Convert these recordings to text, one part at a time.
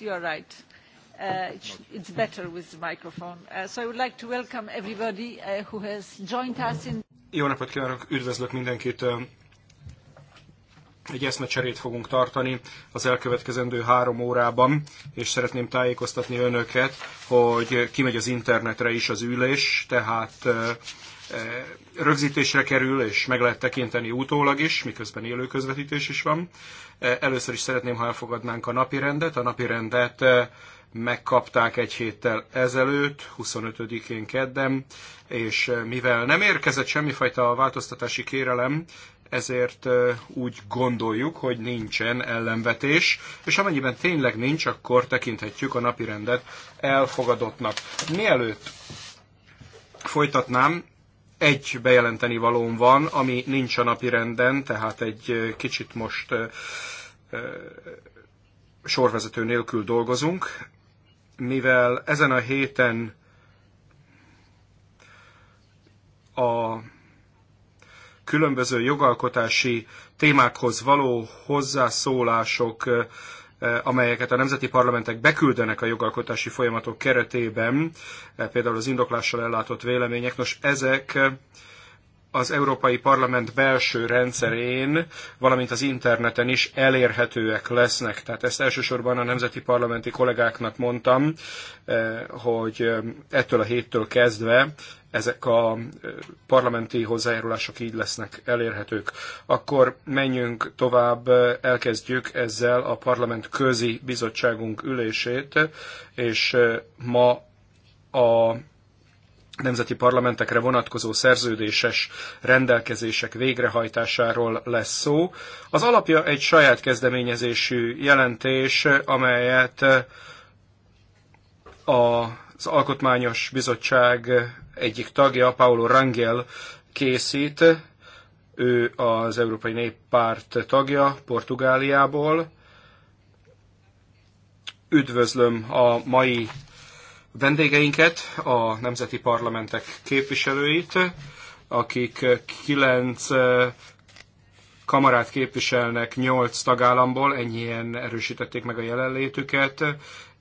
You are right. Uh, it's better with the microphone. Uh, so I would like to welcome everybody uh, who has joined us in... Jó napot kívánok, üdvözlök mindenkit. Um, egy eszmecserét fogunk tartani az elkövetkezendő három órában, és szeretném tájékoztatni önöket, hogy kimegy az internetre is az ülés, tehát Eh, rögzítésre kerül, és meg lehet tekinteni utólag is, miközben élő közvetítés is van. Eh, először is szeretném, ha elfogadnánk a napi rendet. A napi rendet eh, megkapták egy héttel ezelőtt, 25-én kedden, és mivel nem érkezett semmifajta változtatási kérelem, ezért úgy gondoljuk, hogy nincsen ellenvetés, és amennyiben tényleg nincs, akkor tekinthetjük a napirendet elfogadottnak. Mielőtt folytatnám, egy bejelenteni valóm van, ami nincs a napi renden, tehát egy kicsit most sorvezető nélkül dolgozunk, mivel ezen a héten a különböző jogalkotási témákhoz való hozzászólások Eh, amelyeket a nemzeti parlamentek beküldenek a jogalkotási folyamatok keretében, eh, például az indoklással ellátott vélemények, nos ezek eh, az Európai Parlament belső rendszerén, valamint az interneten is elérhetőek lesznek. Tehát ezt elsősorban a nemzeti parlamenti kollégáknak mondtam, eh, hogy eh, ettől a héttől kezdve ezek a eh, parlamenti hozzájárulások így lesznek elérhetők. Akkor menjünk tovább, elkezdjük ezzel a parlament közi bizottságunk ülését, és ma a nemzeti parlamentekre vonatkozó szerződéses rendelkezések végrehajtásáról lesz szó. Az alapja egy saját kezdeményezésű jelentés, amelyet eh, az Alkotmányos Bizottság egyik tagja, Paolo Rangel készít. Ő az Európai Néppárt tagja Portugáliából. Üdvözlöm a mai vendégeinket, a nemzeti parlamentek képviselőit, akik kilenc eh, kamarát képviselnek nyolc tagállamból, ennyien erősítették meg a jelenlétüket,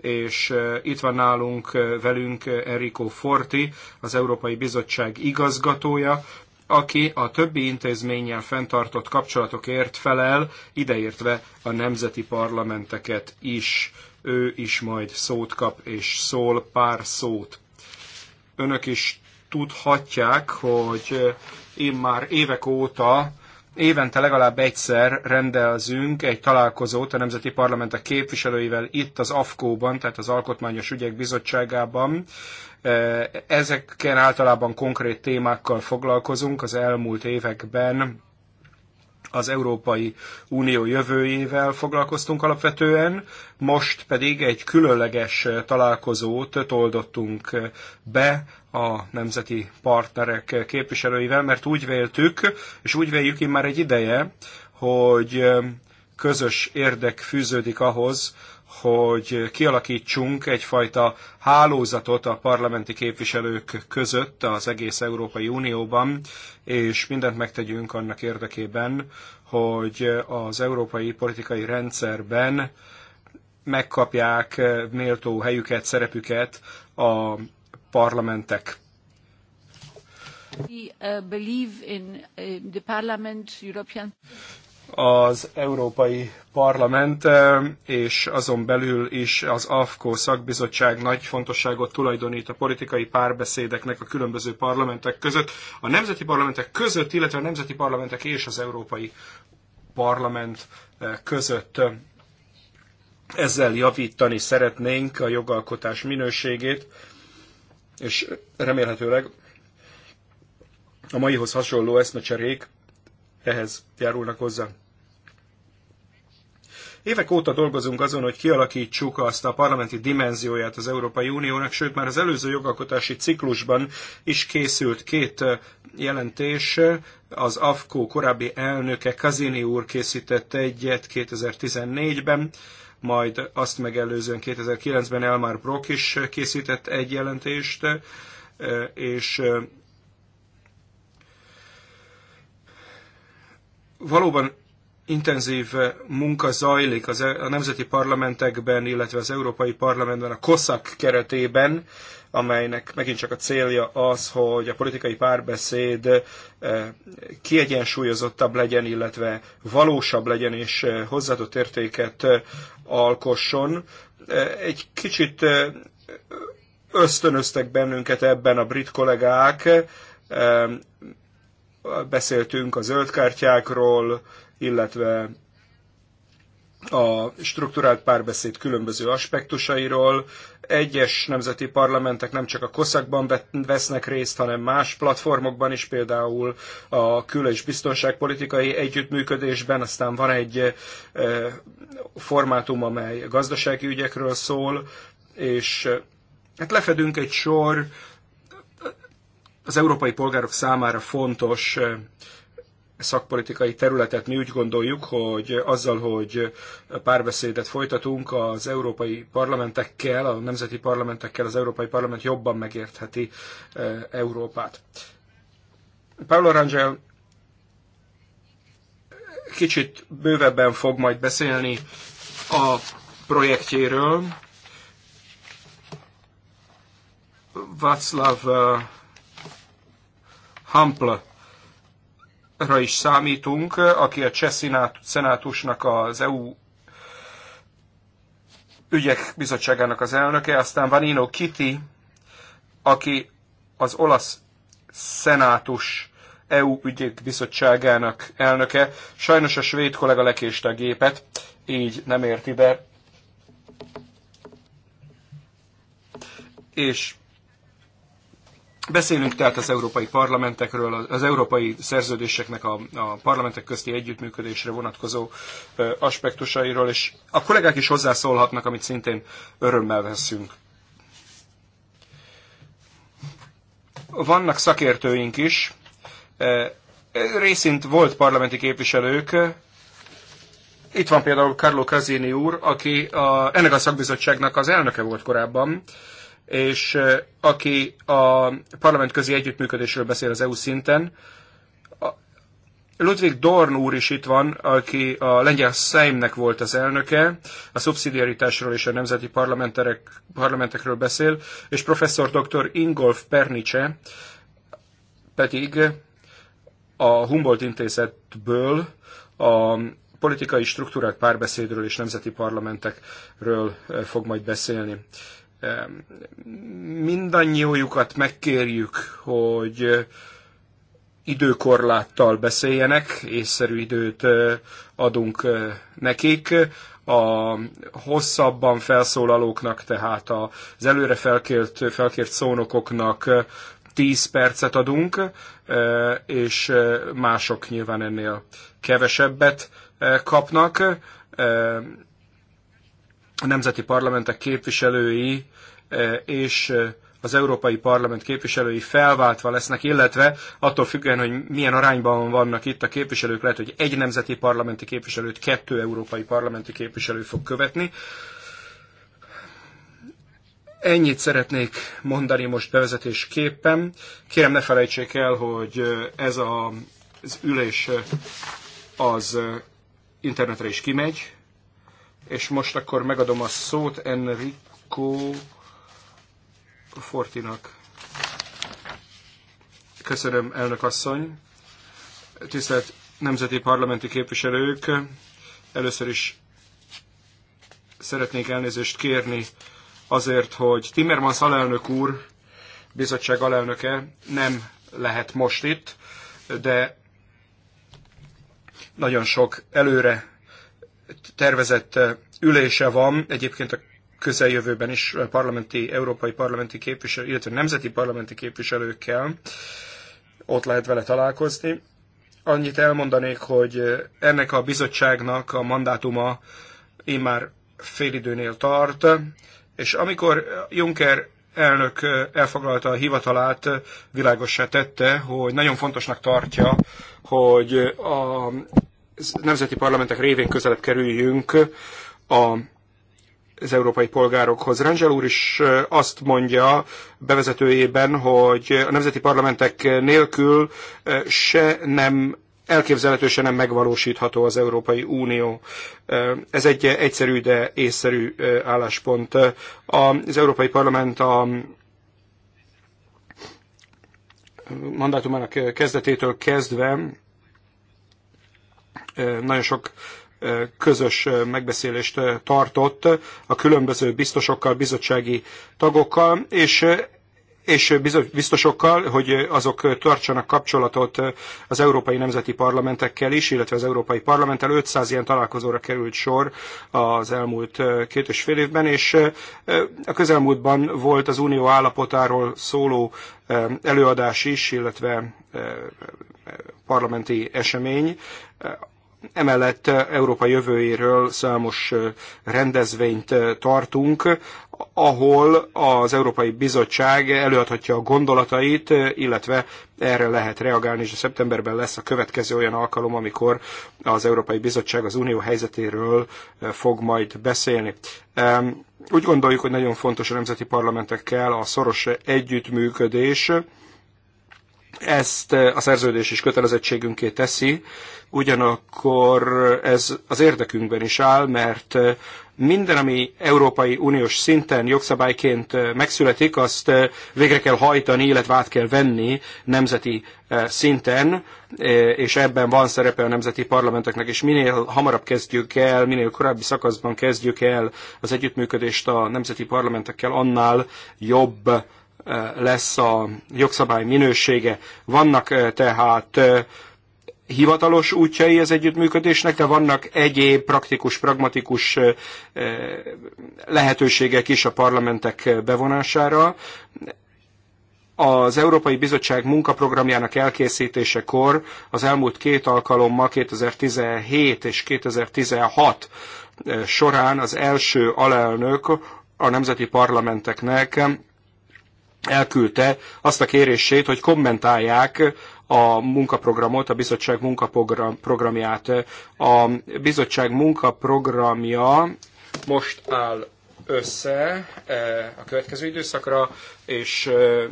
és eh, itt van nálunk eh, velünk Enrico Forti, az Európai Bizottság igazgatója, aki a többi intézménnyel fenntartott kapcsolatokért felel, ideértve a nemzeti parlamenteket is ő is majd szót kap és szól pár szót. Önök is tudhatják, hogy eh, én már évek óta évente legalább egyszer rendelzünk egy találkozót a Nemzeti Parlamentek képviselőivel itt az AFKO-ban, tehát az Alkotmányos Ügyek Bizottságában. Eh, ezeken általában konkrét témákkal foglalkozunk az elmúlt években az Európai Unió jövőjével foglalkoztunk alapvetően, most pedig egy különleges találkozót toldottunk be a nemzeti partnerek képviselőivel, mert úgy véltük, és úgy véljük már egy ideje, hogy közös érdek fűződik ahhoz, hogy kialakítsunk egyfajta hálózatot a parlamenti képviselők között az egész Európai Unióban, és mindent megtegyünk annak érdekében, hogy az európai politikai rendszerben megkapják méltó helyüket, szerepüket a parlamentek. We uh, uh, az Európai Parlament és azon belül is az AFKO szakbizottság nagy fontosságot tulajdonít a politikai párbeszédeknek a különböző parlamentek között, a nemzeti parlamentek között, illetve a nemzeti parlamentek és az Európai Parlament között. Ezzel javítani szeretnénk a jogalkotás minőségét, és remélhetőleg a maihoz hasonló eszmecserék ehhez járulnak hozzá. Évek óta dolgozunk azon, hogy kialakítsuk azt a parlamenti dimenzióját az Európai Uniónak, sőt már az előző jogalkotási ciklusban is készült két jelentés. Az AFKO korábbi elnöke Kazini úr készített egyet 2014-ben, majd azt megelőzően 2009-ben Elmar Brock is készített egy jelentést, és valóban intenzív munka zajlik az, e- a nemzeti parlamentekben, illetve az Európai Parlamentben, a COSAC keretében, amelynek megint csak a célja az, hogy a politikai párbeszéd e, kiegyensúlyozottabb legyen, illetve valósabb legyen és e, hozzáadott értéket alkosson. Egy kicsit ösztönöztek bennünket ebben a brit kollégák, Beszéltünk a zöld kártyákról, illetve a strukturált párbeszéd különböző aspektusairól. Egyes nemzeti parlamentek nem csak a koszakban vesznek részt, hanem más platformokban is, például a kül- és biztonságpolitikai együttműködésben. Aztán van egy eh, formátum, amely gazdasági ügyekről szól, és eh, hát lefedünk egy sor az európai polgárok számára fontos szakpolitikai területet mi úgy gondoljuk, hogy azzal, hogy párbeszédet folytatunk az európai parlamentekkel, a nemzeti parlamentekkel, az európai parlament jobban megértheti Európát. Paolo Rangel kicsit bővebben fog majd beszélni a projektjéről. Václav hample ra is számítunk, aki a Cseh Szenátusnak az EU ügyek bizottságának az elnöke, aztán Vanino Kitty, aki az olasz szenátus EU ügyek bizottságának elnöke. Sajnos a svéd kollega lekéste a gépet, így nem érti be. És Beszélünk tehát az európai parlamentekről, az európai szerződéseknek a, a parlamentek közti együttműködésre vonatkozó ö, aspektusairól, és a kollégák is hozzászólhatnak, amit szintén örömmel veszünk. Vannak szakértőink is, részint volt parlamenti képviselők, itt van például Carlo Casini úr, aki a, ennek a szakbizottságnak az elnöke volt korábban, és aki a parlamentközi együttműködésről beszél az EU szinten, Ludwig Dorn úr is itt van, aki a lengyel Szeimnek volt az elnöke, a szubszidiaritásról és a nemzeti parlamenterek parlamentekről beszél, és professzor dr. Ingolf Pernice pedig a Humboldt intézetből a politikai struktúrák párbeszédről és nemzeti parlamentekről fog majd beszélni mindannyiójukat megkérjük, hogy időkorláttal beszéljenek, észszerű időt adunk nekik. A hosszabban felszólalóknak, tehát az előre felkért, felkért szónokoknak 10 percet adunk, és mások nyilván ennél kevesebbet kapnak a nemzeti parlamentek képviselői e, és e, az Európai Parlament képviselői felváltva lesznek, illetve attól függően, hogy milyen arányban vannak itt a képviselők, lehet, hogy egy nemzeti parlamenti képviselőt kettő európai parlamenti képviselő fog követni. Ennyit szeretnék mondani most bevezetésképpen. Kérem, ne felejtsék el, hogy e, ez a, az ülés az internetre is kimegy, és most akkor megadom a szót Enrico Fortinak. Köszönöm, elnök asszony. Tisztelt nemzeti parlamenti képviselők, először is szeretnék elnézést kérni azért, hogy Timmermans alelnök úr, bizottság alelnöke nem lehet most itt, de nagyon sok előre tervezett eh, ülése van, egyébként a közeljövőben is eh, parlamenti, európai parlamenti képviselő, illetve nemzeti parlamenti képviselőkkel ott lehet vele találkozni. Annyit elmondanék, hogy eh, ennek a bizottságnak a mandátuma én már időnél tart, és amikor Juncker elnök elfoglalta a hivatalát, világosá tette, hogy nagyon fontosnak tartja, hogy a nemzeti parlamentek révén közelebb kerüljünk a az európai polgárokhoz. Rangel úr is azt mondja bevezetőjében, hogy a nemzeti parlamentek nélkül se nem elképzelhető, se nem megvalósítható az Európai Unió. Ez egy egyszerű, de észszerű álláspont. Az Európai Parlament a mandátumának kezdetétől kezdve nagyon sok közös megbeszélést tartott a különböző biztosokkal, bizottsági tagokkal, és és biztosokkal, hogy azok tartsanak kapcsolatot az európai nemzeti parlamentekkel is, illetve az európai parlamenttel. 500 ilyen találkozóra került sor az elmúlt két és fél évben, és a közelmúltban volt az unió állapotáról szóló előadás is, illetve parlamenti esemény. Emellett eh, Európa jövőjéről számos eh, rendezvényt eh, tartunk, ahol az Európai Bizottság előadhatja a gondolatait, illetve erre lehet reagálni, és a szeptemberben lesz a következő olyan alkalom, amikor az Európai Bizottság az unió helyzetéről fog majd beszélni. Úgy gondoljuk, hogy nagyon fontos a nemzeti parlamentekkel a szoros együttműködés, ezt eh, a szerződés is kötelezettségünké teszi, ugyanakkor ez az érdekünkben is áll, mert eh, minden, ami Európai Uniós szinten jogszabályként eh, megszületik, azt végre kell hajtani, illetve át kell venni nemzeti szinten, és ebben van szerepe a nemzeti parlamenteknek, és minél hamarabb kezdjük el, minél korábbi szakaszban kezdjük el az együttműködést a nemzeti parlamentekkel, annál jobb lesz a jogszabály minősége. Vannak tehát hivatalos útjai az együttműködésnek, de vannak egyéb praktikus, pragmatikus lehetőségek is a parlamentek bevonására. Az Európai Bizottság munkaprogramjának elkészítésekor az elmúlt két alkalommal, 2017 és 2016 során az első alelnök a nemzeti parlamenteknek elküldte azt a kérését, hogy kommentálják a munkaprogramot, a bizottság munkaprogramját. A bizottság munkaprogramja most áll össze e, a következő időszakra, és e,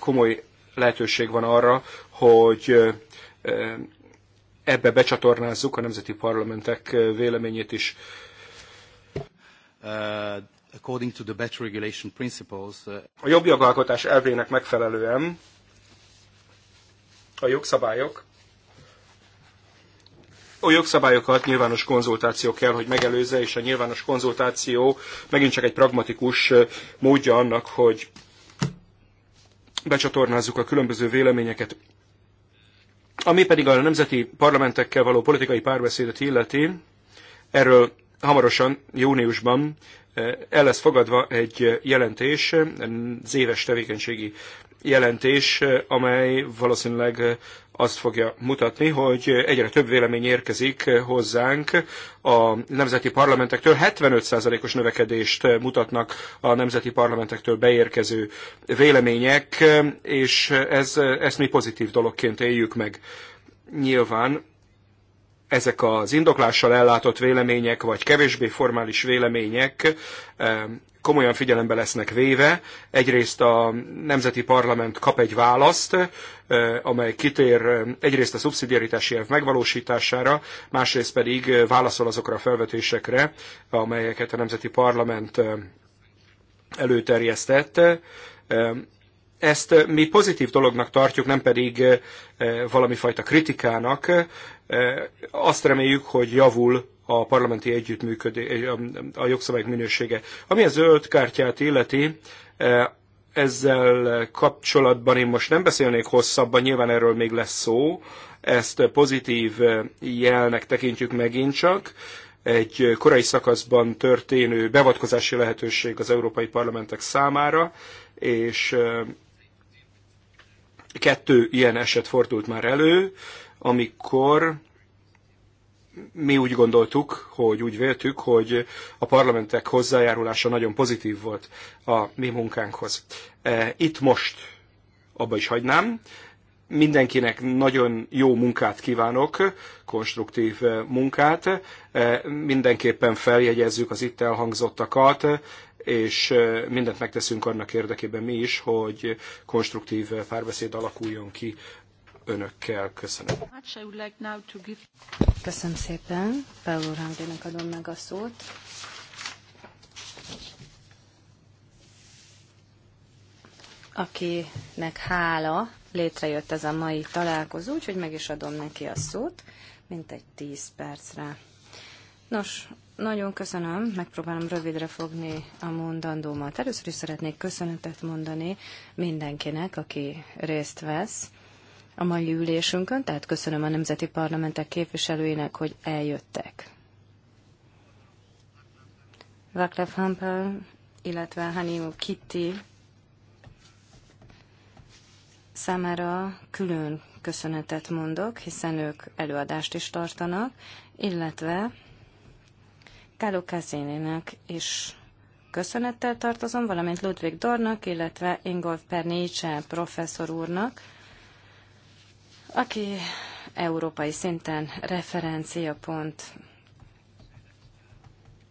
komoly lehetőség van arra, hogy e, ebbe becsatornázzuk a nemzeti parlamentek véleményét is. Uh, according to the better regulation principles. Uh, a jobb jogalkotás elvének megfelelően a jogszabályok a jogszabályokat nyilvános konzultáció kell, hogy megelőzze, és a nyilvános konzultáció megint csak egy pragmatikus uh, módja annak, hogy becsatornázzuk a különböző véleményeket. Ami pedig a nemzeti parlamentekkel való politikai párbeszédet illeti, erről hamarosan, júniusban eh, el lesz fogadva egy jelentés, eh, az éves tevékenységi jelentés, eh, amely valószínűleg azt fogja mutatni, hogy egyre több vélemény érkezik hozzánk a nemzeti parlamentektől. 75%-os növekedést mutatnak a nemzeti parlamentektől beérkező vélemények, és ez, ezt mi pozitív dologként éljük meg. Nyilván ezek az indoklással ellátott vélemények, vagy kevésbé formális vélemények eh, komolyan figyelembe lesznek véve. Egyrészt a Nemzeti Parlament kap egy választ, eh, amely kitér eh, egyrészt a szubszidiaritási elv megvalósítására, másrészt pedig válaszol azokra a felvetésekre, amelyeket a Nemzeti Parlament előterjesztett ezt mi pozitív dolognak tartjuk, nem pedig valami fajta kritikának. Azt reméljük, hogy javul a parlamenti együttműködés, a jogszabályok minősége. Ami a zöld kártyát illeti, ezzel kapcsolatban én most nem beszélnék hosszabban, nyilván erről még lesz szó, ezt pozitív jelnek tekintjük megint csak. Egy korai szakaszban történő beavatkozási lehetőség az európai parlamentek számára, és Kettő ilyen eset fordult már elő, amikor mi úgy gondoltuk, hogy úgy véltük, hogy a parlamentek hozzájárulása nagyon pozitív volt a mi munkánkhoz. E, itt most abba is hagynám. Mindenkinek nagyon jó munkát kívánok, konstruktív e, munkát. E, mindenképpen feljegyezzük az itt elhangzottakat, és mindent megteszünk annak érdekében mi is, hogy konstruktív párbeszéd alakuljon ki önökkel. Köszönöm. Köszönöm szépen. Paul adom meg a szót. akinek hála létrejött ez a mai találkozó, úgyhogy meg is adom neki a szót, mint egy tíz percre. Nos, nagyon köszönöm, megpróbálom rövidre fogni a mondandómat. Először is szeretnék köszönetet mondani mindenkinek, aki részt vesz a mai ülésünkön, tehát köszönöm a nemzeti parlamentek képviselőinek, hogy eljöttek. Václav Hampel, illetve Hanimu Kitty számára külön köszönetet mondok, hiszen ők előadást is tartanak, illetve Kálló Kazinének is köszönettel tartozom, valamint Ludwig Dornak, illetve Ingolf Pernice professzor úrnak, aki európai szinten referenciapont.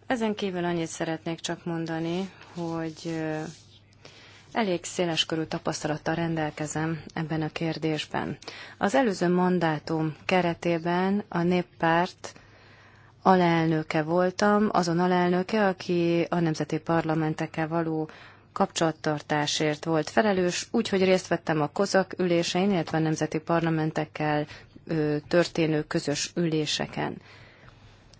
Ezen kívül annyit szeretnék csak mondani, hogy elég széleskörű tapasztalattal rendelkezem ebben a kérdésben. Az előző mandátum keretében a néppárt alelnöke voltam, azon alelnöke, aki a nemzeti parlamentekkel való kapcsolattartásért volt felelős, úgyhogy részt vettem a kozak ülésein, illetve a nemzeti parlamentekkel történő közös üléseken.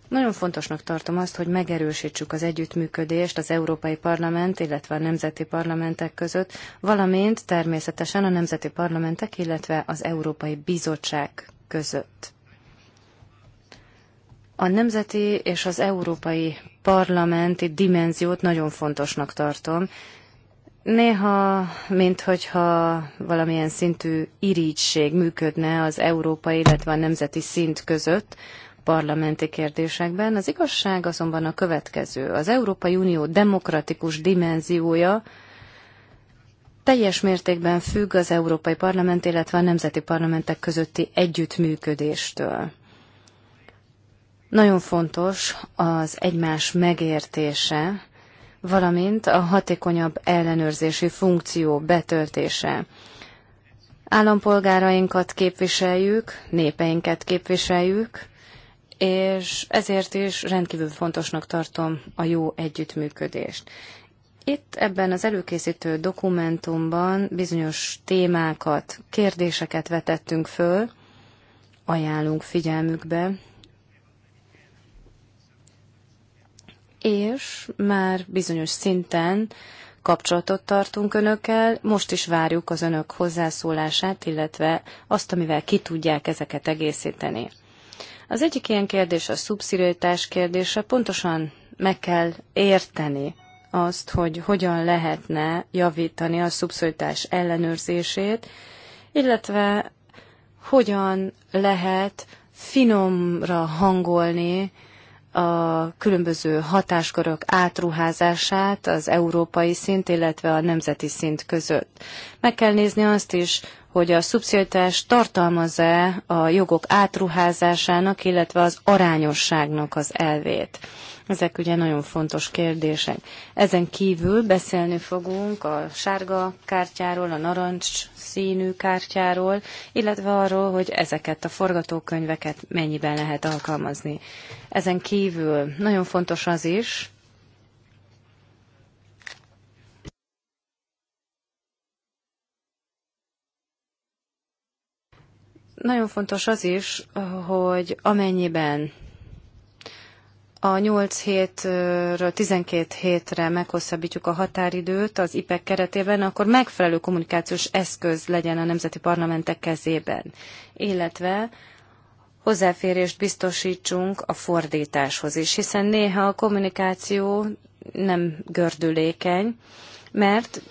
Nagyon fontosnak tartom azt, hogy megerősítsük az együttműködést az Európai Parlament, illetve a nemzeti parlamentek között, valamint természetesen a nemzeti parlamentek, illetve az Európai Bizottság között. A nemzeti és az európai parlamenti dimenziót nagyon fontosnak tartom. Néha, mint hogyha valamilyen szintű irigység működne az európai, illetve a nemzeti szint között, parlamenti kérdésekben. Az igazság azonban a következő. Az Európai Unió demokratikus dimenziója teljes mértékben függ az Európai Parlament, illetve a nemzeti parlamentek közötti együttműködéstől. Nagyon fontos az egymás megértése, valamint a hatékonyabb ellenőrzési funkció betöltése. Állampolgárainkat képviseljük, népeinket képviseljük, és ezért is rendkívül fontosnak tartom a jó együttműködést. Itt ebben az előkészítő dokumentumban bizonyos témákat, kérdéseket vetettünk föl, ajánlunk figyelmükbe, és már bizonyos szinten kapcsolatot tartunk önökkel, most is várjuk az önök hozzászólását, illetve azt, amivel ki tudják ezeket egészíteni. Az egyik ilyen kérdés a szubszidiaritás kérdése, pontosan meg kell érteni azt, hogy hogyan lehetne javítani a szubszidiaritás ellenőrzését, illetve hogyan lehet finomra hangolni a különböző hatáskörök átruházását az európai szint, illetve a nemzeti szint között. Meg kell nézni azt is, hogy a szubszidiaritás tartalmaz-e a jogok átruházásának, illetve az arányosságnak az elvét. Ezek ugye nagyon fontos kérdések. Ezen kívül beszélni fogunk a sárga kártyáról, a narancs színű kártyáról, illetve arról, hogy ezeket a forgatókönyveket mennyiben lehet alkalmazni. Ezen kívül nagyon fontos az is, nagyon fontos az is, hogy amennyiben a 8 hétről 12 hétre meghosszabbítjuk a határidőt az IPEC keretében, akkor megfelelő kommunikációs eszköz legyen a nemzeti parlamentek kezében, illetve hozzáférést biztosítsunk a fordításhoz is, hiszen néha a kommunikáció nem gördülékeny, mert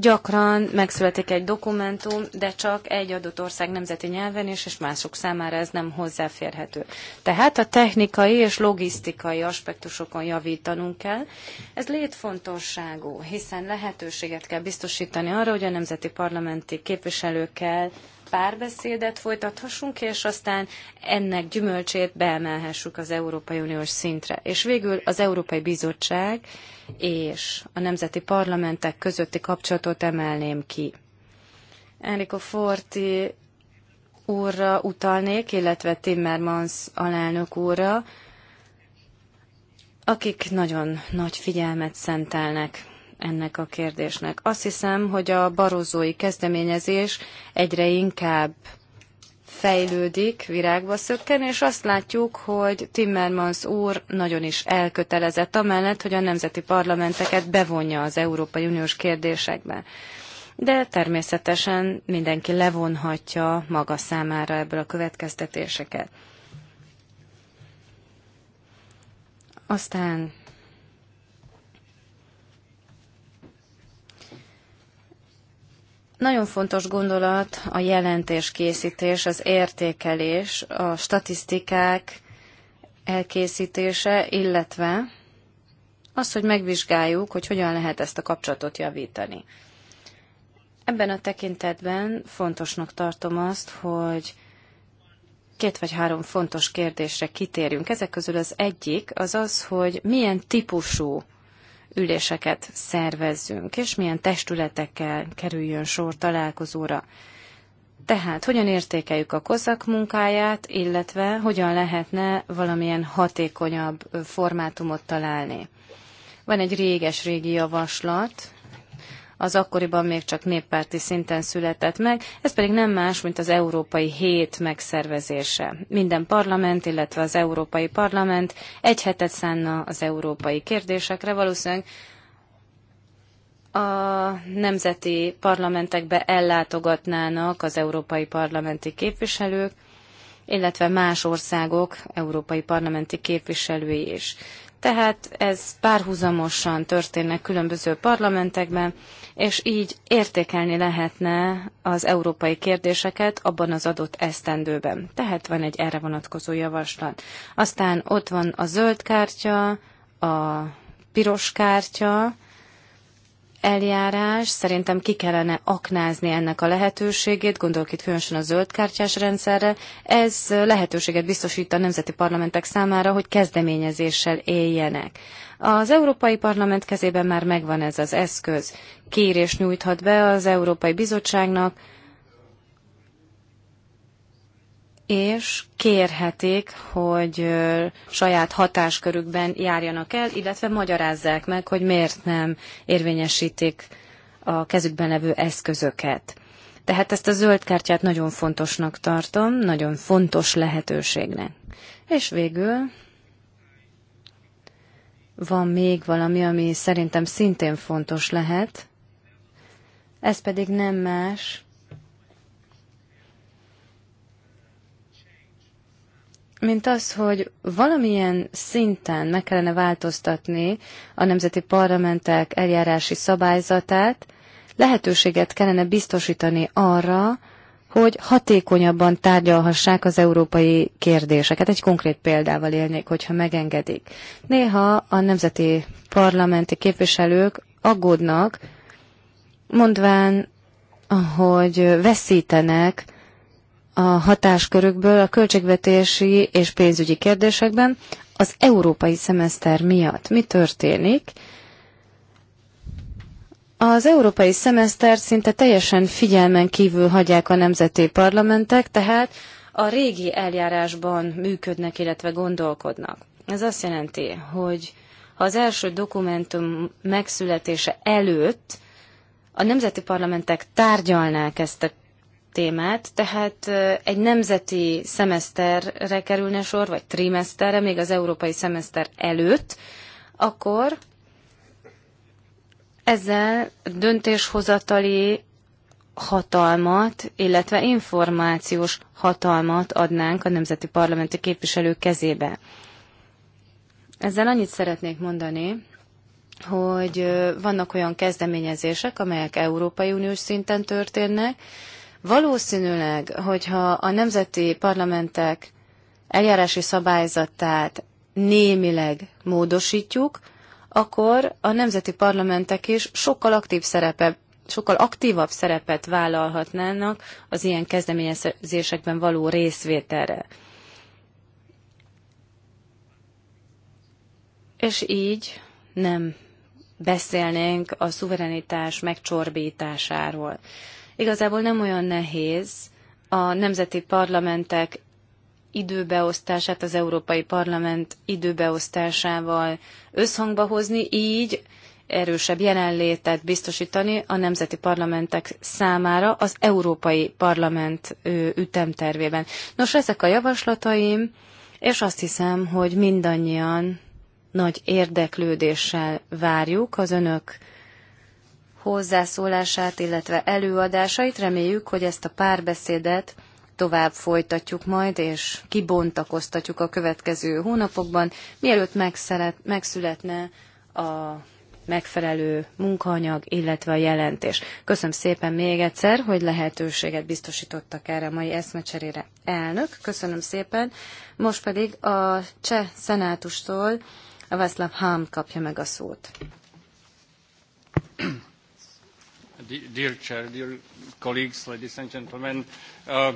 gyakran megszületik egy dokumentum, de csak egy adott ország nemzeti nyelven is, és mások számára ez nem hozzáférhető. Tehát a technikai és logisztikai aspektusokon javítanunk kell. Ez létfontosságú, hiszen lehetőséget kell biztosítani arra, hogy a nemzeti parlamenti képviselőkkel párbeszédet folytathassunk, és aztán ennek gyümölcsét beemelhessük az Európai Uniós szintre. És végül az Európai Bizottság és a nemzeti parlamentek közötti kapcsolatot emelném ki. Enrico Forti úrra utalnék, illetve Timmermans alelnök úrra, akik nagyon nagy figyelmet szentelnek ennek a kérdésnek. Azt hiszem, hogy a barozói kezdeményezés egyre inkább fejlődik, virágba szökken, és azt látjuk, hogy Timmermans úr nagyon is elkötelezett amellett, hogy a nemzeti parlamenteket bevonja az Európai Uniós kérdésekbe. De természetesen mindenki levonhatja maga számára ebből a következtetéseket. Aztán Nagyon fontos gondolat a jelentéskészítés, az értékelés, a statisztikák elkészítése, illetve az, hogy megvizsgáljuk, hogy hogyan lehet ezt a kapcsolatot javítani. Ebben a tekintetben fontosnak tartom azt, hogy két vagy három fontos kérdésre kitérjünk. Ezek közül az egyik az az, hogy milyen típusú üléseket szervezzünk, és milyen testületekkel kerüljön sor találkozóra. Tehát hogyan értékeljük a kozak munkáját, illetve hogyan lehetne valamilyen hatékonyabb formátumot találni. Van egy réges-régi javaslat, az akkoriban még csak néppárti szinten született meg, ez pedig nem más, mint az Európai Hét megszervezése. Minden parlament, illetve az Európai Parlament egy hetet szánna az európai kérdésekre, valószínűleg a nemzeti parlamentekbe ellátogatnának az európai parlamenti képviselők, illetve más országok európai parlamenti képviselői is. Tehát ez párhuzamosan történnek különböző parlamentekben, és így értékelni lehetne az európai kérdéseket abban az adott esztendőben. Tehát van egy erre vonatkozó javaslat. Aztán ott van a zöld kártya, a piros kártya, eljárás. Szerintem ki kellene aknázni ennek a lehetőségét, gondolok itt különösen a zöldkártyás rendszerre. Ez lehetőséget biztosít a nemzeti parlamentek számára, hogy kezdeményezéssel éljenek. Az Európai Parlament kezében már megvan ez az eszköz. Kérés nyújthat be az Európai Bizottságnak, és kérhetik, hogy saját hatáskörükben járjanak el, illetve magyarázzák meg, hogy miért nem érvényesítik a kezükben levő eszközöket. Tehát ezt a zöld kártyát nagyon fontosnak tartom, nagyon fontos lehetőségnek. És végül van még valami, ami szerintem szintén fontos lehet, ez pedig nem más, mint az, hogy valamilyen szinten meg kellene változtatni a nemzeti parlamentek eljárási szabályzatát, lehetőséget kellene biztosítani arra, hogy hatékonyabban tárgyalhassák az európai kérdéseket. Egy konkrét példával élnék, hogyha megengedik. Néha a nemzeti parlamenti képviselők aggódnak, mondván, hogy veszítenek a hatáskörökből a költségvetési és pénzügyi kérdésekben az európai szemeszter miatt. Mi történik? Az európai szemeszter szinte teljesen figyelmen kívül hagyják a nemzeti parlamentek, tehát a régi eljárásban működnek, illetve gondolkodnak. Ez azt jelenti, hogy ha az első dokumentum megszületése előtt a nemzeti parlamentek tárgyalnák ezt a témát, tehát egy nemzeti szemeszterre kerülne sor, vagy trimeszterre, még az európai szemeszter előtt, akkor ezzel döntéshozatali hatalmat, illetve információs hatalmat adnánk a nemzeti parlamenti képviselők kezébe. Ezzel annyit szeretnék mondani, hogy vannak olyan kezdeményezések, amelyek Európai Uniós szinten történnek, Valószínűleg, hogyha a nemzeti parlamentek eljárási szabályzatát némileg módosítjuk, akkor a nemzeti parlamentek is sokkal aktív szerepe, sokkal aktívabb szerepet vállalhatnának az ilyen kezdeményezésekben való részvételre. És így nem beszélnénk a szuverenitás megcsorbításáról. Igazából nem olyan nehéz a nemzeti parlamentek időbeosztását az Európai Parlament időbeosztásával összhangba hozni, így erősebb jelenlétet biztosítani a nemzeti parlamentek számára az Európai Parlament ütemtervében. Nos, ezek a javaslataim, és azt hiszem, hogy mindannyian nagy érdeklődéssel várjuk az önök hozzászólását, illetve előadásait. Reméljük, hogy ezt a párbeszédet tovább folytatjuk majd, és kibontakoztatjuk a következő hónapokban, mielőtt megszeret, megszületne a megfelelő munkanyag illetve a jelentés. Köszönöm szépen még egyszer, hogy lehetőséget biztosítottak erre a mai eszmecserére. Elnök, köszönöm szépen. Most pedig a cseh szenátustól a Václav Hám kapja meg a szót dear Chair, dear colleagues, ladies and gentlemen, uh,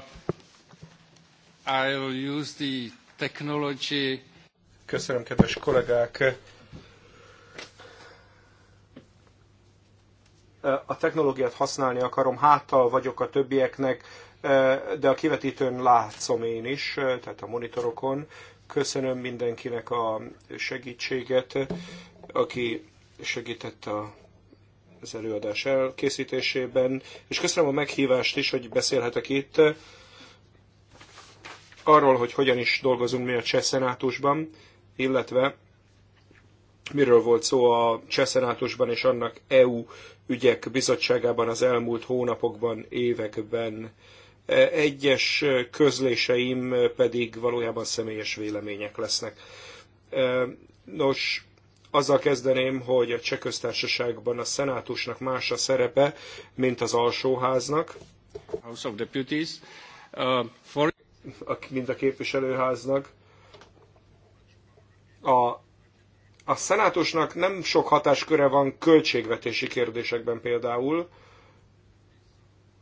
I use the technology. Köszönöm, kedves kollégák! Uh, a technológiát használni akarom, háttal vagyok a többieknek, uh, de a kivetítőn látszom én is, uh, tehát a monitorokon. Köszönöm mindenkinek a segítséget, aki segített a az előadás elkészítésében, és köszönöm a meghívást is, hogy beszélhetek itt arról, hogy hogyan is dolgozunk mi a cseh szenátusban, illetve miről volt szó a cseh szenátusban és annak EU ügyek bizottságában az elmúlt hónapokban, években. E, egyes közléseim pedig valójában személyes vélemények lesznek. E, nos, azzal kezdeném, hogy a cseh köztársaságban a szenátusnak más a szerepe, mint az alsóháznak. House of Deputies, uh, for... mint a képviselőháznak. A, a szenátusnak nem sok hatásköre van költségvetési kérdésekben például,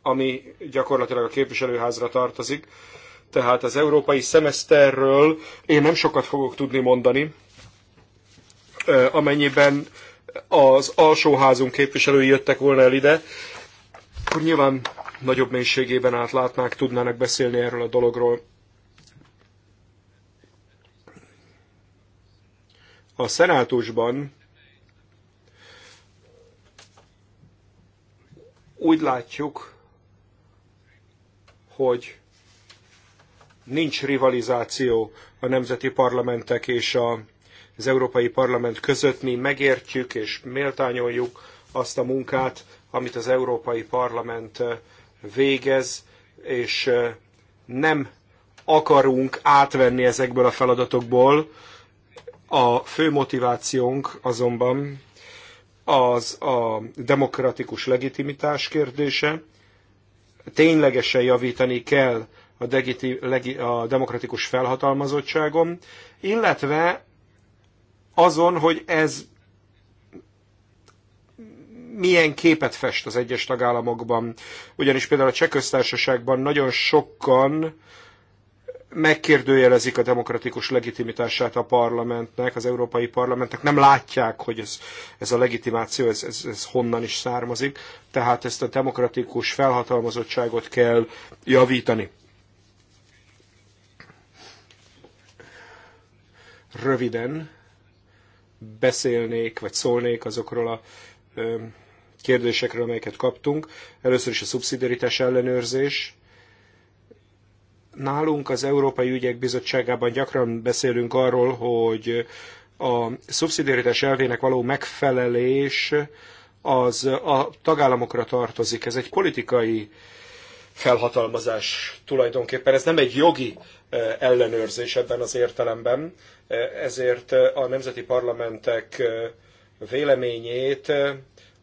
ami gyakorlatilag a képviselőházra tartozik. Tehát az európai szemeszterről én nem sokat fogok tudni mondani, Eh, amennyiben az alsóházunk képviselői jöttek volna el ide, akkor nyilván nagyobb mélységében átlátnák, tudnának beszélni erről a dologról. A szenátusban úgy látjuk, hogy nincs rivalizáció a nemzeti parlamentek és a az Európai Parlament között mi megértjük és méltányoljuk azt a munkát, amit az Európai Parlament eh, végez, és eh, nem akarunk átvenni ezekből a feladatokból. A fő motivációnk azonban az a demokratikus legitimitás kérdése. Ténylegesen javítani kell a, demokratikus felhatalmazottságon, illetve azon, hogy ez milyen képet fest az egyes tagállamokban. Ugyanis például a cseh köztársaságban nagyon sokan megkérdőjelezik a demokratikus legitimitását a parlamentnek, az Európai Parlamentnek, nem látják, hogy ez, ez a legitimáció, ez, ez, ez honnan is származik, tehát ezt a demokratikus felhatalmazottságot kell javítani. Röviden, beszélnék, vagy szólnék azokról a kérdésekről, amelyeket kaptunk. Először is a szubszidiaritás ellenőrzés. Nálunk az Európai Ügyek Bizottságában gyakran beszélünk arról, hogy a szubszidiaritás elvének való megfelelés az a tagállamokra tartozik. Ez egy politikai felhatalmazás tulajdonképpen. Ez nem egy jogi eh, ellenőrzés ebben az értelemben, eh, ezért eh, a nemzeti parlamentek véleményét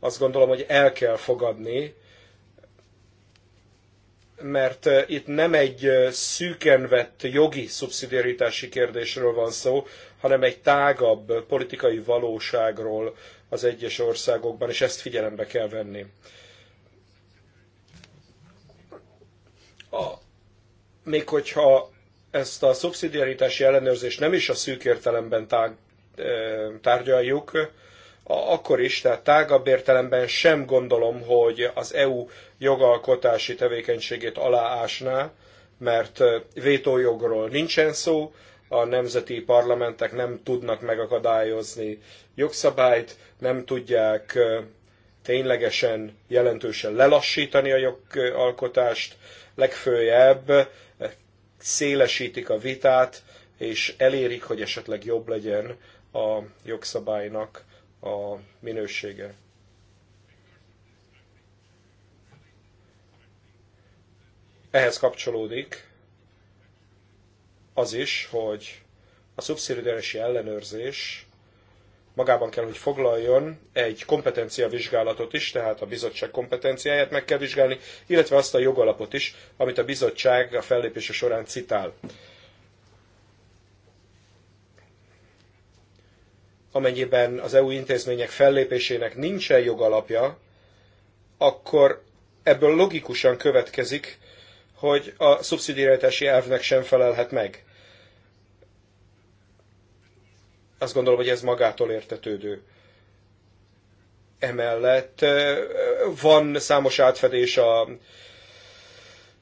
azt gondolom, hogy el kell fogadni, mert itt nem egy szűken vett jogi szubszidiaritási kérdésről van szó, hanem egy tágabb politikai valóságról az egyes országokban, és ezt figyelembe kell venni. a, még hogyha ezt a szubszidiaritási ellenőrzést nem is a szűk értelemben tárgyaljuk, akkor is, tehát tágabb értelemben sem gondolom, hogy az EU jogalkotási tevékenységét aláásná, mert vétójogról nincsen szó, a nemzeti parlamentek nem tudnak megakadályozni jogszabályt, nem tudják ténylegesen jelentősen lelassítani a jogalkotást, legfőjebb szélesítik a vitát, és elérik, hogy esetleg jobb legyen a jogszabálynak a minősége. Ehhez kapcsolódik az is, hogy a szubszidiaritási ellenőrzés magában kell, hogy foglaljon egy kompetenciavizsgálatot is, tehát a bizottság kompetenciáját meg kell vizsgálni, illetve azt a jogalapot is, amit a bizottság a fellépése során citál. Amennyiben az EU intézmények fellépésének nincsen jogalapja, akkor ebből logikusan következik, hogy a szubszidiaritási elvnek sem felelhet meg. azt gondolom, hogy ez magától értetődő. Emellett van számos átfedés a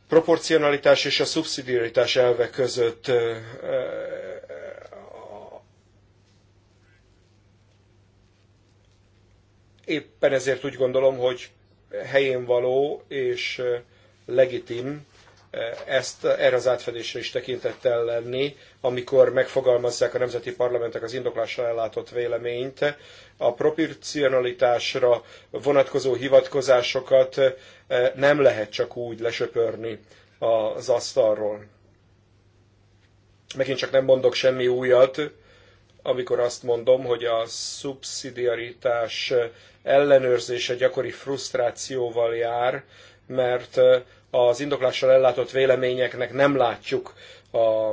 proporcionalitás és a szubszidiaritás elve között. Éppen ezért úgy gondolom, hogy helyén való és legitim ezt erre az átfedésre is tekintettel lenni, amikor megfogalmazzák a nemzeti parlamentek az indoklásra ellátott véleményt, a proporcionalitásra vonatkozó hivatkozásokat eh, nem lehet csak úgy lesöpörni az asztalról. Megint csak nem mondok semmi újat, amikor azt mondom, hogy a szubszidiaritás ellenőrzése gyakori frusztrációval jár, mert eh, az indoklással ellátott véleményeknek nem látjuk a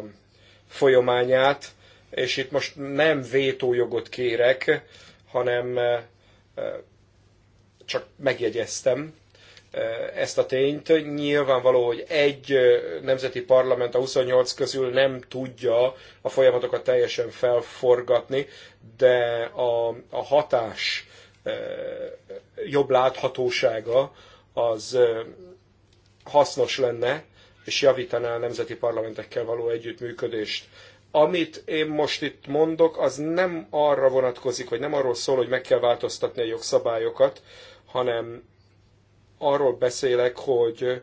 folyamányát, és itt most nem vétójogot kérek, hanem csak megjegyeztem ezt a tényt. Nyilvánvaló, hogy egy nemzeti parlament a 28 közül nem tudja a folyamatokat teljesen felforgatni, de a, a hatás jobb láthatósága az hasznos lenne, és javítaná a nemzeti parlamentekkel való együttműködést. Amit én most itt mondok, az nem arra vonatkozik, vagy nem arról szól, hogy meg kell változtatni a jogszabályokat, hanem arról beszélek, hogy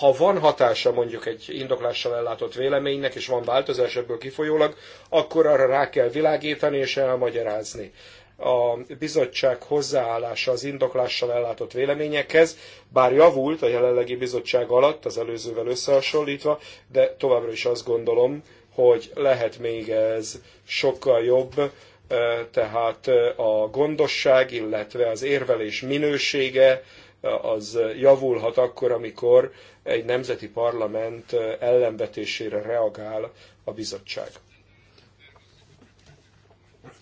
ha van hatása mondjuk egy indoklással ellátott véleménynek, és van változás ebből kifolyólag, akkor arra rá kell világítani és elmagyarázni a bizottság hozzáállása az indoklással ellátott véleményekhez, bár javult a jelenlegi bizottság alatt, az előzővel összehasonlítva, de továbbra is azt gondolom, hogy lehet még ez sokkal jobb, e, tehát a gondosság, illetve az érvelés minősége e, az javulhat akkor, amikor egy nemzeti parlament ellenvetésére reagál a bizottság.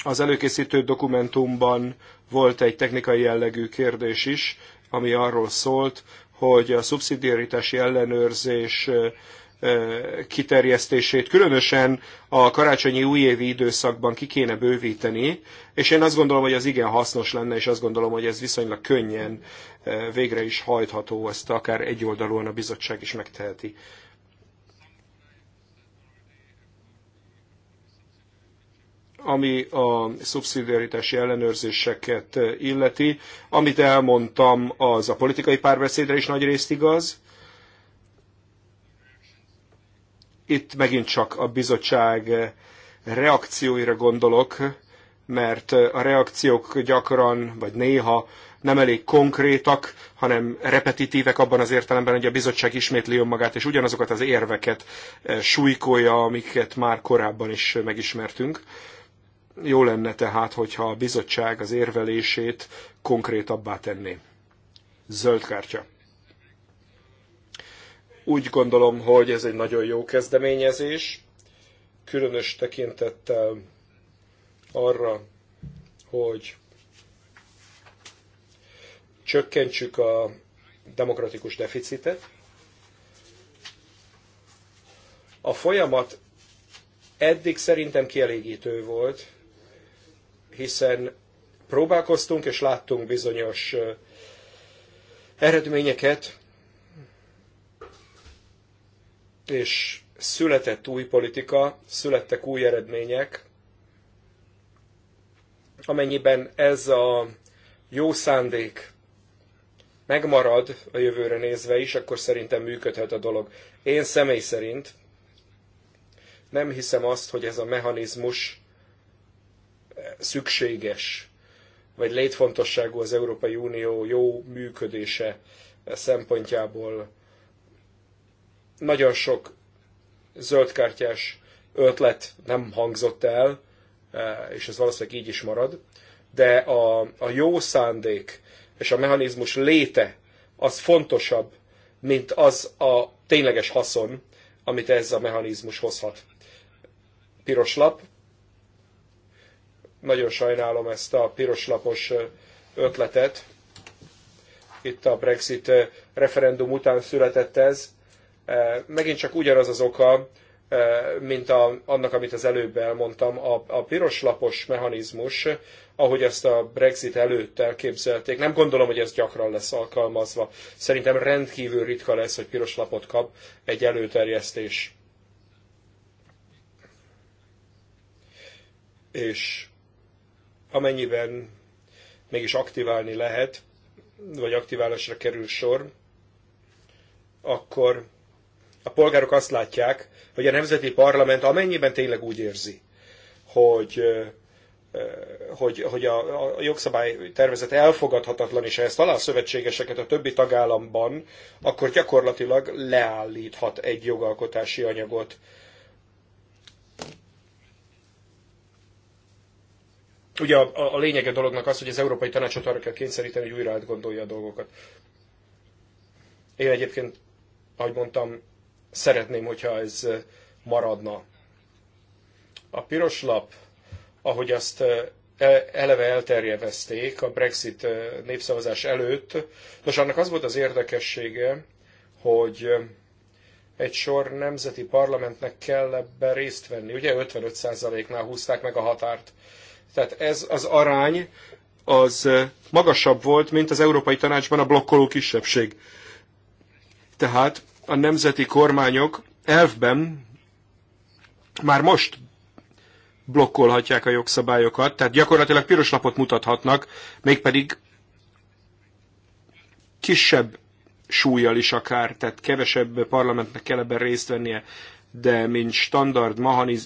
Az előkészítő dokumentumban volt egy technikai jellegű kérdés is, ami arról szólt, hogy a szubszidiaritási ellenőrzés kiterjesztését, különösen a karácsonyi újévi időszakban ki kéne bővíteni, és én azt gondolom, hogy az igen hasznos lenne, és azt gondolom, hogy ez viszonylag könnyen végre is hajtható, ezt akár egyoldalúan a bizottság is megteheti. Ami a szubszidiaritási ellenőrzéseket illeti, amit elmondtam, az a politikai párbeszédre is nagy részt igaz. Itt megint csak a bizottság reakcióira gondolok, mert a reakciók gyakran, vagy néha nem elég konkrétak, hanem repetitívek abban az értelemben, hogy a bizottság ismétli önmagát, és ugyanazokat az érveket súlykolja, amiket már korábban is megismertünk. Jó lenne tehát, hogyha a bizottság az érvelését konkrétabbá tenné. Zöld kártya. Úgy gondolom, hogy ez egy nagyon jó kezdeményezés, különös tekintettel arra, hogy csökkentsük a demokratikus deficitet. A folyamat eddig szerintem kielégítő volt, hiszen próbálkoztunk és láttunk bizonyos eredményeket, és született új politika, születtek új eredmények, amennyiben ez a jó szándék megmarad a jövőre nézve is, akkor szerintem működhet a dolog. Én személy szerint nem hiszem azt, hogy ez a mechanizmus szükséges, vagy létfontosságú az Európai Unió jó működése szempontjából. Nagyon sok zöldkártyás ötlet nem hangzott el, e, és ez valószínűleg így is marad, de a, a jó szándék és a mechanizmus léte az fontosabb, mint az a tényleges haszon, amit ez a mechanizmus hozhat. Piros lap, nagyon sajnálom ezt a piroslapos ötletet. Itt a Brexit referendum után született ez. Megint csak ugyanaz az oka, mint a, annak, amit az előbb elmondtam, a, a piroslapos mechanizmus, ahogy ezt a Brexit előtt elképzelték, nem gondolom, hogy ez gyakran lesz alkalmazva. Szerintem rendkívül ritka lesz, hogy piroslapot kap egy előterjesztés. És amennyiben mégis aktiválni lehet, vagy aktiválásra kerül sor, akkor a polgárok azt látják, hogy a nemzeti parlament amennyiben tényleg úgy érzi, hogy hogy, hogy a, a jogszabály tervezet elfogadhatatlan, és ezt talál szövetségeseket a többi tagállamban, akkor gyakorlatilag leállíthat egy jogalkotási anyagot. ugye a, a, a lényege dolognak az, hogy az Európai Tanácsot arra kell kényszeríteni, hogy újra átgondolja a dolgokat. Én egyébként, ahogy mondtam, szeretném, hogyha ez eh, maradna. A piros lap, ahogy azt eh, e, eleve elterjevezték a Brexit eh, népszavazás előtt, nos, annak az volt az érdekessége, hogy egy sor nemzeti parlamentnek kell ebben részt venni. Ugye 55%-nál húzták meg a határt. Tehát ez az arány az magasabb volt, mint az Európai Tanácsban a blokkoló kisebbség. Tehát a nemzeti kormányok elfben már most blokkolhatják a jogszabályokat, tehát gyakorlatilag piros lapot mutathatnak, mégpedig kisebb súlyjal is akár, tehát kevesebb parlamentnek kell ebben részt vennie, de mint standard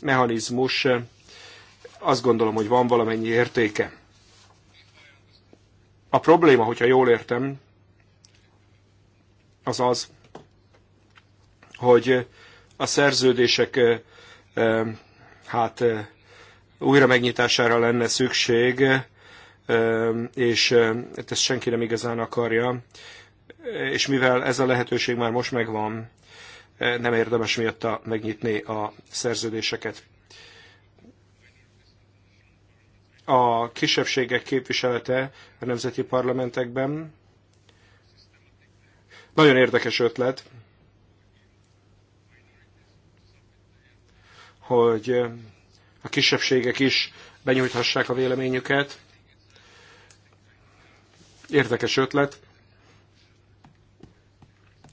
mechanizmus azt gondolom, hogy van valamennyi értéke. A probléma, hogyha jól értem, az az, hogy a szerződések hát újra megnyitására lenne szükség, és hát ezt senki nem igazán akarja, és mivel ez a lehetőség már most megvan, nem érdemes miatta megnyitni a szerződéseket. a kisebbségek képviselete a nemzeti parlamentekben. Nagyon érdekes ötlet, hogy a kisebbségek is benyújthassák a véleményüket. Érdekes ötlet.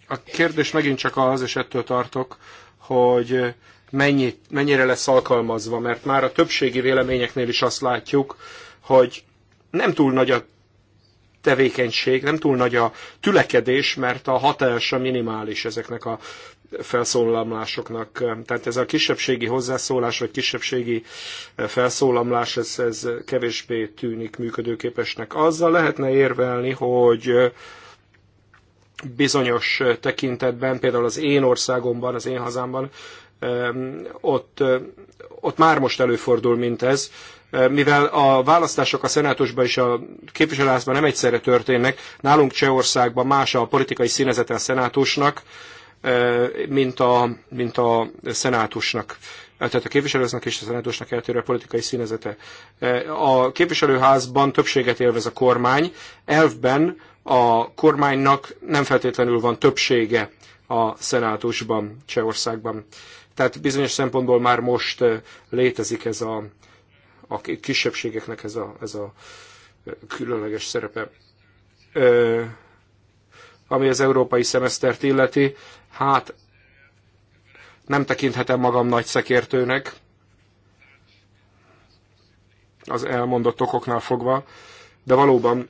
A kérdés megint csak az, és ettől tartok, hogy mennyit, mennyire lesz alkalmazva, mert már a többségi véleményeknél is azt látjuk, hogy nem túl nagy a tevékenység, nem túl nagy a tülekedés, mert a hatása minimális ezeknek a felszólalásoknak. Tehát ez a kisebbségi hozzászólás, vagy kisebbségi felszólalás, ez, ez kevésbé tűnik működőképesnek. Azzal lehetne érvelni, hogy bizonyos tekintetben, például az én országomban, az én hazámban ott, ott már most előfordul, mint ez, mivel a választások a szenátusban és a képviselőházban nem egyszerre történnek, nálunk Csehországban más a politikai színezete a szenátusnak, mint a, mint a szenátusnak. Tehát a képviselőznek és a szenátusnak eltérő a politikai színezete. A képviselőházban többséget élvez a kormány, elvben a kormánynak nem feltétlenül van többsége a szenátusban, Csehországban. Tehát bizonyos szempontból már most létezik ez a, a kisebbségeknek ez a, ez a különleges szerepe. Ö, ami az európai szemesztert illeti, hát nem tekinthetem magam nagy szekértőnek, az elmondott okoknál fogva, de valóban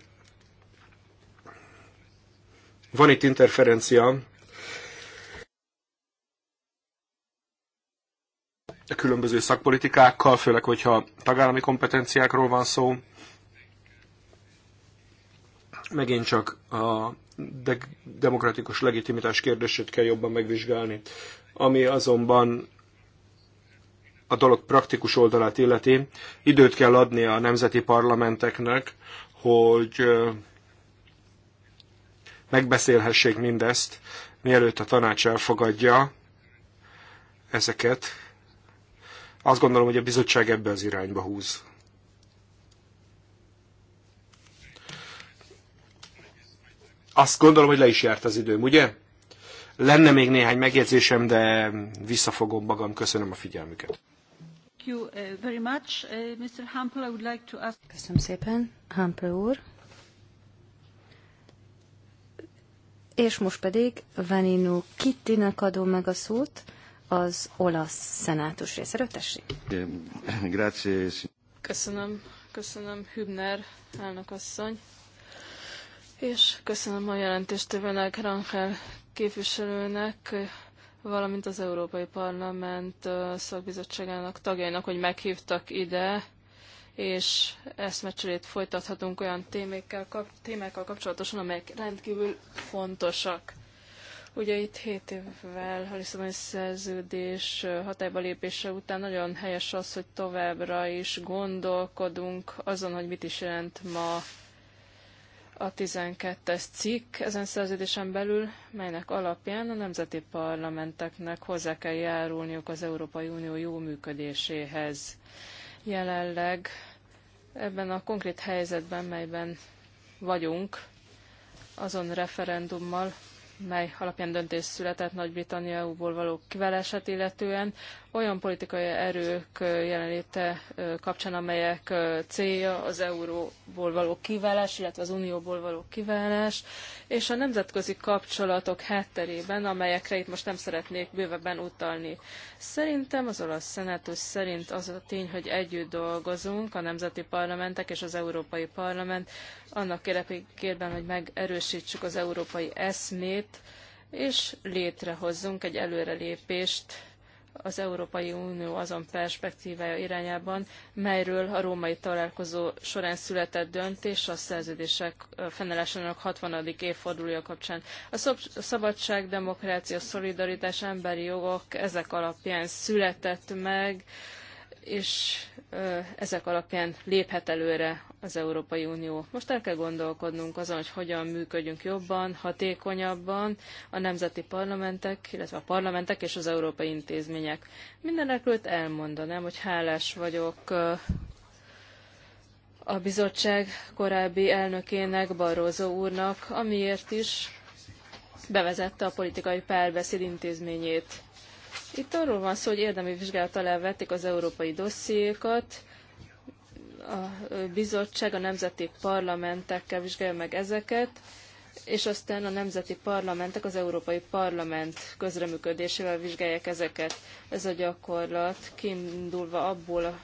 van itt interferencia a különböző szakpolitikákkal, főleg, hogyha tagállami kompetenciákról van szó. Megint csak a de demokratikus legitimitás kérdését kell jobban megvizsgálni. Ami azonban a dolog praktikus oldalát illeti, időt kell adni a nemzeti parlamenteknek, hogy megbeszélhessék mindezt, mielőtt a tanács elfogadja ezeket azt gondolom, hogy a bizottság ebbe az irányba húz. Azt gondolom, hogy le is járt az időm, ugye? Lenne még néhány megjegyzésem, de visszafogom magam. Köszönöm a figyelmüket. Uh, uh, Köszönöm szépen, Hample úr. És most pedig Vaninu Kittinek adom meg a szót, az olasz szenátus részéről. Tessék! Köszönöm, köszönöm Hübner elnökasszony, és köszönöm a jelentéstevőnek, Rangel képviselőnek, valamint az Európai Parlament szakbizottságának tagjainak, hogy meghívtak ide, és eszmecserét folytathatunk olyan témákkal, témákkal kapcsolatosan, amelyek rendkívül fontosak. Ugye itt 7 évvel a Lisszaboni szerződés hatályba lépése után nagyon helyes az, hogy továbbra is gondolkodunk azon, hogy mit is jelent ma a 12-es cikk ezen szerződésen belül, melynek alapján a nemzeti parlamenteknek hozzá kell járulniuk az Európai Unió jó működéséhez. Jelenleg ebben a konkrét helyzetben, melyben vagyunk, azon referendummal, mely alapján döntés született Nagy-Britannia EU-ból való kiválását illetően, olyan politikai erők jelenléte kapcsán, amelyek célja az euróból való kiválás, illetve az unióból való kiválás, és a nemzetközi kapcsolatok hátterében, amelyekre itt most nem szeretnék bővebben utalni. Szerintem az olasz szenátus szerint az a tény, hogy együtt dolgozunk a nemzeti parlamentek és az Európai Parlament annak érdekében, hogy megerősítsük az európai eszmét, és létrehozzunk egy előrelépést az Európai Unió azon perspektívája irányában, melyről a római találkozó során született döntés a szerződések fennállásának 60. évfordulója kapcsán. A, a szabadság, demokrácia, szolidaritás, emberi jogok ezek alapján született meg, és ezek alapján léphet előre az Európai Unió. Most el kell gondolkodnunk azon, hogy hogyan működjünk jobban, hatékonyabban a nemzeti parlamentek, illetve a parlamentek és az európai intézmények. Mindeneklőtt elmondanám, hogy hálás vagyok a bizottság korábbi elnökének, Barroso úrnak, amiért is bevezette a politikai párbeszéd intézményét itt arról van szó, hogy érdemi vizsgálat alá vették az európai dossziékat, a bizottság a nemzeti parlamentekkel vizsgálja meg ezeket, és aztán a nemzeti parlamentek az Európai Parlament közreműködésével vizsgálják ezeket. Ez a gyakorlat kiindulva abból a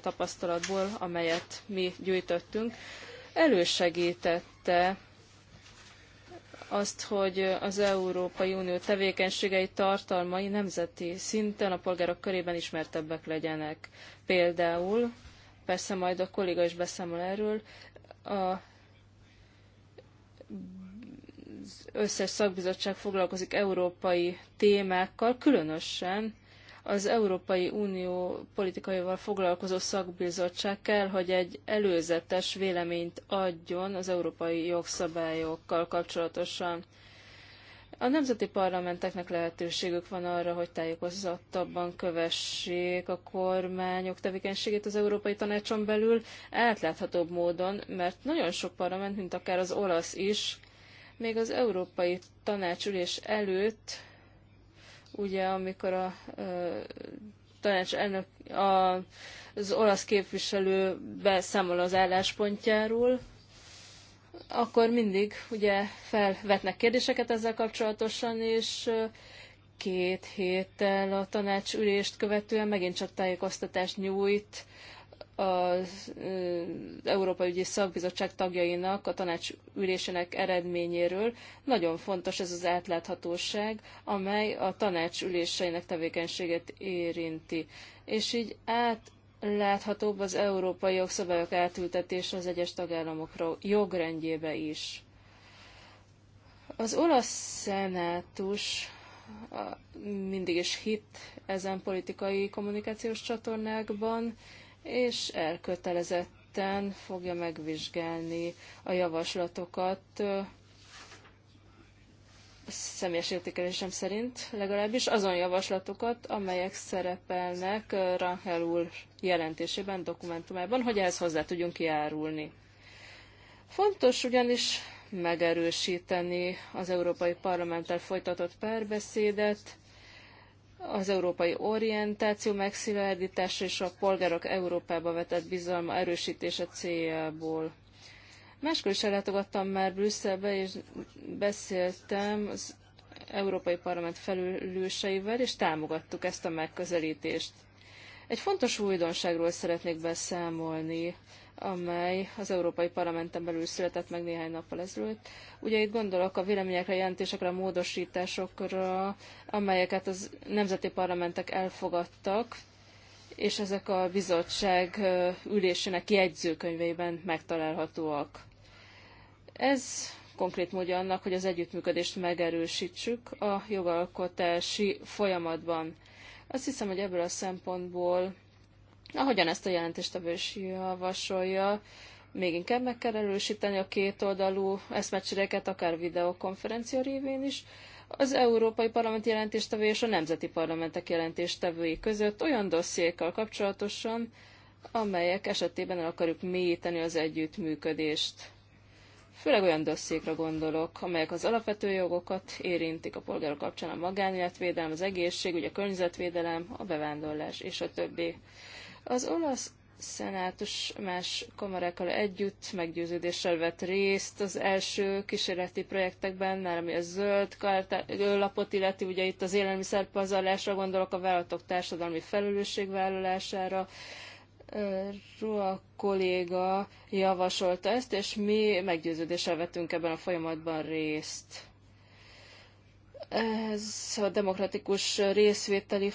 tapasztalatból, amelyet mi gyűjtöttünk, elősegítette azt, hogy az Európai Unió tevékenységei tartalmai nemzeti szinten a polgárok körében ismertebbek legyenek. Például, persze majd a kolléga is beszámol erről, a összes szakbizottság foglalkozik európai témákkal, különösen az Európai Unió politikaival foglalkozó szakbizottság kell, hogy egy előzetes véleményt adjon az európai jogszabályokkal kapcsolatosan. A nemzeti parlamenteknek lehetőségük van arra, hogy tájékozottabban kövessék a kormányok tevékenységét az Európai Tanácson belül átláthatóbb módon, mert nagyon sok parlament, mint akár az olasz is, még az Európai Tanácsülés előtt Ugye, amikor a tanács elnök, a, az olasz képviselő beszámol az álláspontjáról, akkor mindig ugye felvetnek kérdéseket ezzel kapcsolatosan, és két héttel a tanács ülést követően megint csak tájékoztatást nyújt az Európai Ügyi Szakbizottság tagjainak a tanács ülésének eredményéről. Nagyon fontos ez az átláthatóság, amely a tanács üléseinek tevékenységet érinti. És így átláthatóbb az európai jogszabályok átültetése az egyes tagállamokra jogrendjébe is. Az olasz szenátus mindig is hit ezen politikai kommunikációs csatornákban, és elkötelezetten fogja megvizsgálni a javaslatokat személyes értékelésem szerint legalábbis azon javaslatokat, amelyek szerepelnek Rangel úr jelentésében, dokumentumában, hogy ehhez hozzá tudjunk járulni. Fontos ugyanis megerősíteni az Európai Parlamenttel folytatott párbeszédet, az európai orientáció megszilárdítása és a polgárok Európába vetett bizalma erősítése céljából. Máskor is ellátogattam már Brüsszelbe, és beszéltem az Európai Parlament felülőseivel, és támogattuk ezt a megközelítést. Egy fontos újdonságról szeretnék beszámolni, amely az Európai Parlamenten belül született meg néhány nappal ezelőtt. Ugye itt gondolok a véleményekre, jelentésekre, a módosításokra, amelyeket az nemzeti parlamentek elfogadtak, és ezek a bizottság ülésének jegyzőkönyveiben megtalálhatóak. Ez konkrét módja annak, hogy az együttműködést megerősítsük a jogalkotási folyamatban. Azt hiszem, hogy ebből a szempontból Ahogyan ezt a jelentéstevő is javasolja, még inkább meg kell erősíteni a kétoldalú eszmecseréket, akár videokonferencia révén is, az Európai Parlament jelentéstevői és a Nemzeti Parlamentek jelentéstevői között olyan dossziékkal kapcsolatosan, amelyek esetében el akarjuk mélyíteni az együttműködést. Főleg olyan dossziékra gondolok, amelyek az alapvető jogokat érintik a polgárok kapcsán a magánéletvédelem, az egészségügy, a környezetvédelem, a bevándorlás és a többi. Az olasz szenátus más kamarákkal együtt meggyőződéssel vett részt az első kísérleti projektekben, már ami a zöld lapot illeti, ugye itt az élelmiszerpazarlásra gondolok, a vállalatok társadalmi felelősségvállalására, Rua kolléga javasolta ezt, és mi meggyőződéssel vettünk ebben a folyamatban részt. Ez a demokratikus részvételi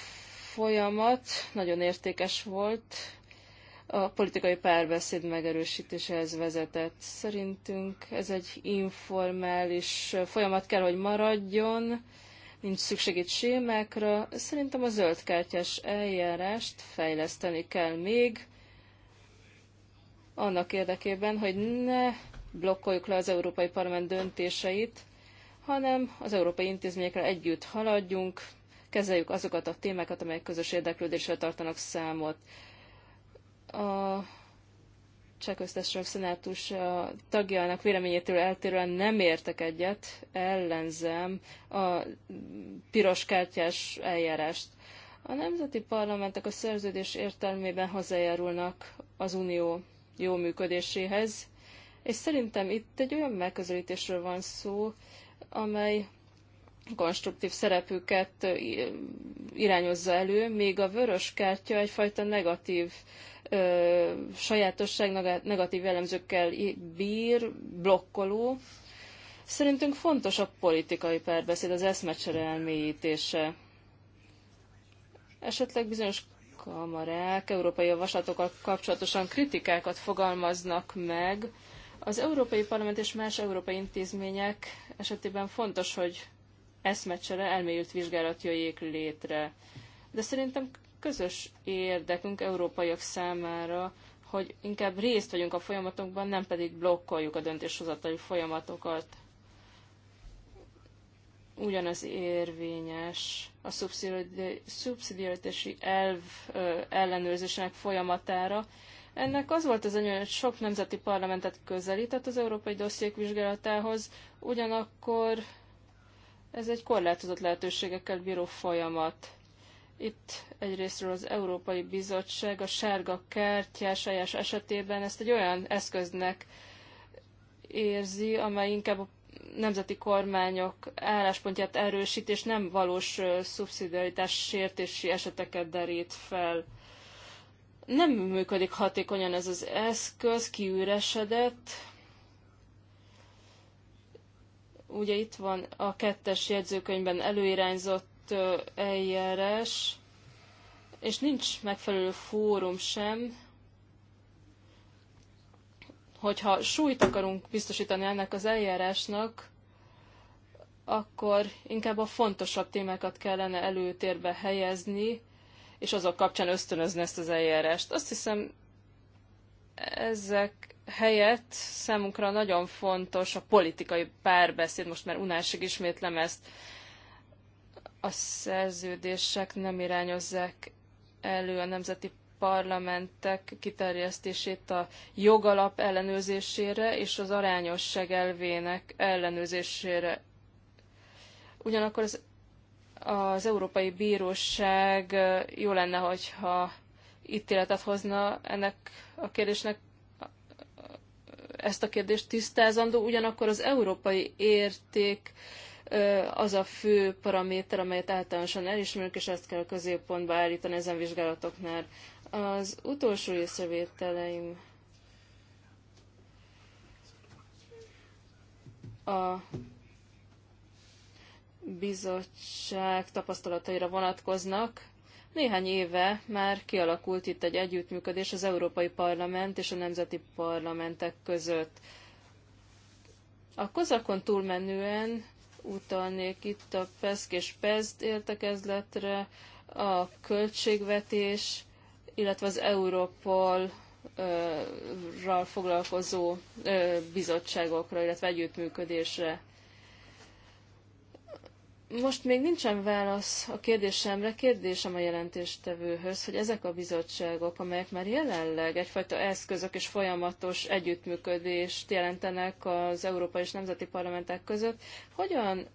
folyamat nagyon értékes volt, a politikai párbeszéd megerősítéséhez vezetett. Szerintünk ez egy informális folyamat kell, hogy maradjon, nincs szükség itt sémákra. Szerintem a zöldkártyás eljárást fejleszteni kell még, annak érdekében, hogy ne blokkoljuk le az Európai Parlament döntéseit, hanem az európai intézményekkel együtt haladjunk, kezeljük azokat a témákat, amelyek közös érdeklődésre tartanak számot. A Csehköztársaság szenátus tagjának véleményétől eltérően nem értek egyet, ellenzem a piros kártyás eljárást. A nemzeti parlamentek a szerződés értelmében hozzájárulnak az unió jó működéséhez, és szerintem itt egy olyan megközelítésről van szó, amely konstruktív szerepüket irányozza elő, míg a vörös kártya egyfajta negatív ö, sajátosság, negatív jellemzőkkel bír, blokkoló. Szerintünk fontos a politikai párbeszéd, az eszmecsere elmélyítése. Esetleg bizonyos kamarák európai javaslatokkal kapcsolatosan kritikákat fogalmaznak meg. Az Európai Parlament és más európai intézmények esetében fontos, hogy eszmecsere, elmélyült vizsgálat jöjjék létre. De szerintem közös érdekünk európaiak számára, hogy inkább részt vagyunk a folyamatokban, nem pedig blokkoljuk a döntéshozatali folyamatokat. Ugyanaz érvényes a szubszidiaritási elv ellenőrzésének folyamatára. Ennek az volt az anyja, hogy sok nemzeti parlamentet közelített az európai dossziék vizsgálatához, ugyanakkor ez egy korlátozott lehetőségekkel bíró folyamat. Itt egyrésztről az Európai Bizottság a sárga kártyás eljárás esetében ezt egy olyan eszköznek érzi, amely inkább a nemzeti kormányok álláspontját erősít, és nem valós szubszidiaritás sértési eseteket derít fel. Nem működik hatékonyan ez az eszköz, kiüresedett, Ugye itt van a kettes jegyzőkönyvben előirányzott eljárás, és nincs megfelelő fórum sem, hogyha súlyt akarunk biztosítani ennek az eljárásnak, akkor inkább a fontosabb témákat kellene előtérbe helyezni, és azok kapcsán ösztönözni ezt az eljárást. Azt hiszem, ezek helyett számunkra nagyon fontos a politikai párbeszéd, most már unásig ismétlem ezt, a szerződések nem irányozzák elő a nemzeti parlamentek kiterjesztését a jogalap ellenőrzésére és az arányosság elvének ellenőrzésére. Ugyanakkor az, az Európai Bíróság jó lenne, hogyha ítéletet hozna ennek a kérdésnek, ezt a kérdést tisztázandó, ugyanakkor az európai érték az a fő paraméter, amelyet általánosan elismerünk, és ezt kell a középpontba állítani ezen vizsgálatoknál. Az utolsó észrevételeim a bizottság tapasztalataira vonatkoznak. Néhány éve már kialakult itt egy együttműködés az Európai Parlament és a nemzeti parlamentek között. A kozakon túlmenően utalnék itt a PESZK és PESZD értekezletre, a költségvetés, illetve az Európol ral foglalkozó bizottságokra, illetve együttműködésre. Most még nincsen válasz a kérdésemre, kérdésem a jelentéstevőhöz, hogy ezek a bizottságok, amelyek már jelenleg egyfajta eszközök és folyamatos együttműködést jelentenek az európai és nemzeti parlamentek között, hogyan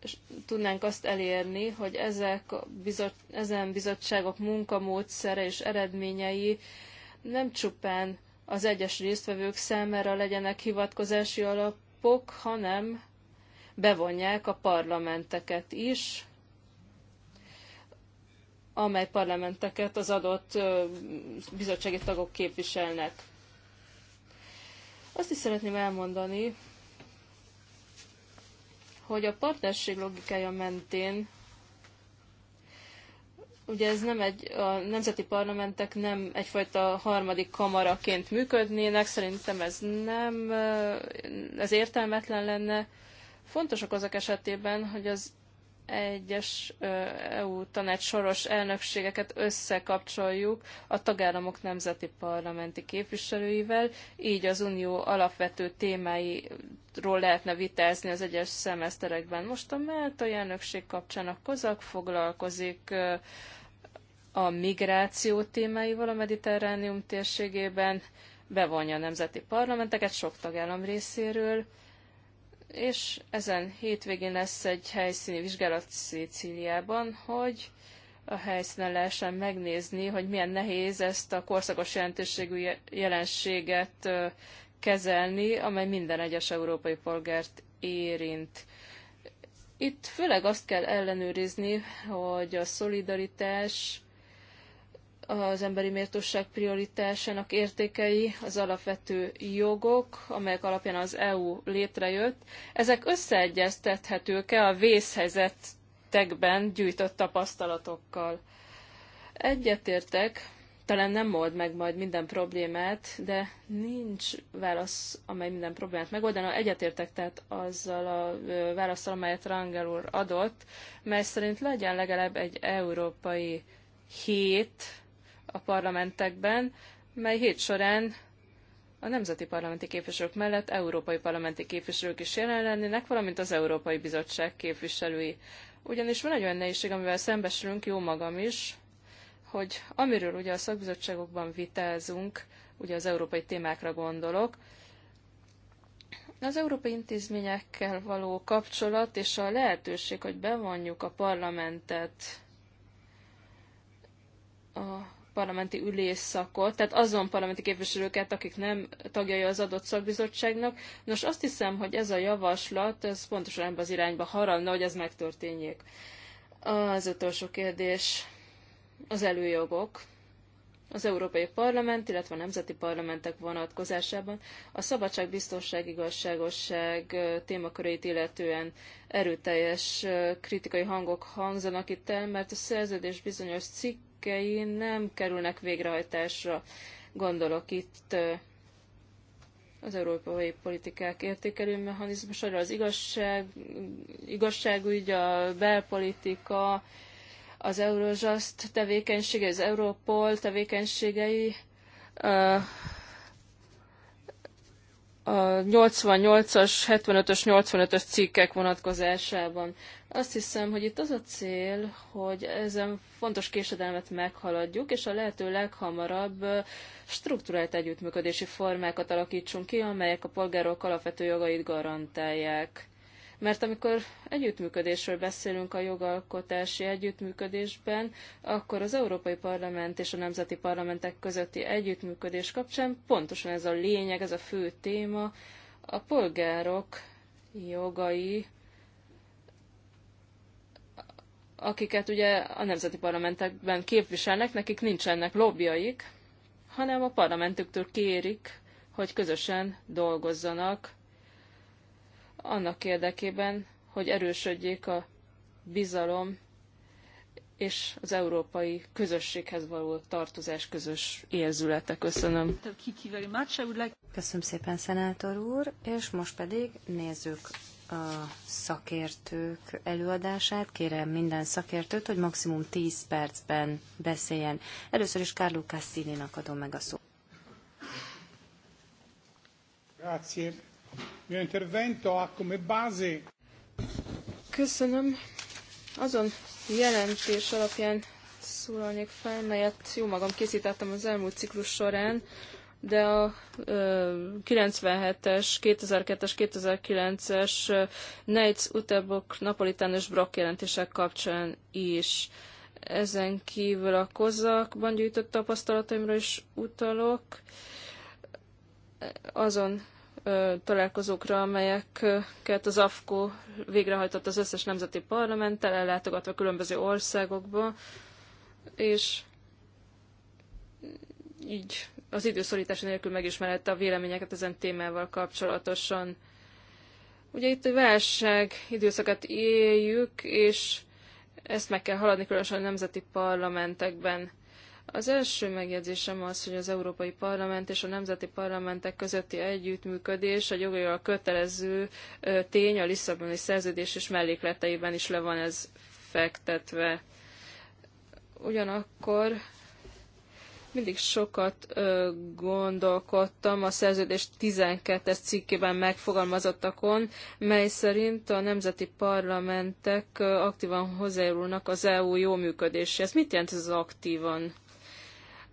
tudnánk azt elérni, hogy ezek a bizot, ezen bizottságok munkamódszere és eredményei nem csupán az egyes résztvevők számára legyenek hivatkozási alapok, hanem bevonják a parlamenteket is, amely parlamenteket az adott bizottsági tagok képviselnek. Azt is szeretném elmondani, hogy a partnerség logikája mentén ugye ez nem egy, a nemzeti parlamentek nem egyfajta harmadik kamaraként működnének, szerintem ez nem, ez értelmetlen lenne, Fontosak azok esetében, hogy az egyes EU tanács soros elnökségeket összekapcsoljuk a tagállamok nemzeti parlamenti képviselőivel, így az unió alapvető témáiról lehetne vitázni az egyes szemeszterekben. Most a Máltai elnökség kapcsán a kozak foglalkozik a migráció témáival a mediterránium térségében, bevonja a nemzeti parlamenteket sok tagállam részéről, és ezen hétvégén lesz egy helyszíni vizsgálat Szicíliában, hogy a helyszínen lehessen megnézni, hogy milyen nehéz ezt a korszakos jelentőségű jelenséget kezelni, amely minden egyes európai polgárt érint. Itt főleg azt kell ellenőrizni, hogy a szolidaritás az emberi méltóság prioritásának értékei, az alapvető jogok, amelyek alapján az EU létrejött, ezek összeegyeztethetők-e a vészhelyzetekben gyűjtött tapasztalatokkal? Egyetértek, talán nem old meg majd minden problémát, de nincs válasz, amely minden problémát megoldana. Egyetértek tehát azzal a válaszsal, amelyet Rangel úr adott, mely szerint legyen legalább egy európai hét, a parlamentekben, mely hét során a nemzeti parlamenti képviselők mellett európai parlamenti képviselők is jelen lennének, valamint az Európai Bizottság képviselői. Ugyanis van egy olyan nehézség, amivel szembesülünk, jó magam is, hogy amiről ugye a szakbizottságokban vitázunk, ugye az európai témákra gondolok, az európai intézményekkel való kapcsolat és a lehetőség, hogy bevonjuk a parlamentet a parlamenti ülésszakot, tehát azon parlamenti képviselőket, akik nem tagjai az adott szakbizottságnak. Nos, azt hiszem, hogy ez a javaslat, ez pontosan ebben az irányba haralna, hogy ez megtörténjék. Az utolsó kérdés, az előjogok az Európai Parlament, illetve a nemzeti parlamentek vonatkozásában a szabadság, biztonság, igazságosság témakörét illetően erőteljes kritikai hangok hangzanak itt el, mert a szerződés bizonyos cikk cikkei nem kerülnek végrehajtásra. Gondolok itt az európai politikák értékelő mechanizmusára, az igazság, igazságügy, a belpolitika, az Eurojust tevékenysége, az Europol tevékenységei, a 88-as, 75-ös, 85-ös cikkek vonatkozásában. Azt hiszem, hogy itt az a cél, hogy ezen fontos késedelmet meghaladjuk, és a lehető leghamarabb struktúrált együttműködési formákat alakítsunk ki, amelyek a polgárok alapvető jogait garantálják. Mert amikor együttműködésről beszélünk a jogalkotási együttműködésben, akkor az Európai Parlament és a nemzeti parlamentek közötti együttműködés kapcsán pontosan ez a lényeg, ez a fő téma, a polgárok jogai, akiket ugye a nemzeti parlamentekben képviselnek, nekik nincsenek lobbjaik, hanem a parlamentüktől kérik, hogy közösen dolgozzanak annak érdekében, hogy erősödjék a bizalom és az európai közösséghez való tartozás közös érzülete. Köszönöm. Köszönöm szépen, szenátor úr, és most pedig nézzük a szakértők előadását. Kérem minden szakértőt, hogy maximum 10 percben beszéljen. Először is Carlo Cassini-nak adom meg a szót. Grazie mio intervento ha come base... Köszönöm. Azon jelentés alapján szólalnék fel, melyet jó magam készítettem az elmúlt ciklus során, de a 97-es, 2002-es, 2009-es Neitz, Utebok, Napolitán és Brock jelentések kapcsán is. Ezen kívül a kozakban gyűjtött tapasztalataimra is utalok. Azon találkozókra, amelyeket az AFKO végrehajtott az összes nemzeti parlamenttel, ellátogatva különböző országokba, és így az időszorítás nélkül megismerhette a véleményeket ezen témával kapcsolatosan. Ugye itt a válság időszakát éljük, és ezt meg kell haladni különösen a nemzeti parlamentekben. Az első megjegyzésem az, hogy az Európai Parlament és a nemzeti parlamentek közötti együttműködés a jogilag kötelező tény a Lisszaboni szerződés és mellékleteiben is le van ez fektetve. Ugyanakkor mindig sokat ö, gondolkodtam a szerződés 12-es cikkében megfogalmazottakon, mely szerint a nemzeti parlamentek ö, aktívan hozzájárulnak az EU jó működéséhez. Mit jelent ez az aktívan?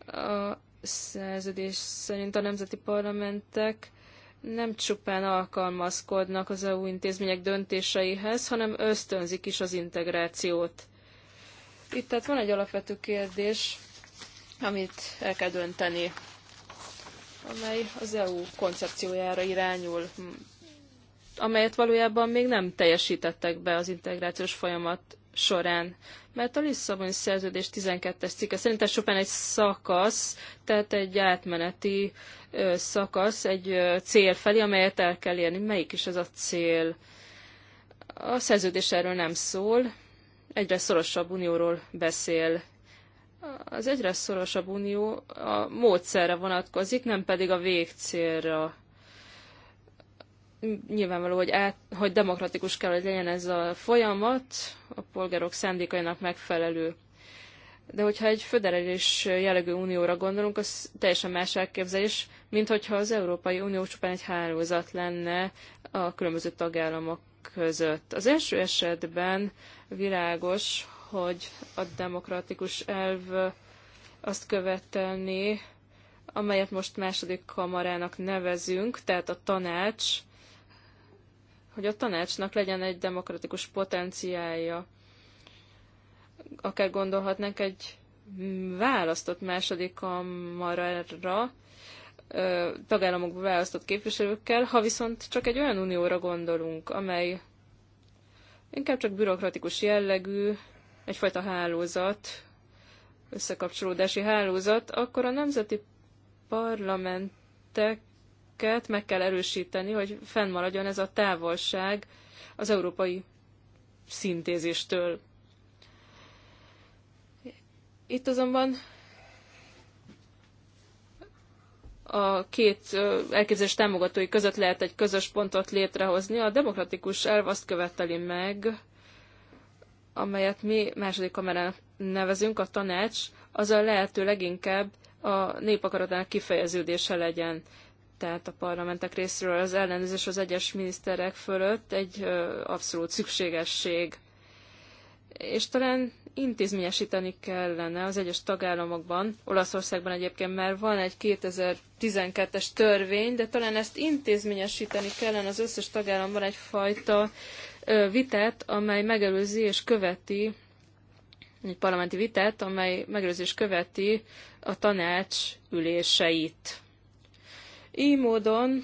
A szerződés szerint a nemzeti parlamentek nem csupán alkalmazkodnak az EU intézmények döntéseihez, hanem ösztönzik is az integrációt. Itt tehát van egy alapvető kérdés, amit el kell dönteni, amely az EU koncepciójára irányul, amelyet valójában még nem teljesítettek be az integrációs folyamat során. Mert a Lisszaboni szerződés 12-es cikke szerintem csupán egy szakasz, tehát egy átmeneti ö, szakasz, egy ö, cél felé, amelyet el kell érni. Melyik is ez a cél? A szerződés erről nem szól, egyre szorosabb unióról beszél. Az egyre szorosabb unió a módszerre vonatkozik, nem pedig a végcélra nyilvánvaló, hogy, át, hogy demokratikus kell, hogy legyen ez a folyamat, a polgárok szándékainak megfelelő. De hogyha egy föderális jellegű unióra gondolunk, az teljesen más elképzelés, mint hogyha az Európai Unió csupán egy hálózat lenne a különböző tagállamok között. Az első esetben világos, hogy a demokratikus elv azt követelni, amelyet most második kamarának nevezünk, tehát a tanács hogy a tanácsnak legyen egy demokratikus potenciálja. Akár gondolhatnánk egy választott második kamarára, tagállamokba választott képviselőkkel, ha viszont csak egy olyan unióra gondolunk, amely inkább csak bürokratikus jellegű, egyfajta hálózat, összekapcsolódási hálózat, akkor a nemzeti parlamentek ezeket meg kell erősíteni, hogy fennmaradjon ez a távolság az európai szintézistől. Itt azonban a két elképzelés támogatói között lehet egy közös pontot létrehozni. A demokratikus elv azt követeli meg, amelyet mi második kamerának nevezünk, a tanács, az a lehető leginkább a népakaratának kifejeződése legyen tehát a parlamentek részéről az ellenőrzés az egyes miniszterek fölött egy abszolút szükségesség. És talán intézményesíteni kellene az egyes tagállamokban, Olaszországban egyébként már van egy 2012-es törvény, de talán ezt intézményesíteni kellene az összes tagállamban egyfajta vitát, amely megelőzi és követi egy parlamenti vitát, amely megelőzés követi a tanács üléseit. Így módon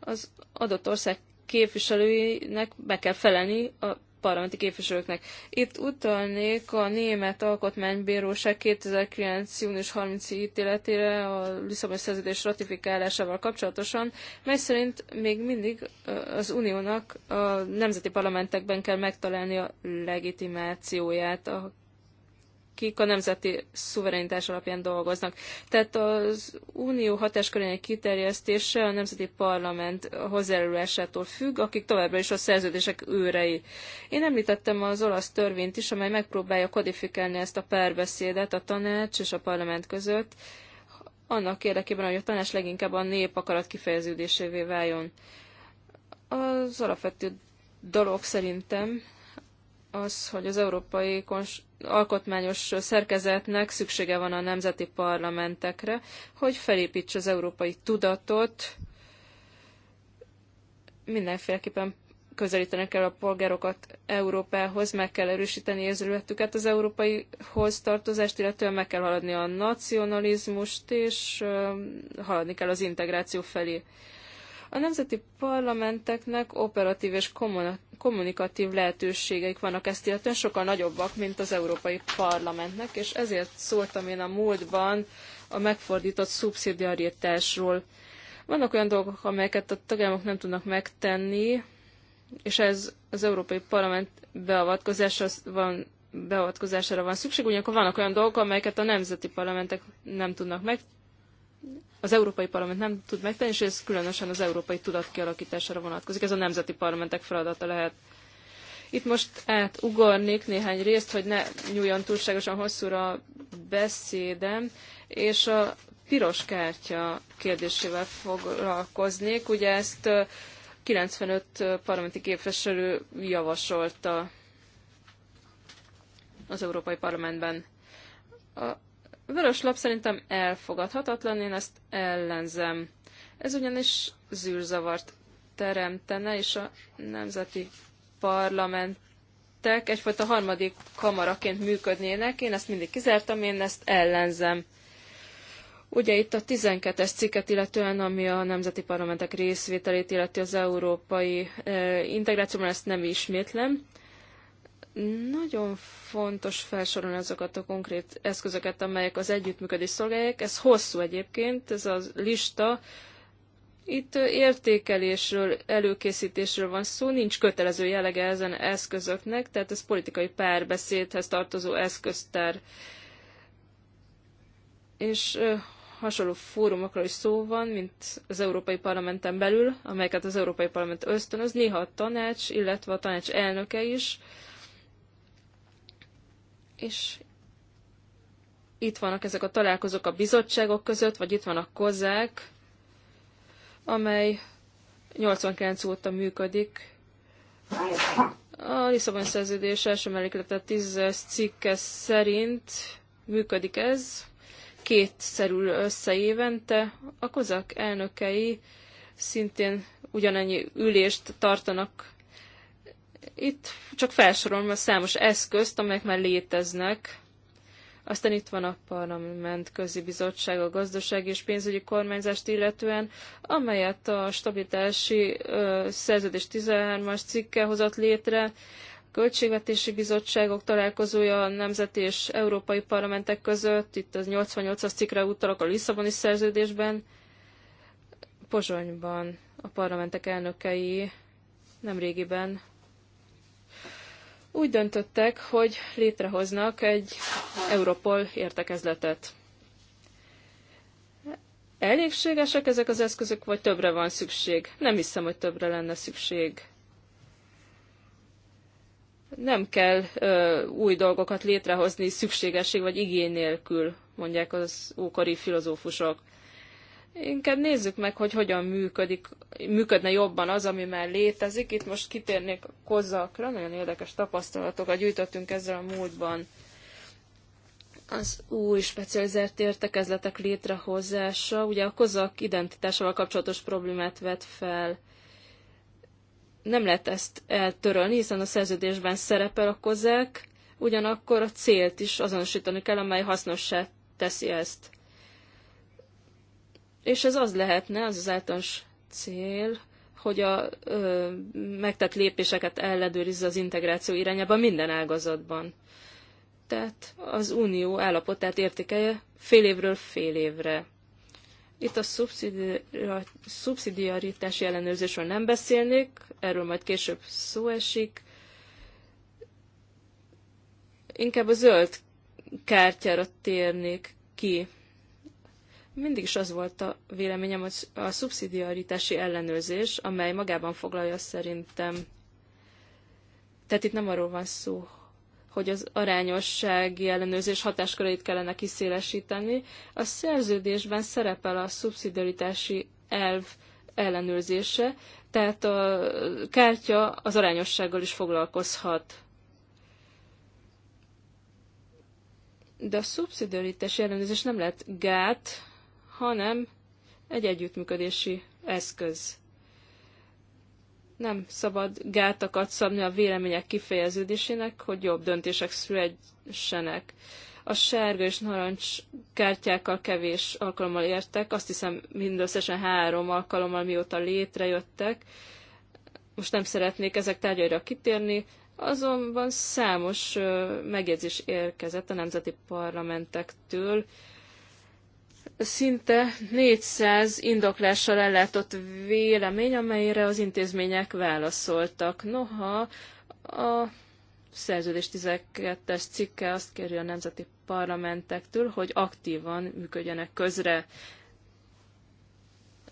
az adott ország képviselőinek be kell felelni a parlamenti képviselőknek. Itt utalnék a Német Alkotmánybíróság 2009. június 30 ítéletére a Lisszaboni szerződés ratifikálásával kapcsolatosan, mely szerint még mindig az uniónak a nemzeti parlamentekben kell megtalálni a legitimációját a akik a nemzeti szuverenitás alapján dolgoznak. Tehát az unió hatáskörének kiterjesztése a nemzeti parlament hozzájárulásától függ, akik továbbra is a szerződések őrei. Én említettem az olasz törvényt is, amely megpróbálja kodifikálni ezt a párbeszédet a tanács és a parlament között, annak érdekében, hogy a tanács leginkább a nép akarat kifejeződésévé váljon. Az alapvető dolog szerintem az, hogy az európai alkotmányos szerkezetnek szüksége van a nemzeti parlamentekre, hogy felépítse az európai tudatot, mindenféleképpen közelítenek el a polgárokat Európához, meg kell erősíteni érzületüket az európaihoz tartozást, illetve meg kell haladni a nacionalizmust, és haladni kell az integráció felé. A nemzeti parlamenteknek operatív és kommunikatív lehetőségeik vannak ezt illetően, sokkal nagyobbak, mint az Európai Parlamentnek, és ezért szóltam én a múltban a megfordított szubszidiaritásról. Vannak olyan dolgok, amelyeket a tagállamok nem tudnak megtenni, és ez az Európai Parlament beavatkozása van beavatkozására van szükség, ugyanakkor vannak olyan dolgok, amelyeket a nemzeti parlamentek nem tudnak az Európai Parlament nem tud megtenni, és ez különösen az európai tudat kialakítására vonatkozik. Ez a nemzeti parlamentek feladata lehet. Itt most átugornék néhány részt, hogy ne nyúljon túlságosan hosszúra a beszédem, és a piros kártya kérdésével foglalkoznék. Ugye ezt 95 parlamenti képviselő javasolta az Európai Parlamentben. A vörös lap szerintem elfogadhatatlan, én ezt ellenzem. Ez ugyanis zűrzavart teremtene, és a nemzeti parlamentek egyfajta harmadik kamaraként működnének. Én ezt mindig kizártam, én ezt ellenzem. Ugye itt a 12-es cikket illetően, ami a nemzeti parlamentek részvételét illeti az európai eh, integrációban, ezt nem ismétlem. Nagyon fontos felsorolni azokat a konkrét eszközöket, amelyek az együttműködés szolgálják. Ez hosszú egyébként, ez a lista. Itt értékelésről, előkészítésről van szó, nincs kötelező jellege ezen eszközöknek, tehát ez politikai párbeszédhez tartozó eszköztár. És hasonló fórumokról is szó van, mint az Európai Parlamenten belül, amelyeket az Európai Parlament ösztönöz, néha a tanács, illetve a tanács elnöke is, és itt vannak ezek a találkozók a bizottságok között, vagy itt van a kozák, amely 89 óta működik. A Lisszabon szerződés első melléklete 10 cikke szerint működik ez, kétszerül össze évente. A kozák elnökei szintén ugyanennyi ülést tartanak itt csak felsorolom a számos eszközt, amelyek már léteznek. Aztán itt van a Parlament Közi Bizottság a gazdasági és pénzügyi kormányzást illetően, amelyet a stabilitási ö, szerződés 13-as cikke hozott létre, költségvetési bizottságok találkozója a nemzeti és európai parlamentek között, itt az 88-as cikkre utalok a Lisszaboni szerződésben, Pozsonyban a parlamentek elnökei nemrégiben úgy döntöttek, hogy létrehoznak egy Europol értekezletet. Elégségesek ezek az eszközök, vagy többre van szükség? Nem hiszem, hogy többre lenne szükség. Nem kell ö, új dolgokat létrehozni szükségesség vagy igény nélkül, mondják az ókori filozófusok. Inkább nézzük meg, hogy hogyan működik, működne jobban az, ami már létezik. Itt most kitérnék a kozakra, nagyon érdekes tapasztalatokat gyűjtöttünk ezzel a múltban. Az új specializált értekezletek létrehozása, ugye a kozak identitásával kapcsolatos problémát vet fel nem lehet ezt eltörölni, hiszen a szerződésben szerepel a kozák, ugyanakkor a célt is azonosítani kell, amely hasznossá teszi ezt. És ez az lehetne, az az általános cél, hogy a ö, megtett lépéseket elledőrizze az integráció irányában minden ágazatban. Tehát az unió állapotát értékelje fél évről fél évre. Itt a szubszidiaritási ellenőrzésről nem beszélnék, erről majd később szó esik. Inkább a zöld kártyára térnék ki. Mindig is az volt a véleményem, hogy a szubszidiaritási ellenőrzés, amely magában foglalja szerintem, tehát itt nem arról van szó, hogy az arányossági ellenőrzés hatáskörét kellene kiszélesíteni. A szerződésben szerepel a szubszidiaritási elv ellenőrzése, tehát a kártya az arányossággal is foglalkozhat. De a szubszidiaritási ellenőrzés nem lett gát, hanem egy együttműködési eszköz. Nem szabad gátakat szabni a vélemények kifejeződésének, hogy jobb döntések szülessenek. A sárga és narancs kártyákkal kevés alkalommal értek, azt hiszem mindösszesen három alkalommal mióta létrejöttek. Most nem szeretnék ezek tárgyaira kitérni, azonban számos megjegyzés érkezett a nemzeti parlamentektől, szinte 400 indoklással ellátott vélemény, amelyre az intézmények válaszoltak. Noha a szerződés 12-es cikke azt kéri a nemzeti parlamentektől, hogy aktívan működjenek közre.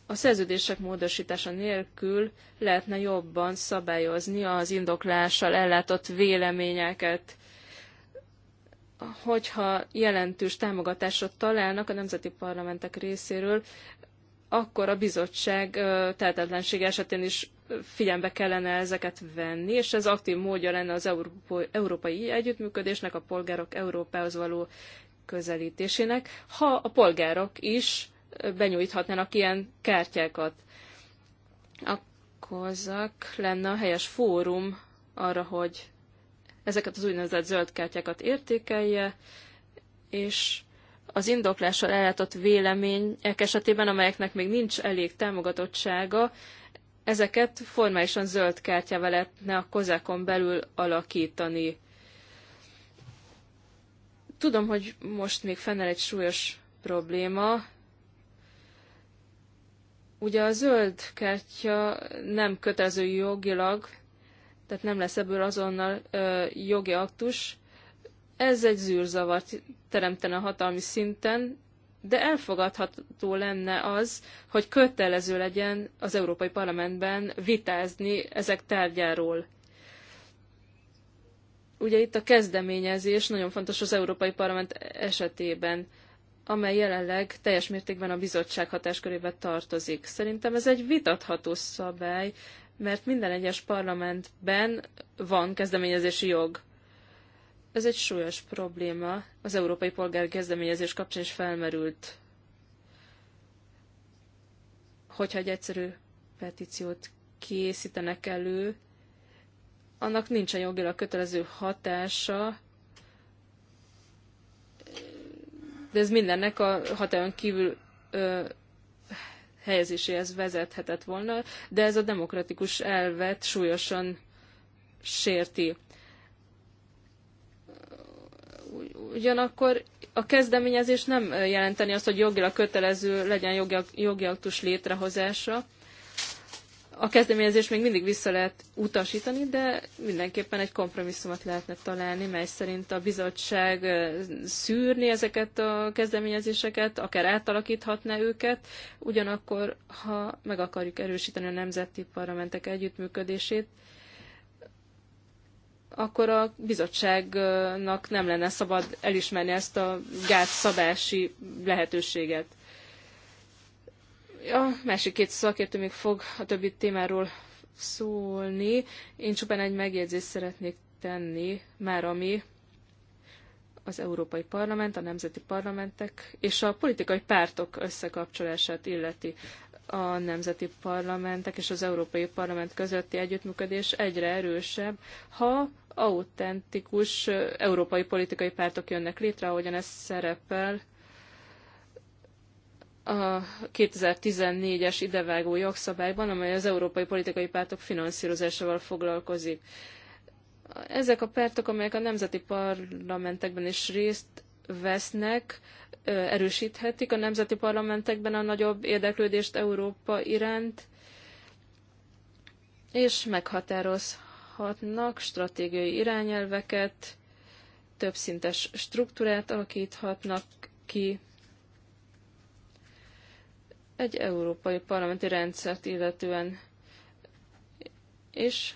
A szerződések módosítása nélkül lehetne jobban szabályozni az indoklással ellátott véleményeket hogyha jelentős támogatásra találnak a nemzeti parlamentek részéről, akkor a bizottság tehetetlenség esetén is figyelembe kellene ezeket venni, és ez aktív módja lenne az európai együttműködésnek, a polgárok Európához való közelítésének, ha a polgárok is benyújthatnának ilyen kártyákat. A kozak lenne a helyes fórum arra, hogy ezeket az úgynevezett zöld kártyákat értékelje, és az indoklással ellátott vélemények esetében, amelyeknek még nincs elég támogatottsága, ezeket formálisan zöld kártyával lehetne a kozákon belül alakítani. Tudom, hogy most még fennel egy súlyos probléma. Ugye a zöld kártya nem kötelező jogilag, tehát nem lesz ebből azonnal ö, jogi aktus. Ez egy zűrzavart teremtene a hatalmi szinten, de elfogadható lenne az, hogy kötelező legyen az Európai Parlamentben vitázni ezek tárgyáról. Ugye itt a kezdeményezés nagyon fontos az Európai Parlament esetében, amely jelenleg teljes mértékben a bizottság hatáskörébe tartozik. Szerintem ez egy vitatható szabály, mert minden egyes parlamentben van kezdeményezési jog. Ez egy súlyos probléma. Az európai polgári kezdeményezés kapcsán is felmerült. Hogyha egy egyszerű petíciót készítenek elő, annak nincsen jogilag kötelező hatása, de ez mindennek a hatályon kívül ö, helyezéséhez vezethetett volna, de ez a demokratikus elvet súlyosan sérti. Ugyanakkor a kezdeményezés nem jelenteni azt, hogy jogilag kötelező legyen jogi, jogi aktus létrehozása, a kezdeményezés még mindig vissza lehet utasítani, de mindenképpen egy kompromisszumot lehetne találni, mely szerint a bizottság szűrni ezeket a kezdeményezéseket, akár átalakíthatná őket, ugyanakkor, ha meg akarjuk erősíteni a nemzeti parlamentek együttműködését, akkor a bizottságnak nem lenne szabad elismerni ezt a gátszabási lehetőséget. A másik két szakértő még fog a többi témáról szólni. Én csupán egy megjegyzést szeretnék tenni, már ami az Európai Parlament, a nemzeti parlamentek és a politikai pártok összekapcsolását illeti a nemzeti parlamentek és az Európai Parlament közötti együttműködés egyre erősebb, ha autentikus európai politikai pártok jönnek létre, ahogyan ez szerepel a 2014-es idevágó jogszabályban, amely az európai politikai pártok finanszírozásával foglalkozik. Ezek a pártok, amelyek a nemzeti parlamentekben is részt vesznek, erősíthetik a nemzeti parlamentekben a nagyobb érdeklődést Európa iránt, és meghatározhatnak stratégiai irányelveket, többszintes struktúrát alakíthatnak ki, egy európai parlamenti rendszert illetően. És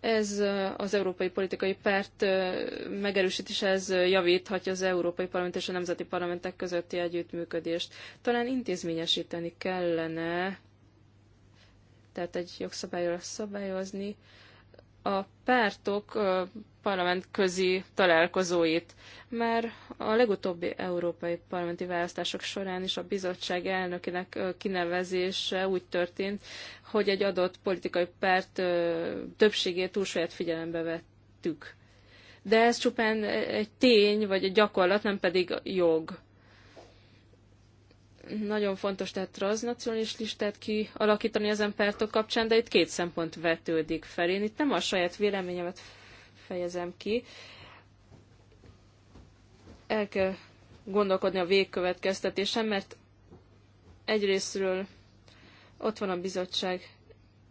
ez az európai politikai párt megerősítése, ez javíthatja az európai parlament és a nemzeti parlamentek közötti együttműködést. Talán intézményesíteni kellene, tehát egy jogszabályra szabályozni, a pártok parlament közi találkozóit. mert a legutóbbi európai parlamenti választások során is a bizottság elnökének kinevezése úgy történt, hogy egy adott politikai párt többségét saját figyelembe vettük. De ez csupán egy tény, vagy egy gyakorlat, nem pedig jog nagyon fontos tehát transnacionalis listát kialakítani ezen pártok kapcsán, de itt két szempont vetődik fel. Én itt nem a saját véleményemet fejezem ki. El kell gondolkodni a végkövetkeztetésen, mert egyrésztről ott van a bizottság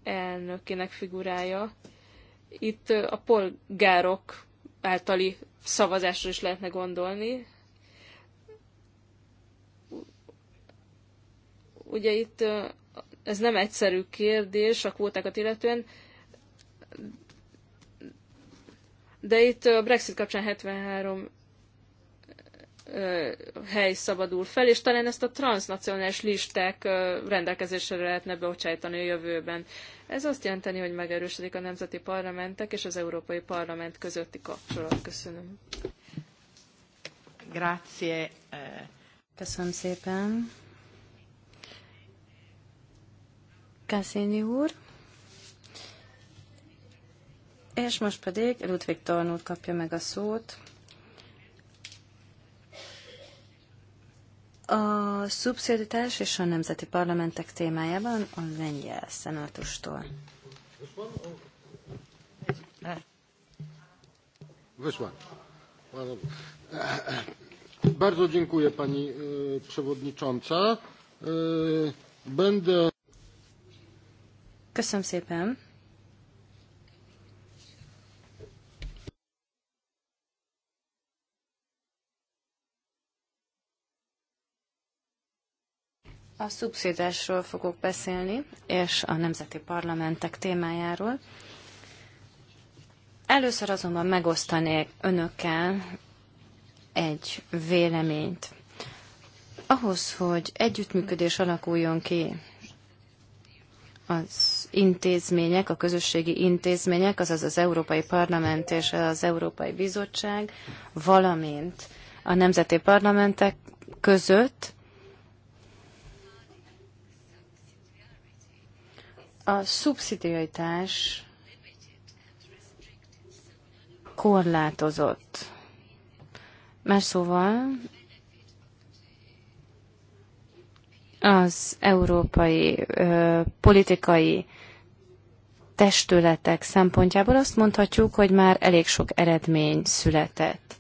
elnökének figurája. Itt a polgárok általi szavazásra is lehetne gondolni. Ugye itt ez nem egyszerű kérdés a kvótákat illetően, De itt a Brexit kapcsán 73 hely szabadul fel, és talán ezt a transnacionális listák rendelkezésre lehetne bocsájtani a jövőben. Ez azt jelenteni, hogy megerősödik a nemzeti parlamentek és az Európai Parlament közötti kapcsolat. Köszönöm. Grazie. Köszönöm szépen. Cassini úr. És most pedig Ludwig Tornút kapja meg a szót. A szubszidiás és a nemzeti parlamentek témájában a lengyel szenátustól. Bardzo dziękuję pani e, przewodnicząca. E, będę... Köszönöm szépen. A szubszidásról fogok beszélni, és a nemzeti parlamentek témájáról. Először azonban megosztanék önökkel egy véleményt. Ahhoz, hogy együttműködés alakuljon ki az intézmények, a közösségi intézmények, azaz az Európai Parlament és az Európai Bizottság, valamint a nemzeti parlamentek között A szubszidiaritás korlátozott. Más szóval az európai ö, politikai testületek szempontjából azt mondhatjuk, hogy már elég sok eredmény született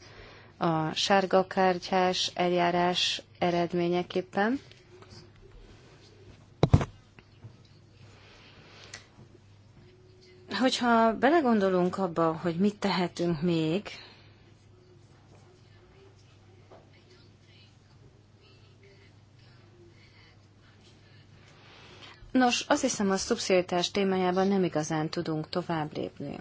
a sárga kártyás eljárás eredményeképpen. Hogyha belegondolunk abba, hogy mit tehetünk még, Nos, azt hiszem a szubszilitás témájában nem igazán tudunk tovább lépni.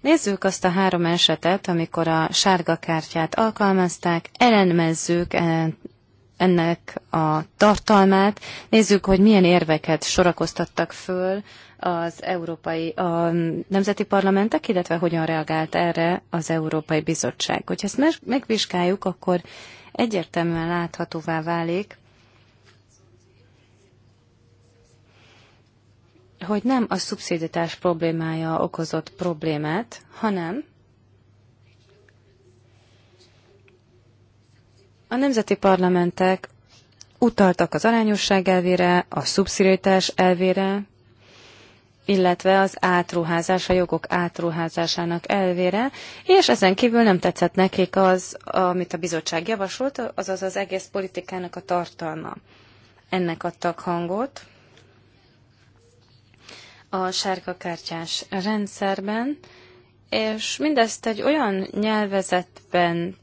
Nézzük azt a három esetet, amikor a sárga kártyát alkalmazták, elemezzük eh, ennek a tartalmát. Nézzük, hogy milyen érveket sorakoztattak föl az európai, a nemzeti parlamentek, illetve hogyan reagált erre az Európai Bizottság. Hogyha ezt megvizsgáljuk, akkor egyértelműen láthatóvá válik, hogy nem a szubszidítás problémája okozott problémát, hanem A nemzeti parlamentek utaltak az arányosság elvére, a szubszidiaritás elvére, illetve az átruházás, a jogok átruházásának elvére, és ezen kívül nem tetszett nekik az, amit a bizottság javasolt, azaz az egész politikának a tartalma. Ennek adtak hangot. A sárkakártyás rendszerben, és mindezt egy olyan nyelvezetben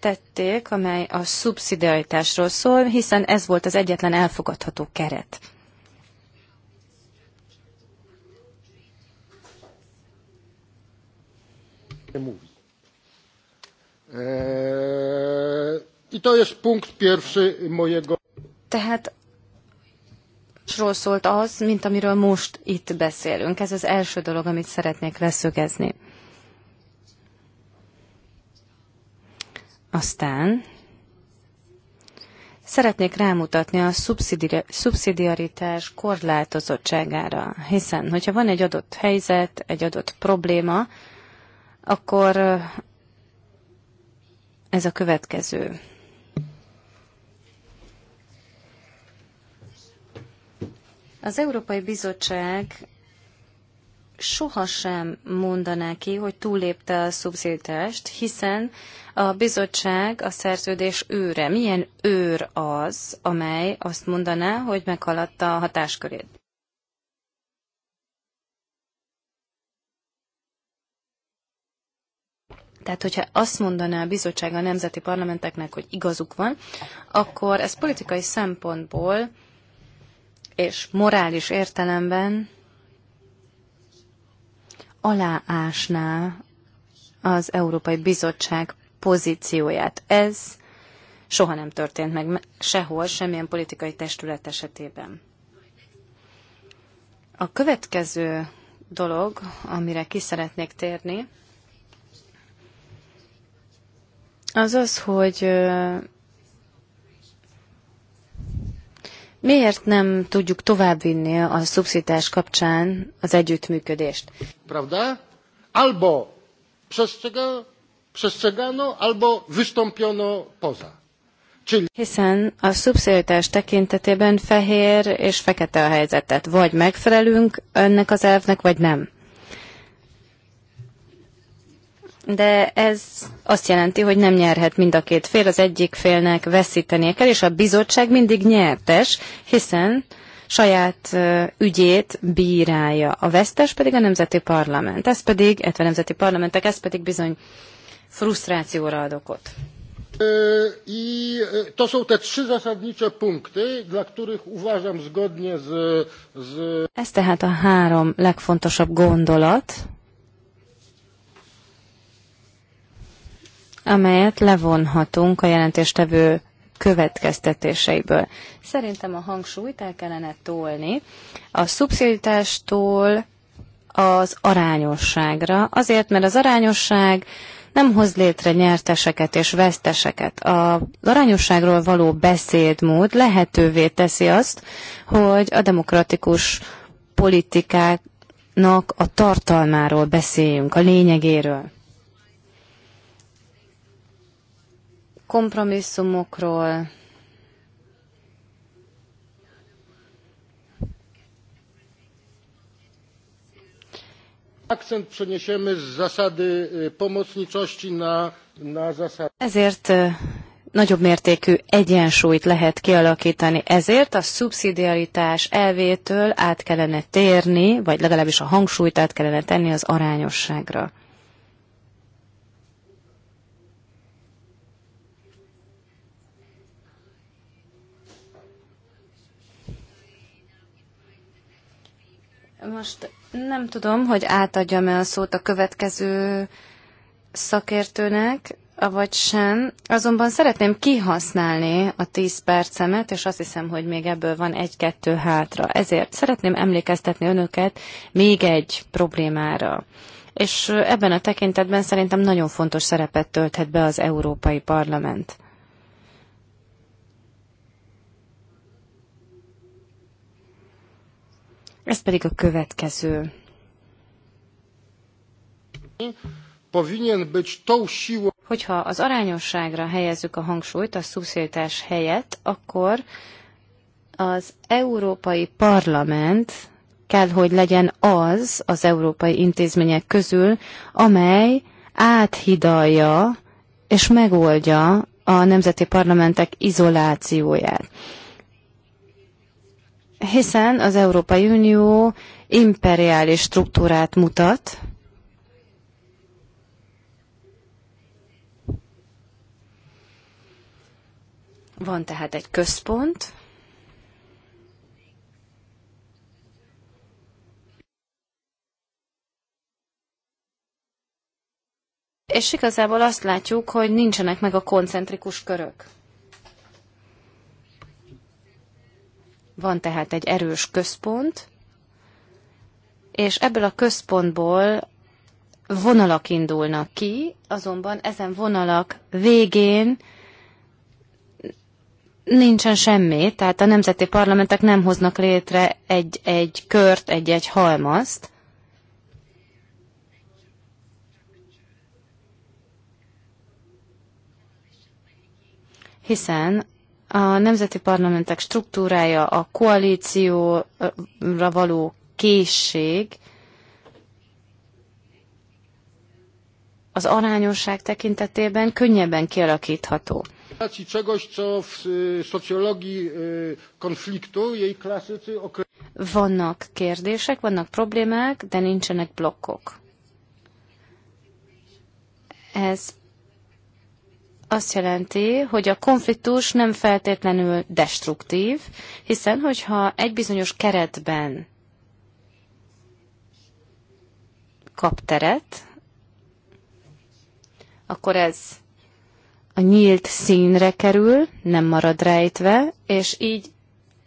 tették, amely a szubszidiaritásról szól, hiszen ez volt az egyetlen elfogadható keret. Tehát ról szólt az, mint amiről most itt beszélünk. Ez az első dolog, amit szeretnék leszögezni. Aztán szeretnék rámutatni a szubszidiaritás korlátozottságára, hiszen hogyha van egy adott helyzet, egy adott probléma, akkor ez a következő. Az Európai Bizottság sohasem mondaná ki, hogy túlépte a szubszítást, hiszen a bizottság a szerződés őre. Milyen őr az, amely azt mondaná, hogy meghaladta a hatáskörét? Tehát, hogyha azt mondaná a bizottság a nemzeti parlamenteknek, hogy igazuk van, akkor ez politikai szempontból és morális értelemben aláásná az Európai Bizottság pozícióját. Ez soha nem történt meg sehol, semmilyen politikai testület esetében. A következő dolog, amire ki szeretnék térni, az az, hogy Miért nem tudjuk továbbvinni a szubszidás kapcsán az együttműködést? Prawda? Albo przestrzegano, albo wystąpiono poza. Czyli... Hiszen a szubszidás tekintetében fehér és fekete a helyzetet, vagy megfelelünk ennek az elvnek, vagy nem. de ez azt jelenti, hogy nem nyerhet mind a két fél, az egyik félnek veszítenie kell, és a bizottság mindig nyertes, hiszen saját ügyét bírálja. A vesztes pedig a nemzeti parlament. Ez pedig, illetve a nemzeti parlamentek, ez pedig bizony frusztrációra ad okot. I to są te trzy zasadnicze punkty, dla których uważam zgodnie z, z... Ez tehát a három legfontosabb gondolat, amelyet levonhatunk a jelentéstevő következtetéseiből. Szerintem a hangsúlyt el kellene tolni a szubszidiátástól az arányosságra, azért, mert az arányosság nem hoz létre nyerteseket és veszteseket. Az arányosságról való beszédmód lehetővé teszi azt, hogy a demokratikus politikáknak a tartalmáról beszéljünk, a lényegéről. kompromisszumokról, akcent przeniesiemy z zasady pomocniczości na, na zasady. Ezért nagyobb mértékű egyensúlyt lehet kialakítani. Ezért a szubszidiaritás elvétől át kellene térni, vagy legalábbis a hangsúlyt át kellene tenni az arányosságra. Most nem tudom, hogy átadjam-e a szót a következő szakértőnek, vagy sem. Azonban szeretném kihasználni a 10 percemet, és azt hiszem, hogy még ebből van egy-kettő hátra. Ezért szeretném emlékeztetni önöket még egy problémára. És ebben a tekintetben szerintem nagyon fontos szerepet tölthet be az Európai Parlament. Ez pedig a következő. Hogyha az arányosságra helyezzük a hangsúlyt a szubsziltás helyett, akkor az Európai Parlament kell, hogy legyen az az európai intézmények közül, amely áthidalja és megoldja a nemzeti parlamentek izolációját hiszen az Európai Unió imperiális struktúrát mutat, Van tehát egy központ, és igazából azt látjuk, hogy nincsenek meg a koncentrikus körök. Van tehát egy erős központ, és ebből a központból vonalak indulnak ki, azonban ezen vonalak végén nincsen semmi, tehát a nemzeti parlamentek nem hoznak létre egy-egy kört, egy-egy halmazt. Hiszen a nemzeti parlamentek struktúrája, a koalícióra való készség, az arányosság tekintetében könnyebben kialakítható. Vannak kérdések, vannak problémák, de nincsenek blokkok. Ez azt jelenti, hogy a konfliktus nem feltétlenül destruktív, hiszen hogyha egy bizonyos keretben kap teret, akkor ez a nyílt színre kerül, nem marad rejtve, és így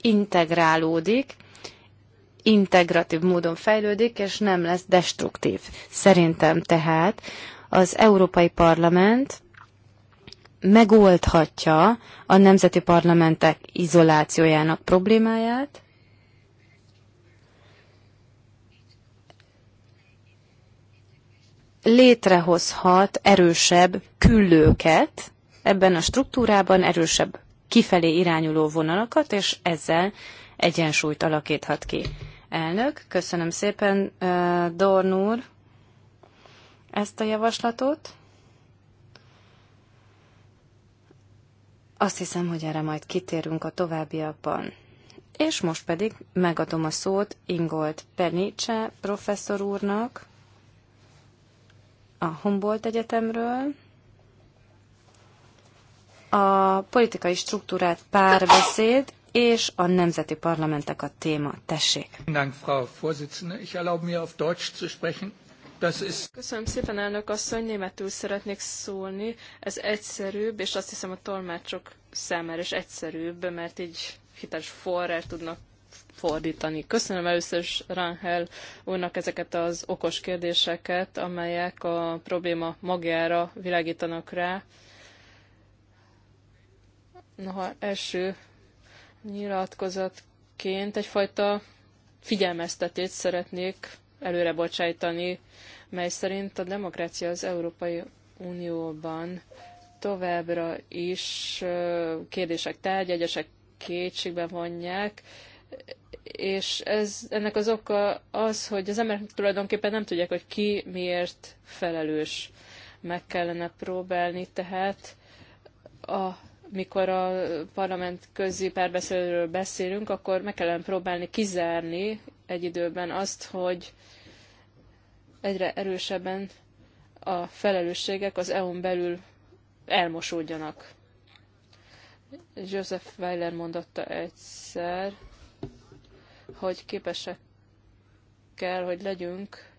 integrálódik, integratív módon fejlődik, és nem lesz destruktív. Szerintem tehát az Európai Parlament megoldhatja a nemzeti parlamentek izolációjának problémáját, létrehozhat erősebb küllőket ebben a struktúrában, erősebb kifelé irányuló vonalakat, és ezzel egyensúlyt alakíthat ki. Elnök, köszönöm szépen, eh, Dornúr, ezt a javaslatot. Azt hiszem, hogy erre majd kitérünk a továbbiakban. És most pedig megadom a szót Ingold Penice professzor úrnak a Humboldt Egyetemről. A politikai struktúrát párbeszéd és a nemzeti parlamentek a téma. Tessék! Dank, Frau Vorsitzende. Ich erlaube mir auf Deutsch zu sprechen. Köszönöm szépen, elnök asszony, németül szeretnék szólni. Ez egyszerűbb, és azt hiszem a tolmácsok számára is egyszerűbb, mert így hiteles forrás tudnak fordítani. Köszönöm először is Rangel úrnak ezeket az okos kérdéseket, amelyek a probléma magjára világítanak rá. Noha első nyilatkozatként egyfajta figyelmeztetést szeretnék előre bocsájtani, mely szerint a demokrácia az Európai Unióban továbbra is kérdések tárgy, egyesek kétségbe vonják, és ez, ennek az oka az, hogy az emberek tulajdonképpen nem tudják, hogy ki miért felelős. Meg kellene próbálni tehát, a, mikor a parlament közi párbeszélőről beszélünk, akkor meg kellene próbálni kizárni egy időben azt, hogy egyre erősebben a felelősségek az EU-n belül elmosódjanak. Joseph Weiler mondotta egyszer, hogy képesek kell, hogy legyünk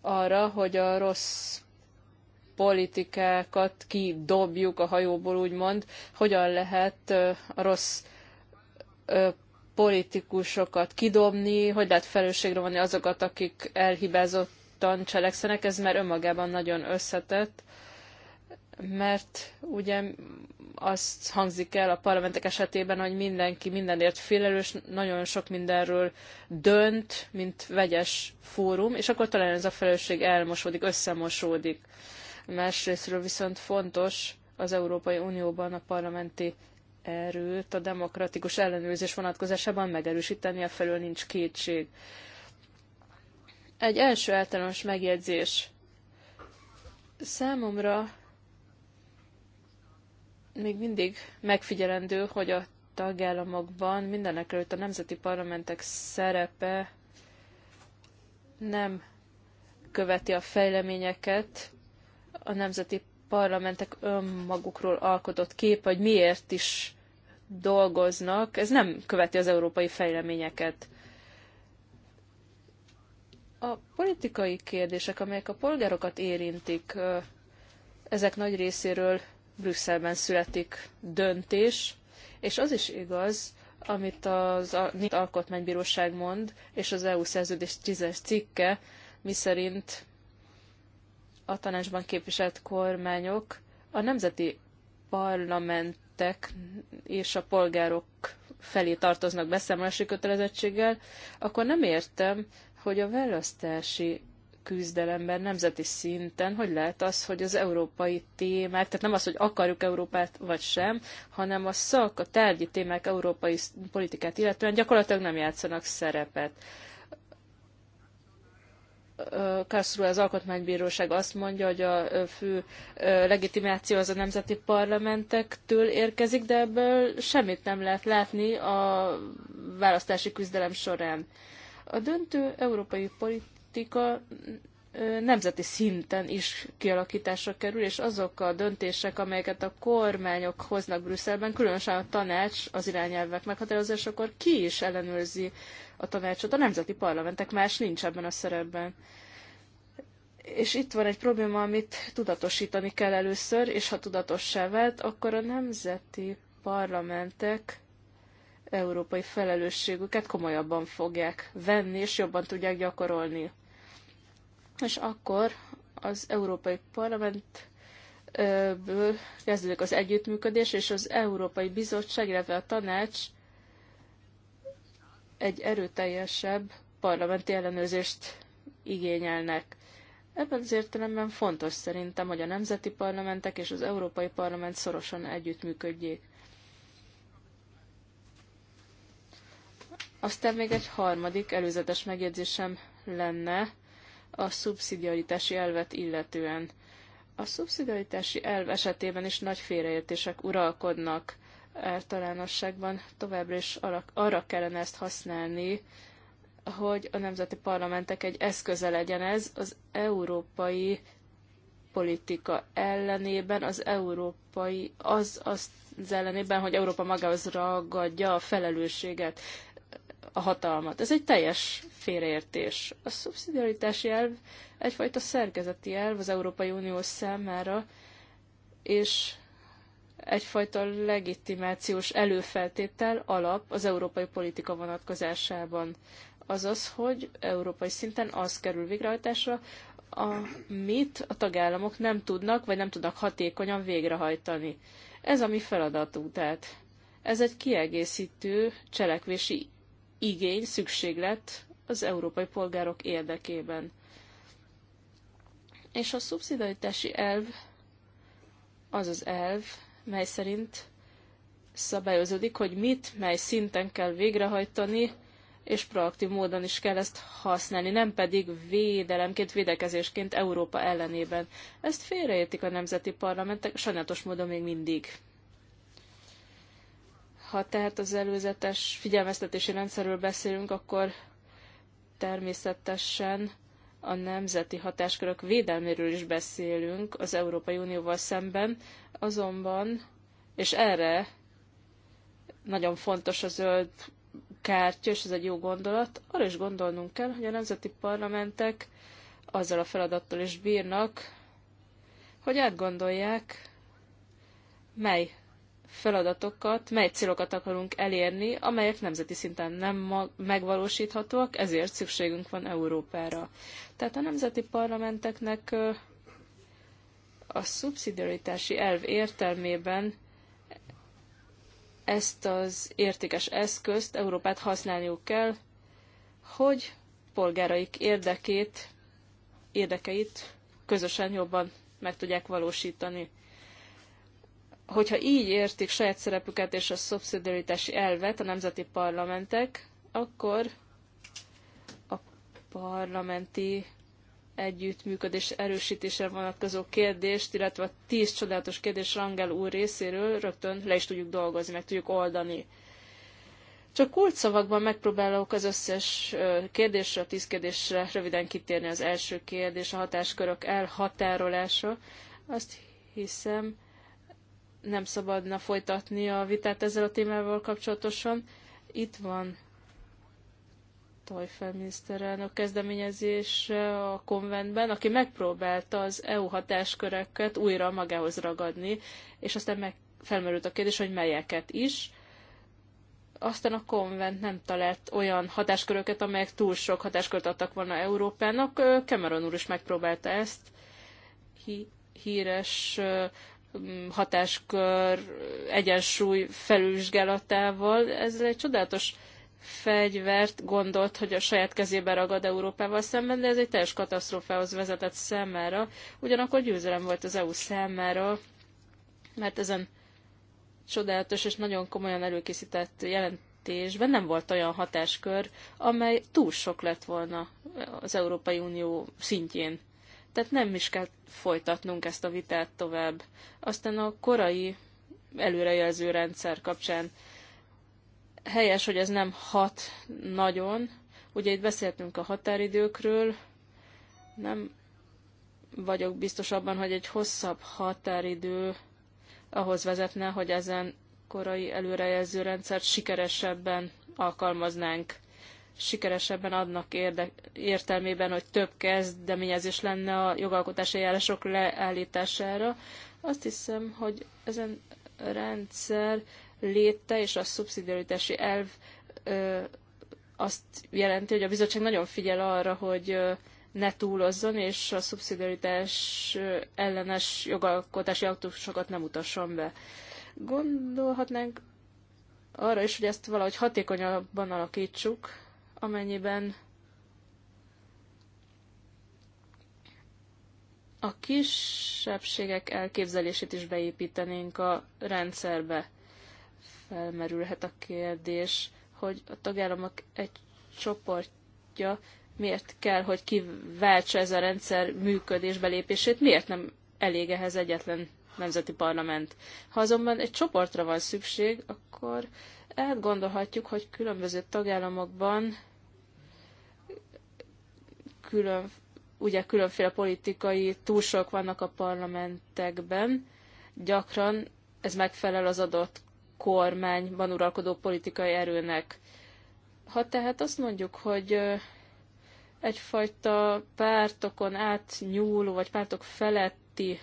arra, hogy a rossz politikákat kidobjuk a hajóból, úgymond, hogyan lehet a rossz politikusokat kidobni, hogy lehet felelősségre vonni azokat, akik elhibázottan cselekszenek, ez már önmagában nagyon összetett, mert ugye azt hangzik el a parlamentek esetében, hogy mindenki mindenért felelős, nagyon sok mindenről dönt, mint vegyes fórum, és akkor talán ez a felelősség elmosódik, összemosódik. Másrésztről viszont fontos az Európai Unióban a parlamenti erőt a demokratikus ellenőrzés vonatkozásában megerősíteni, a felől nincs kétség. Egy első általános megjegyzés. Számomra még mindig megfigyelendő, hogy a tagállamokban mindenek előtt a nemzeti parlamentek szerepe nem követi a fejleményeket, a nemzeti parlamentek önmagukról alkotott kép, hogy miért is dolgoznak, ez nem követi az európai fejleményeket. A politikai kérdések, amelyek a polgárokat érintik, ezek nagy részéről Brüsszelben születik döntés, és az is igaz, amit az Alkotmánybíróság mond, és az EU szerződés 10-es cikke, miszerint a tanácsban képviselt kormányok a nemzeti parlament érintettek és a polgárok felé tartoznak beszámolási kötelezettséggel, akkor nem értem, hogy a választási küzdelemben nemzeti szinten, hogy lehet az, hogy az európai témák, tehát nem az, hogy akarjuk Európát vagy sem, hanem a szak, a tárgyi témák európai politikát illetően gyakorlatilag nem játszanak szerepet. Karlsruhe az alkotmánybíróság azt mondja, hogy a fő legitimáció az a nemzeti parlamentektől érkezik, de ebből semmit nem lehet látni a választási küzdelem során. A döntő európai politika nemzeti szinten is kialakításra kerül, és azok a döntések, amelyeket a kormányok hoznak Brüsszelben, különösen a tanács az irányelvek meghatározásakor ki is ellenőrzi a tanácsot, a nemzeti parlamentek más nincs ebben a szerepben. És itt van egy probléma, amit tudatosítani kell először, és ha tudatossá vált, akkor a nemzeti parlamentek európai felelősségüket komolyabban fogják venni, és jobban tudják gyakorolni és akkor az Európai Parlament ből kezdődik az együttműködés, és az Európai Bizottság, illetve a tanács egy erőteljesebb parlamenti ellenőrzést igényelnek. Ebben az értelemben fontos szerintem, hogy a nemzeti parlamentek és az Európai Parlament szorosan együttműködjék. Aztán még egy harmadik előzetes megjegyzésem lenne, a szubszidiaritási elvet illetően. A szubszidiaritási elv esetében is nagy félreértések uralkodnak általánosságban. Továbbra is arra, kellene ezt használni, hogy a nemzeti parlamentek egy eszköze legyen ez az európai politika ellenében, az európai, az, az ellenében, hogy Európa magához ragadja a felelősséget a hatalmat. Ez egy teljes félreértés. A szubszidiaritási elv egyfajta szerkezeti elv az Európai Unió számára, és egyfajta legitimációs előfeltétel alap az európai politika vonatkozásában. Azaz, hogy európai szinten az kerül végrehajtásra, amit a tagállamok nem tudnak, vagy nem tudnak hatékonyan végrehajtani. Ez a mi feladatunk, tehát ez egy kiegészítő cselekvési igény, szükséglet az európai polgárok érdekében. És a szubszidaritási elv az az elv, mely szerint szabályozódik, hogy mit, mely szinten kell végrehajtani, és proaktív módon is kell ezt használni, nem pedig védelemként, védekezésként Európa ellenében. Ezt félreértik a nemzeti parlamentek, sajnálatos módon még mindig. Ha tehát az előzetes figyelmeztetési rendszerről beszélünk, akkor természetesen a nemzeti hatáskörök védelméről is beszélünk az Európai Unióval szemben, azonban, és erre nagyon fontos a zöld kártya, és ez egy jó gondolat, arra is gondolnunk kell, hogy a nemzeti parlamentek azzal a feladattal is bírnak, hogy átgondolják, mely feladatokat, mely célokat akarunk elérni, amelyek nemzeti szinten nem megvalósíthatóak, ezért szükségünk van Európára. Tehát a nemzeti parlamenteknek a szubszidiaritási elv értelmében ezt az értékes eszközt, Európát használniuk kell, hogy polgáraik érdekét, érdekeit közösen jobban meg tudják valósítani hogyha így értik saját szerepüket és a szubszidiaritási elvet a nemzeti parlamentek, akkor a parlamenti együttműködés erősítése vonatkozó kérdést, illetve a tíz csodálatos kérdés Rangel úr részéről rögtön le is tudjuk dolgozni, meg tudjuk oldani. Csak kulcsszavakban megpróbálok az összes kérdésre, a tíz kérdésre röviden kitérni. Az első kérdés a hatáskörök elhatárolása. Azt hiszem, nem szabadna folytatni a vitát ezzel a témával kapcsolatosan. Itt van Tajfel miniszterelnök kezdeményezés a konventben, aki megpróbálta az EU hatásköröket újra magához ragadni, és aztán meg felmerült a kérdés, hogy melyeket is. Aztán a konvent nem talált olyan hatásköröket, amelyek túl sok hatáskört adtak volna Európának. Cameron úr is megpróbálta ezt. Hi híres Mm, hatáskör egyensúly felülvizsgálatával. Ez egy csodálatos fegyvert gondolt, hogy a saját kezébe ragad Európával szemben, de ez egy teljes katasztrófához vezetett számára. Ugyanakkor győzelem volt az EU számára, mert ezen csodálatos és nagyon komolyan előkészített jelentésben nem volt olyan hatáskör, amely túl sok lett volna az Európai Unió szintjén. Tehát nem is kell folytatnunk ezt a vitát tovább. Aztán a korai előrejelző rendszer kapcsán helyes, hogy ez nem hat nagyon. Ugye itt beszéltünk a határidőkről, nem vagyok biztos abban, hogy egy hosszabb határidő ahhoz vezetne, hogy ezen korai előrejelző rendszert sikeresebben alkalmaznánk sikeresebben adnak érde, értelmében, hogy több kezdeményezés lenne a jogalkotási eljárások leállítására. Azt hiszem, hogy ezen rendszer léte és a szubszidiaritási elv ö, azt jelenti, hogy a bizottság nagyon figyel arra, hogy ö, ne túlozzon, és a szubszidiaritás ellenes jogalkotási aktusokat nem utasson be. Gondolhatnánk arra is, hogy ezt valahogy hatékonyabban alakítsuk, amennyiben a kisebbségek elképzelését is beépítenénk a rendszerbe. Felmerülhet a kérdés, hogy a tagállamok egy csoportja miért kell, hogy kiváltsa ez a rendszer működés belépését, miért nem elég ehhez egyetlen nemzeti parlament. Ha azonban egy csoportra van szükség, akkor elgondolhatjuk, hogy különböző tagállamokban külön, ugye különféle politikai túlsok vannak a parlamentekben, gyakran ez megfelel az adott kormányban uralkodó politikai erőnek. Ha tehát azt mondjuk, hogy egyfajta pártokon átnyúló, vagy pártok feletti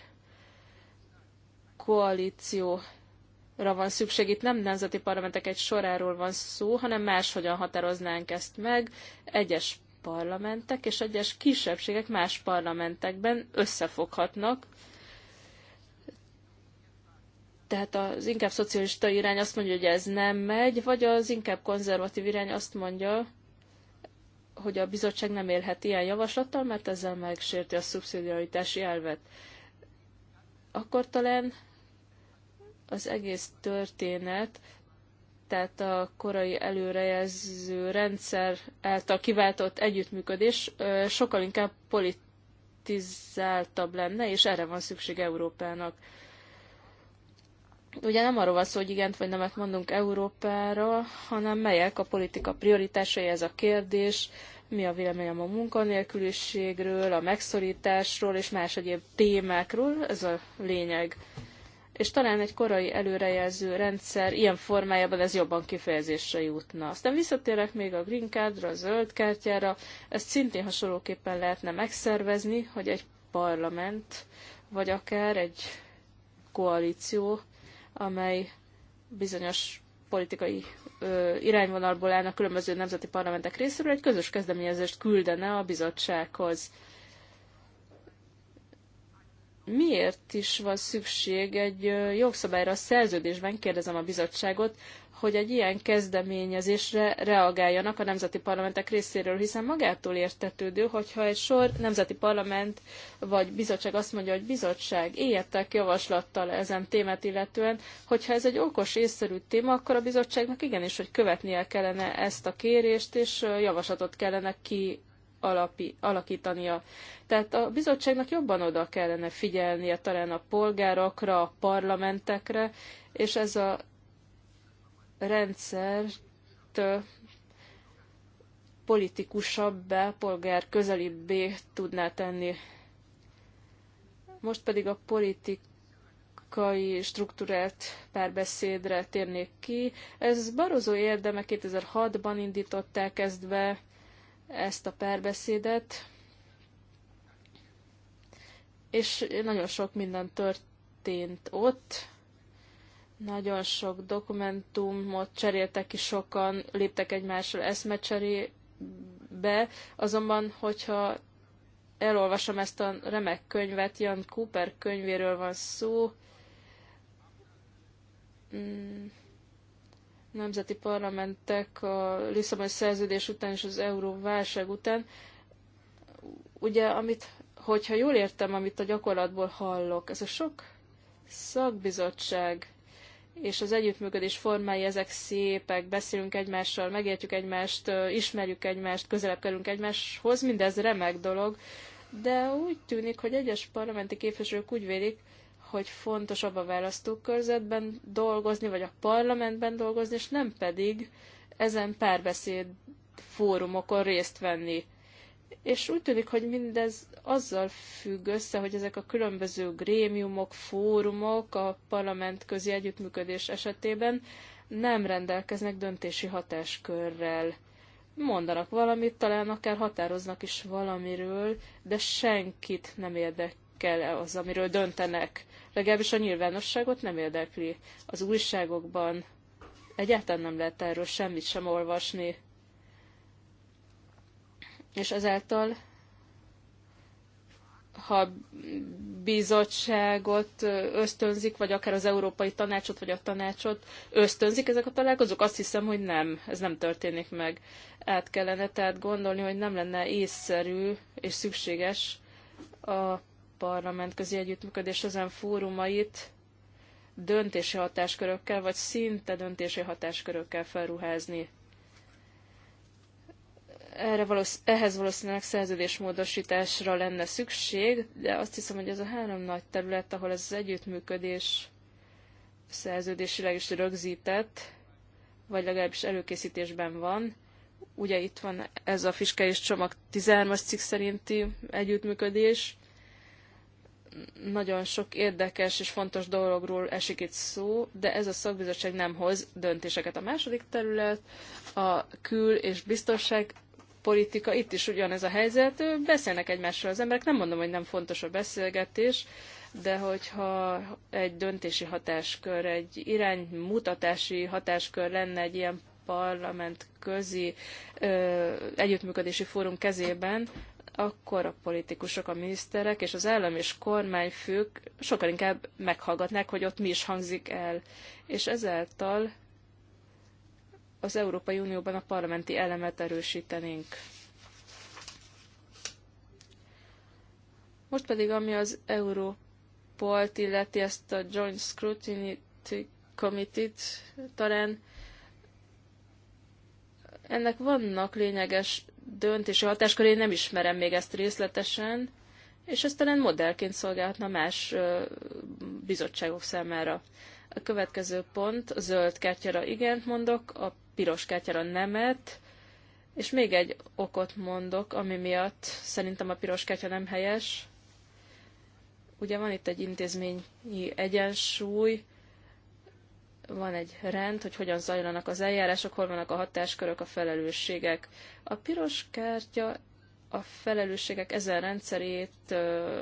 koalíció van szükség. Itt nem nemzeti parlamentek egy soráról van szó, hanem máshogyan határoznánk ezt meg. Egyes parlamentek és egyes kisebbségek más parlamentekben összefoghatnak. Tehát az inkább szocialista irány azt mondja, hogy ez nem megy, vagy az inkább konzervatív irány azt mondja, hogy a bizottság nem élhet ilyen javaslattal, mert ezzel megsérti a szubszidiaritási elvet. Akkor talán az egész történet, tehát a korai előrejelző rendszer által kiváltott együttműködés sokkal inkább politizáltabb lenne, és erre van szükség Európának. Ugye nem arról van szó, hogy igent vagy nemet mondunk Európára, hanem melyek a politika prioritásai, ez a kérdés, mi a véleményem a munkanélküliségről, a megszorításról és más egyéb témákról, ez a lényeg és talán egy korai előrejelző rendszer ilyen formájában ez jobban kifejezésre jutna. Aztán visszatérek még a green cardra, a zöld kártyára, ezt szintén hasonlóképpen lehetne megszervezni, hogy egy parlament, vagy akár egy koalíció, amely bizonyos politikai ö, irányvonalból állna különböző nemzeti parlamentek részéről, egy közös kezdeményezést küldene a bizottsághoz miért is van szükség egy jogszabályra a szerződésben, kérdezem a bizottságot, hogy egy ilyen kezdeményezésre reagáljanak a nemzeti parlamentek részéről, hiszen magától értetődő, hogyha egy sor nemzeti parlament vagy bizottság azt mondja, hogy bizottság, éjjettek javaslattal ezen témát illetően, hogyha ez egy okos, észszerű téma, akkor a bizottságnak igenis, hogy követnie kellene ezt a kérést, és javaslatot kellene ki alapi, alakítania. Tehát a bizottságnak jobban oda kellene figyelnie talán a polgárokra, a parlamentekre, és ez a rendszert politikusabbá, polgár közelibbé tudná tenni. Most pedig a politikai struktúrált párbeszédre térnék ki. Ez Barozó érdeme 2006-ban indították ezt be, ezt a párbeszédet, és nagyon sok minden történt ott, nagyon sok dokumentumot cseréltek ki sokan, léptek egymásra eszmecserébe, azonban, hogyha elolvasom ezt a remek könyvet, Jan Cooper könyvéről van szó, mm, nemzeti parlamentek a Lisszaboni szerződés után és az euró válság után, ugye, amit, hogyha jól értem, amit a gyakorlatból hallok, ez a sok szakbizottság és az együttműködés formái, ezek szépek, beszélünk egymással, megértjük egymást, ismerjük egymást, közelebb kerülünk egymáshoz, mindez remek dolog, de úgy tűnik, hogy egyes parlamenti képviselők úgy vélik, hogy fontosabb a választókörzetben dolgozni, vagy a parlamentben dolgozni, és nem pedig ezen párbeszéd fórumokon részt venni. És úgy tűnik, hogy mindez azzal függ össze, hogy ezek a különböző grémiumok, fórumok a parlament közi együttműködés esetében nem rendelkeznek döntési hatáskörrel. Mondanak valamit, talán akár határoznak is valamiről, de senkit nem érdek kell -e az, amiről döntenek. Legalábbis a nyilvánosságot nem érdekli. Az újságokban egyáltalán nem lehet erről semmit sem olvasni. És ezáltal, ha bizottságot ösztönzik, vagy akár az Európai Tanácsot, vagy a tanácsot ösztönzik ezek a találkozók, azt hiszem, hogy nem, ez nem történik meg. Át kellene tehát gondolni, hogy nem lenne észszerű és szükséges a parlament közi együttműködés ezen fórumait döntési hatáskörökkel, vagy szinte döntési hatáskörökkel felruházni. Erre valósz, ehhez valószínűleg szerződésmódosításra lenne szükség, de azt hiszem, hogy ez a három nagy terület, ahol ez az együttműködés szerződésileg is rögzített, vagy legalábbis előkészítésben van. Ugye itt van ez a fiskális csomag 13-as cikk szerinti együttműködés, nagyon sok érdekes és fontos dologról esik itt szó, de ez a szakbizottság nem hoz döntéseket. A második terület a kül- és biztonság politika, itt is ugyanez a helyzet, beszélnek egymással az emberek, nem mondom, hogy nem fontos a beszélgetés, de hogyha egy döntési hatáskör, egy iránymutatási hatáskör lenne egy ilyen parlament közi ö, együttműködési fórum kezében, akkor a politikusok, a miniszterek és az állam és kormányfők sokkal inkább meghallgatnák, hogy ott mi is hangzik el. És ezáltal az Európai Unióban a parlamenti elemet erősítenénk. Most pedig, ami az Európolt illeti ezt a Joint Scrutiny Committee-t, talán ennek vannak lényeges döntési hatáskör, én nem ismerem még ezt részletesen, és ez talán modellként szolgálhatna más bizottságok számára. A következő pont, a zöld kártyára igent mondok, a piros kártyára nemet, és még egy okot mondok, ami miatt szerintem a piros kártya nem helyes. Ugye van itt egy intézményi egyensúly, van egy rend, hogy hogyan zajlanak az eljárások, hol vannak a hatáskörök, a felelősségek. A piros kártya a felelősségek ezen rendszerét ö,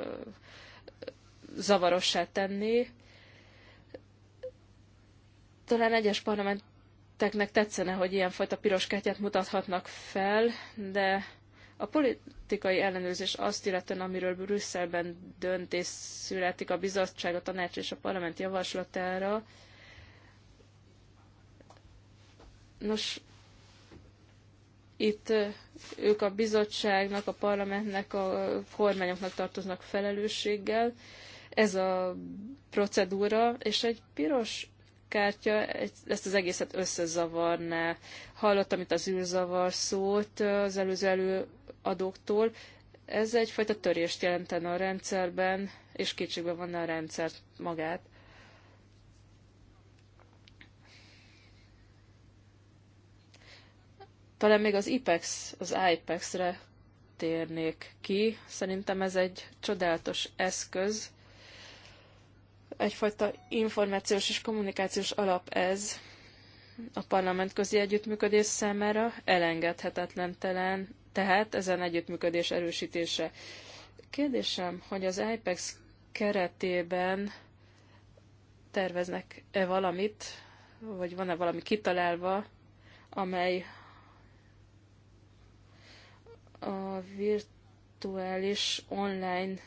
zavarossá tenni. Talán egyes parlamenteknek tetszene, hogy ilyenfajta piros kártyát mutathatnak fel, de a politikai ellenőrzés azt illetően, amiről Brüsszelben döntés születik a bizottság, a tanács és a parlament javaslatára, Nos, itt ők a bizottságnak, a parlamentnek, a kormányoknak tartoznak felelősséggel. Ez a procedúra, és egy piros kártya ezt az egészet összezavarná. Hallottam itt az űrzavar szót az előző előadóktól. Ez egyfajta törést jelentene a rendszerben, és kétségbe vonna a rendszert magát. Talán még az IPEX, az IPEX-re térnék ki. Szerintem ez egy csodálatos eszköz. Egyfajta információs és kommunikációs alap ez a parlament közi együttműködés számára elengedhetetlen telen, tehát ezen együttműködés erősítése. Kérdésem, hogy az IPEX keretében terveznek-e valamit, vagy van-e valami kitalálva, amely a virtuális online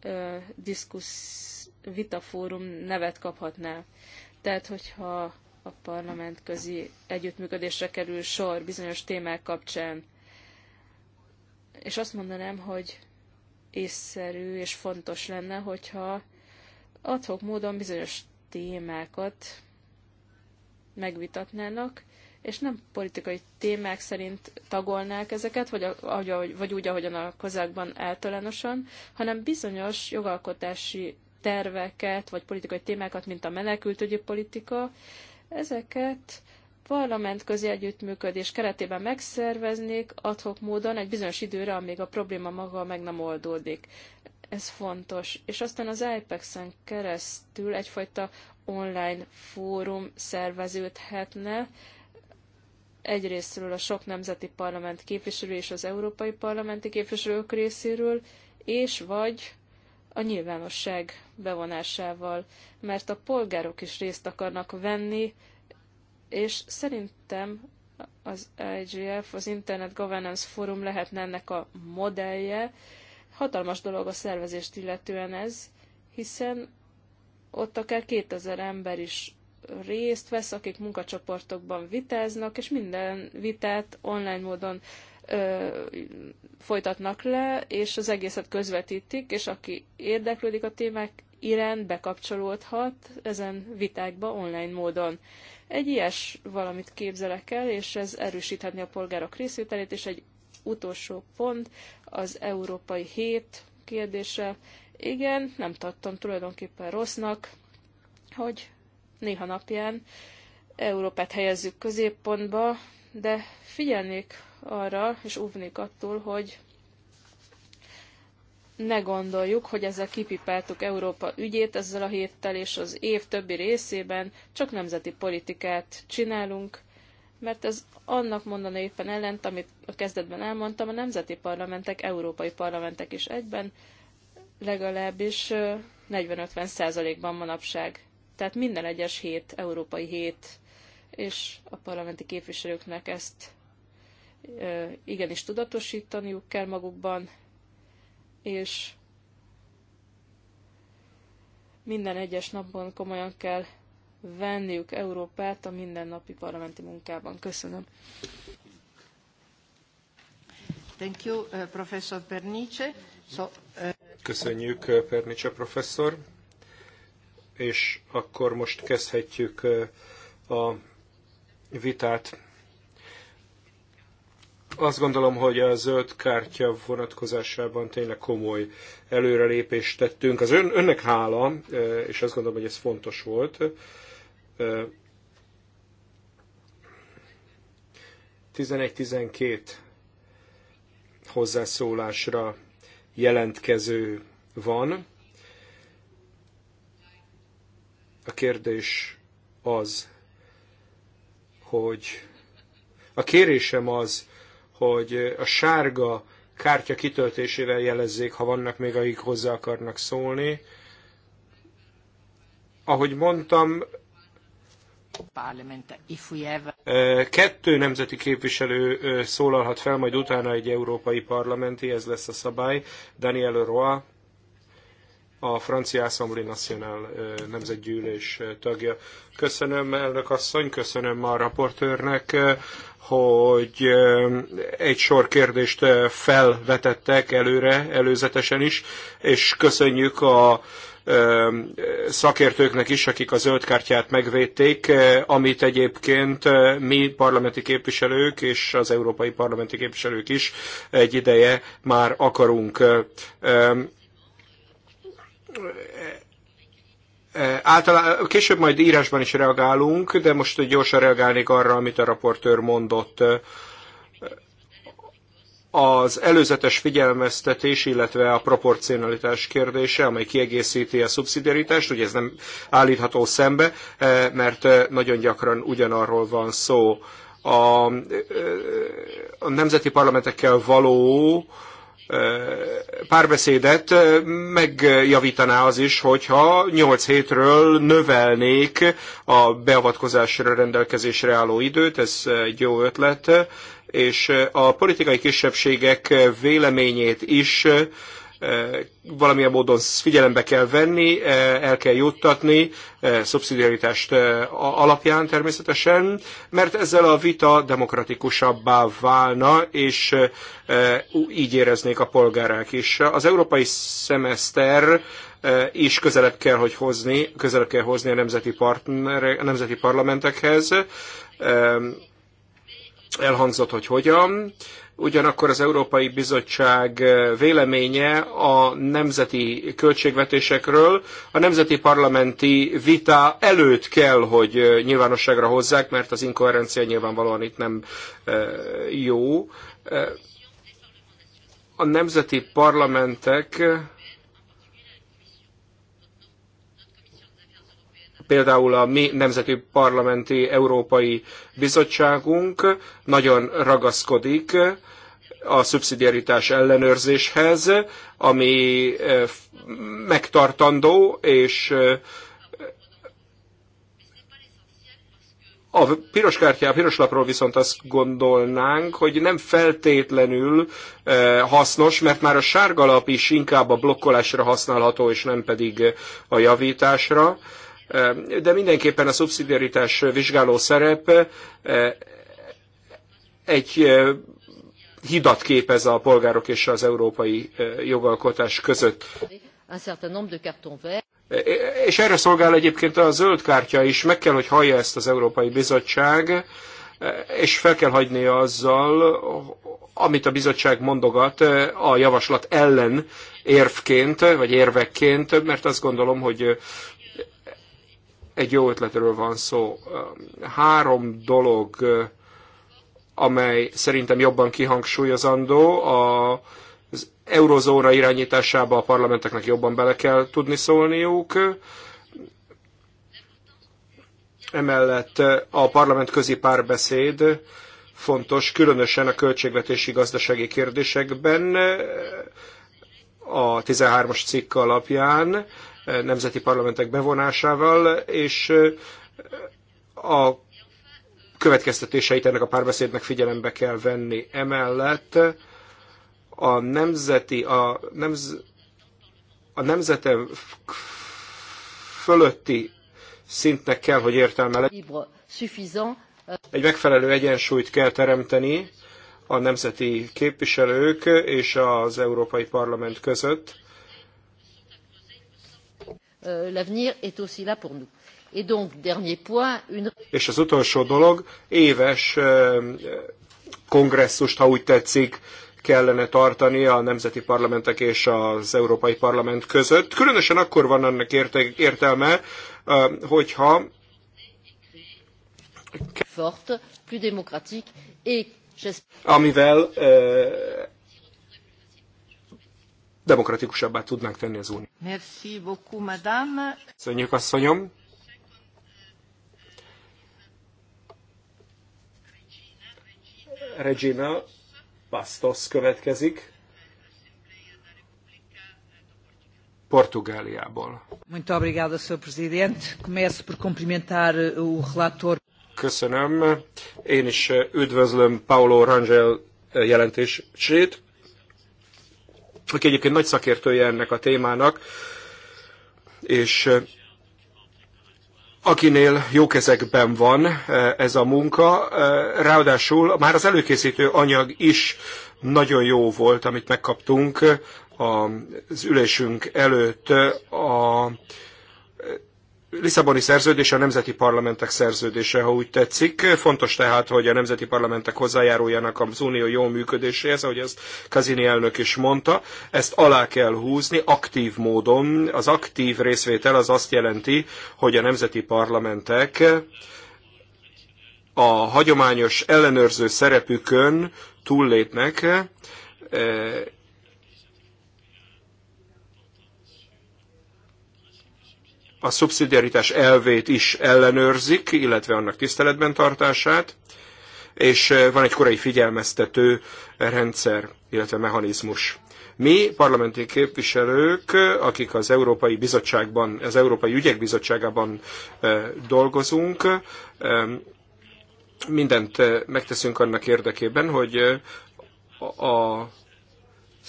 ö, diskussz vitafórum nevet kaphatná. Tehát, hogyha a parlament közi együttműködésre kerül sor bizonyos témák kapcsán, és azt mondanám, hogy észszerű és fontos lenne, hogyha adhok módon bizonyos témákat megvitatnának, és nem politikai témák szerint tagolnák ezeket, vagy, ahogy, vagy úgy, ahogyan a kozákban általánosan, hanem bizonyos jogalkotási terveket, vagy politikai témákat, mint a menekültügyi politika, ezeket parlamentközi együttműködés keretében megszerveznék adhok módon egy bizonyos időre, amíg a probléma maga meg nem oldódik. Ez fontos. És aztán az IPEX-en keresztül egyfajta online fórum szerveződhetne, egyrésztről a sok nemzeti parlament képviselő és az európai parlamenti képviselők részéről, és vagy a nyilvánosság bevonásával, mert a polgárok is részt akarnak venni, és szerintem az IGF, az Internet Governance Forum lehetne ennek a modellje, Hatalmas dolog a szervezést illetően ez, hiszen ott akár 2000 ember is részt vesz, akik munkacsoportokban vitáznak, és minden vitát online módon ö, folytatnak le, és az egészet közvetítik, és aki érdeklődik a témák iránt, bekapcsolódhat ezen vitákba online módon. Egy ilyes valamit képzelek el, és ez erősíthetni a polgárok részvételét, és egy utolsó pont, az Európai Hét kérdése. Igen, nem tartom tulajdonképpen rossznak, hogy néha napján Európát helyezzük középpontba, de figyelnék arra, és óvnék attól, hogy ne gondoljuk, hogy ezzel kipipáltuk Európa ügyét ezzel a héttel és az év többi részében, csak nemzeti politikát csinálunk, mert ez annak mondaná éppen ellent, amit a kezdetben elmondtam, a nemzeti parlamentek, európai parlamentek is egyben legalábbis 40-50 százalékban manapság. Tehát minden egyes hét, európai hét, és a parlamenti képviselőknek ezt igenis tudatosítaniuk kell magukban, és minden egyes napon komolyan kell venniük Európát a mindennapi parlamenti munkában. Köszönöm. Thank you, uh, professor Pernice. So, uh... Köszönjük, uh, Pernice professzor. És akkor most kezdhetjük uh, a vitát. Azt gondolom, hogy a zöld kártya vonatkozásában tényleg komoly előrelépést tettünk. Az ön, önnek hála, és azt gondolom, hogy ez fontos volt. 11-12 hozzászólásra jelentkező van. A kérdés az, hogy a kérésem az, hogy a sárga kártya kitöltésével jelezzék, ha vannak még, akik hozzá akarnak szólni. Ahogy mondtam, Kettő nemzeti képviselő szólalhat fel, majd utána egy európai parlamenti, ez lesz a szabály. Daniel Roa, a Francia Assemblée Nationale nemzetgyűlés tagja. Köszönöm, elnök asszony, köszönöm a raportőrnek, hogy egy sor kérdést felvetettek előre, előzetesen is, és köszönjük a szakértőknek is, akik a zöld kártyát megvédték, amit egyébként mi parlamenti képviselők és az európai parlamenti képviselők is egy ideje már akarunk általában, később majd írásban is reagálunk, de most gyorsan reagálnék arra, amit a raportőr mondott az előzetes figyelmeztetés, illetve a proporcionalitás kérdése, amely kiegészíti a szubszidiaritást, ugye ez nem állítható szembe, eh, mert eh, nagyon gyakran ugyanarról van szó. A, eh, a nemzeti parlamentekkel való párbeszédet megjavítaná az is, hogyha 8 hétről növelnék a beavatkozásra rendelkezésre álló időt, ez egy jó ötlet, és a politikai kisebbségek véleményét is valamilyen módon figyelembe kell venni, el kell juttatni, szubszidiaritást alapján természetesen, mert ezzel a vita demokratikusabbá válna, és így éreznék a polgárák is. Az európai szemeszter is közelebb kell, hogy hozni, közelebb kell hozni a nemzeti, partner, a nemzeti parlamentekhez. Elhangzott, hogy hogyan Ugyanakkor az Európai Bizottság eh, véleménye a nemzeti költségvetésekről a nemzeti parlamenti vita előtt kell, hogy eh, nyilvánosságra hozzák, mert az inkoherencia nyilvánvalóan itt nem eh, jó. A nemzeti parlamentek Például a mi Nemzeti Parlamenti Európai Bizottságunk nagyon ragaszkodik a szubszidiaritás ellenőrzéshez, ami eh, megtartandó, és eh, a piros kártyá, a piros lapról viszont azt gondolnánk, hogy nem feltétlenül eh, hasznos, mert már a sárga lap is inkább a blokkolásra használható, és nem pedig a javításra. De mindenképpen a szubszidiaritás vizsgáló szerep egy hidat képez a polgárok és az európai jogalkotás között. És erre szolgál egyébként a zöld kártya is, meg kell, hogy hallja ezt az Európai Bizottság, és fel kell hagyni azzal, amit a bizottság mondogat a javaslat ellen érvként, vagy érvekként, mert azt gondolom, hogy egy jó ötletről van szó. Három dolog, amely szerintem jobban kihangsúlyozandó, a, az eurozóna irányításába a parlamenteknek jobban bele kell tudni szólniuk. Emellett a parlament közi párbeszéd fontos, különösen a költségvetési gazdasági kérdésekben a 13-as cikk alapján nemzeti parlamentek bevonásával, és a következtetéseit ennek a párbeszédnek figyelembe kell venni. Emellett a nemzeti, a, nemz, a nemzete fölötti szintnek kell, hogy értelme legyen. Euh, Egy megfelelő egyensúlyt kell teremteni a nemzeti képviselők és az Európai Parlament között Euh, l'avenir est aussi là pour nous. Et donc, dernier point, une... És az utolsó dolog, éves kongresszust, ha úgy tetszik, kellene tartani a nemzeti parlamentek és az Európai Parlament között. Különösen akkor van annak érte- értelme, hogyha forte, plus démocratique, et amivel demokratikusabbá tudnánk tenni az unió. Merci beaucoup, madame. Köszönjük, asszonyom. Regina Bastos következik. Portugáliából. Muito obrigada, Sr. Presidente. Começo por cumprimentar eh, o relator. Köszönöm. Én is eh, üdvözlöm Paulo Rangel eh, jelentését aki egyébként nagy szakértője ennek a témának, és akinél jó kezekben van ez a munka. Ráadásul már az előkészítő anyag is nagyon jó volt, amit megkaptunk az ülésünk előtt. A Lisszaboni szerződés a nemzeti parlamentek szerződése, ha úgy tetszik. Fontos tehát, hogy a nemzeti parlamentek hozzájáruljanak az unió jó működéséhez, ahogy ezt Kazini elnök is mondta. Ezt alá kell húzni aktív módon. Az aktív részvétel az azt jelenti, hogy a nemzeti parlamentek a hagyományos ellenőrző szerepükön túllépnek, a szubszidiaritás elvét is ellenőrzik, illetve annak tiszteletben tartását, és van egy korai figyelmeztető rendszer, illetve mechanizmus. Mi, parlamenti képviselők, akik az Európai Bizottságban, az Európai Ügyek Bizottságában dolgozunk, mindent megteszünk annak érdekében, hogy a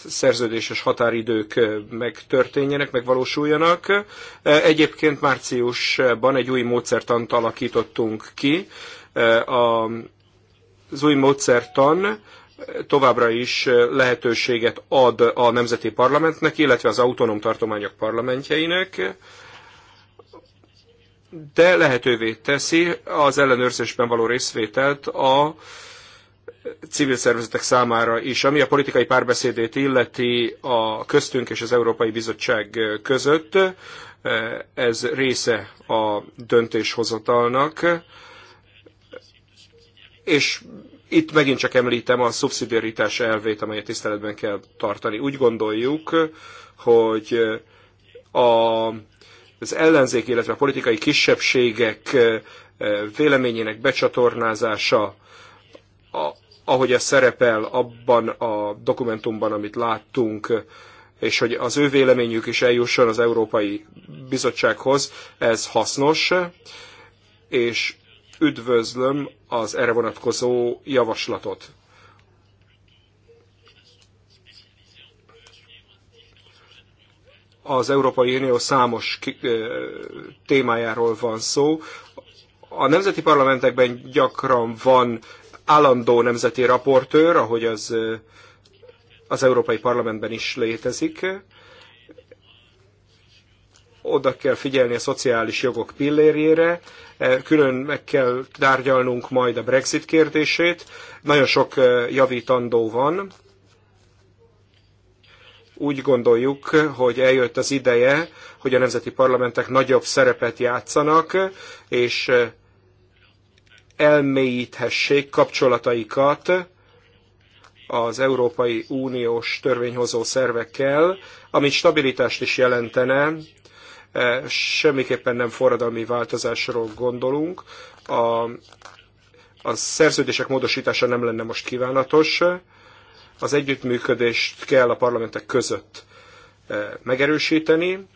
szerződéses határidők megtörténjenek, megvalósuljanak. Egyébként márciusban egy új módszertant alakítottunk ki. Az új módszertan továbbra is lehetőséget ad a nemzeti parlamentnek, illetve az autonóm tartományok parlamentjeinek, de lehetővé teszi az ellenőrzésben való részvételt a civil szervezetek számára is. Ami a politikai párbeszédét illeti a köztünk és az Európai Bizottság között, ez része a döntéshozatalnak, és itt megint csak említem a szubszidiaritás elvét, amelyet tiszteletben kell tartani. Úgy gondoljuk, hogy a, az ellenzék, illetve a politikai kisebbségek eh, véleményének becsatornázása a, ahogy ez szerepel abban a dokumentumban, amit láttunk, és hogy az ő véleményük is eljusson az Európai Bizottsághoz, ez hasznos, és üdvözlöm az erre vonatkozó javaslatot. Az Európai Unió számos témájáról van szó. A nemzeti parlamentekben gyakran van állandó nemzeti raportőr, ahogy az az Európai Parlamentben is létezik. Oda kell figyelni a szociális jogok pillérjére, külön meg kell tárgyalnunk majd a Brexit kérdését. Nagyon sok javítandó van. Úgy gondoljuk, hogy eljött az ideje, hogy a nemzeti parlamentek nagyobb szerepet játszanak, és elmélyíthessék kapcsolataikat az Európai Uniós törvényhozó szervekkel, amit stabilitást is jelentene, e, semmiképpen nem forradalmi változásról gondolunk. A, a szerződések módosítása nem lenne most kívánatos. Az együttműködést kell a parlamentek között e, megerősíteni,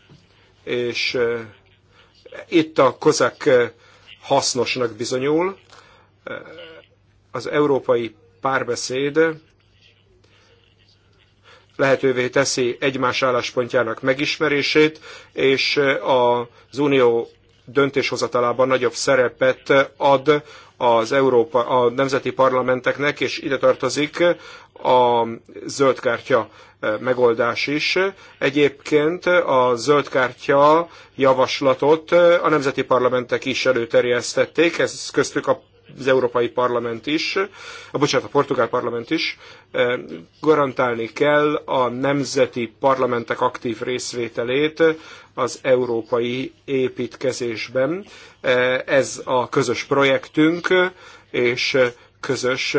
és e, itt a kozák hasznosnak bizonyul az európai párbeszéd lehetővé teszi egymás álláspontjának megismerését, és az unió döntéshozatalában nagyobb szerepet ad az Európa, a nemzeti parlamenteknek, és ide tartozik a zöldkártya megoldás is. Egyébként a zöldkártya javaslatot a nemzeti parlamentek is előterjesztették, ez köztük a az Európai Parlament is, a bocsánat, a Portugál Parlament is, eh, garantálni kell a nemzeti parlamentek aktív részvételét az európai építkezésben. Eh, ez a közös projektünk és közös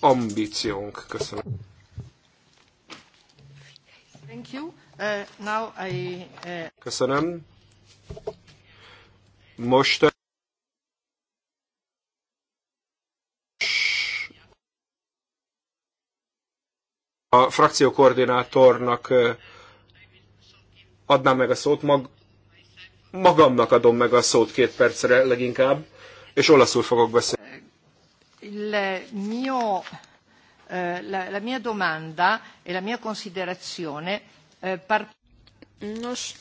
ambíciónk. Köszönöm. Thank you. Uh, now I, uh... Köszönöm. Most a frakciókoordinátornak adnám meg a szót, mag, magamnak adom meg a szót két percre leginkább, és olaszul fogok beszélni. Le mio, la, la mia domanda e la mia considerazione par... Nos,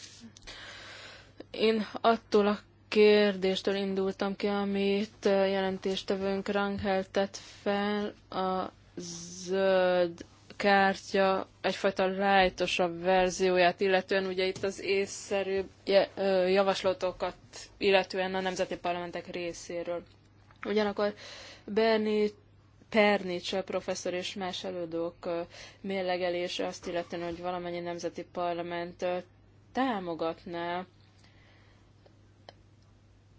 én attól a kérdéstől indultam ki, amit jelentéstevőnk Rangel tett fel a zöld kártya egyfajta lájtosabb verzióját, illetően ugye itt az észszerű javaslatokat, illetően a nemzeti parlamentek részéről. Ugyanakkor Berni Pernice professzor és más előadók mérlegelése azt illetően, hogy valamennyi nemzeti parlament támogatná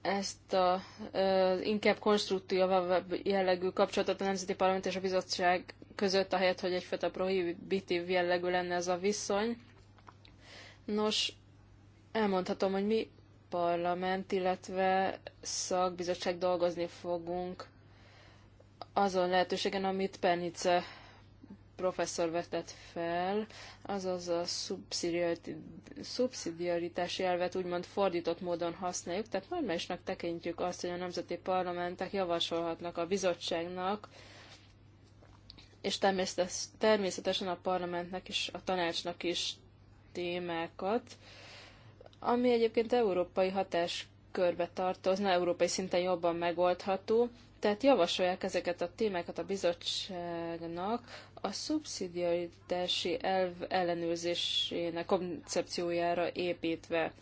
ezt a ö, inkább konstruktív jellegű kapcsolatot a Nemzeti Parlament és a Bizottság között, ahelyett, hogy egyfajta prohibitív jellegű lenne ez a viszony. Nos, elmondhatom, hogy mi parlament, illetve szakbizottság dolgozni fogunk azon lehetőségen, amit Pernice professzor vetett fel, azaz a szubszidiaritás elvet úgymond fordított módon használjuk, tehát normálisnak tekintjük azt, hogy a nemzeti parlamentek javasolhatnak a bizottságnak, és természetesen a parlamentnek és a tanácsnak is témákat, ami egyébként európai hatáskörbe tartozna, európai szinten jobban megoldható, tehát javasolják ezeket a témákat a bizottságnak a szubszidiaritási elv ellenőrzésének koncepciójára építve.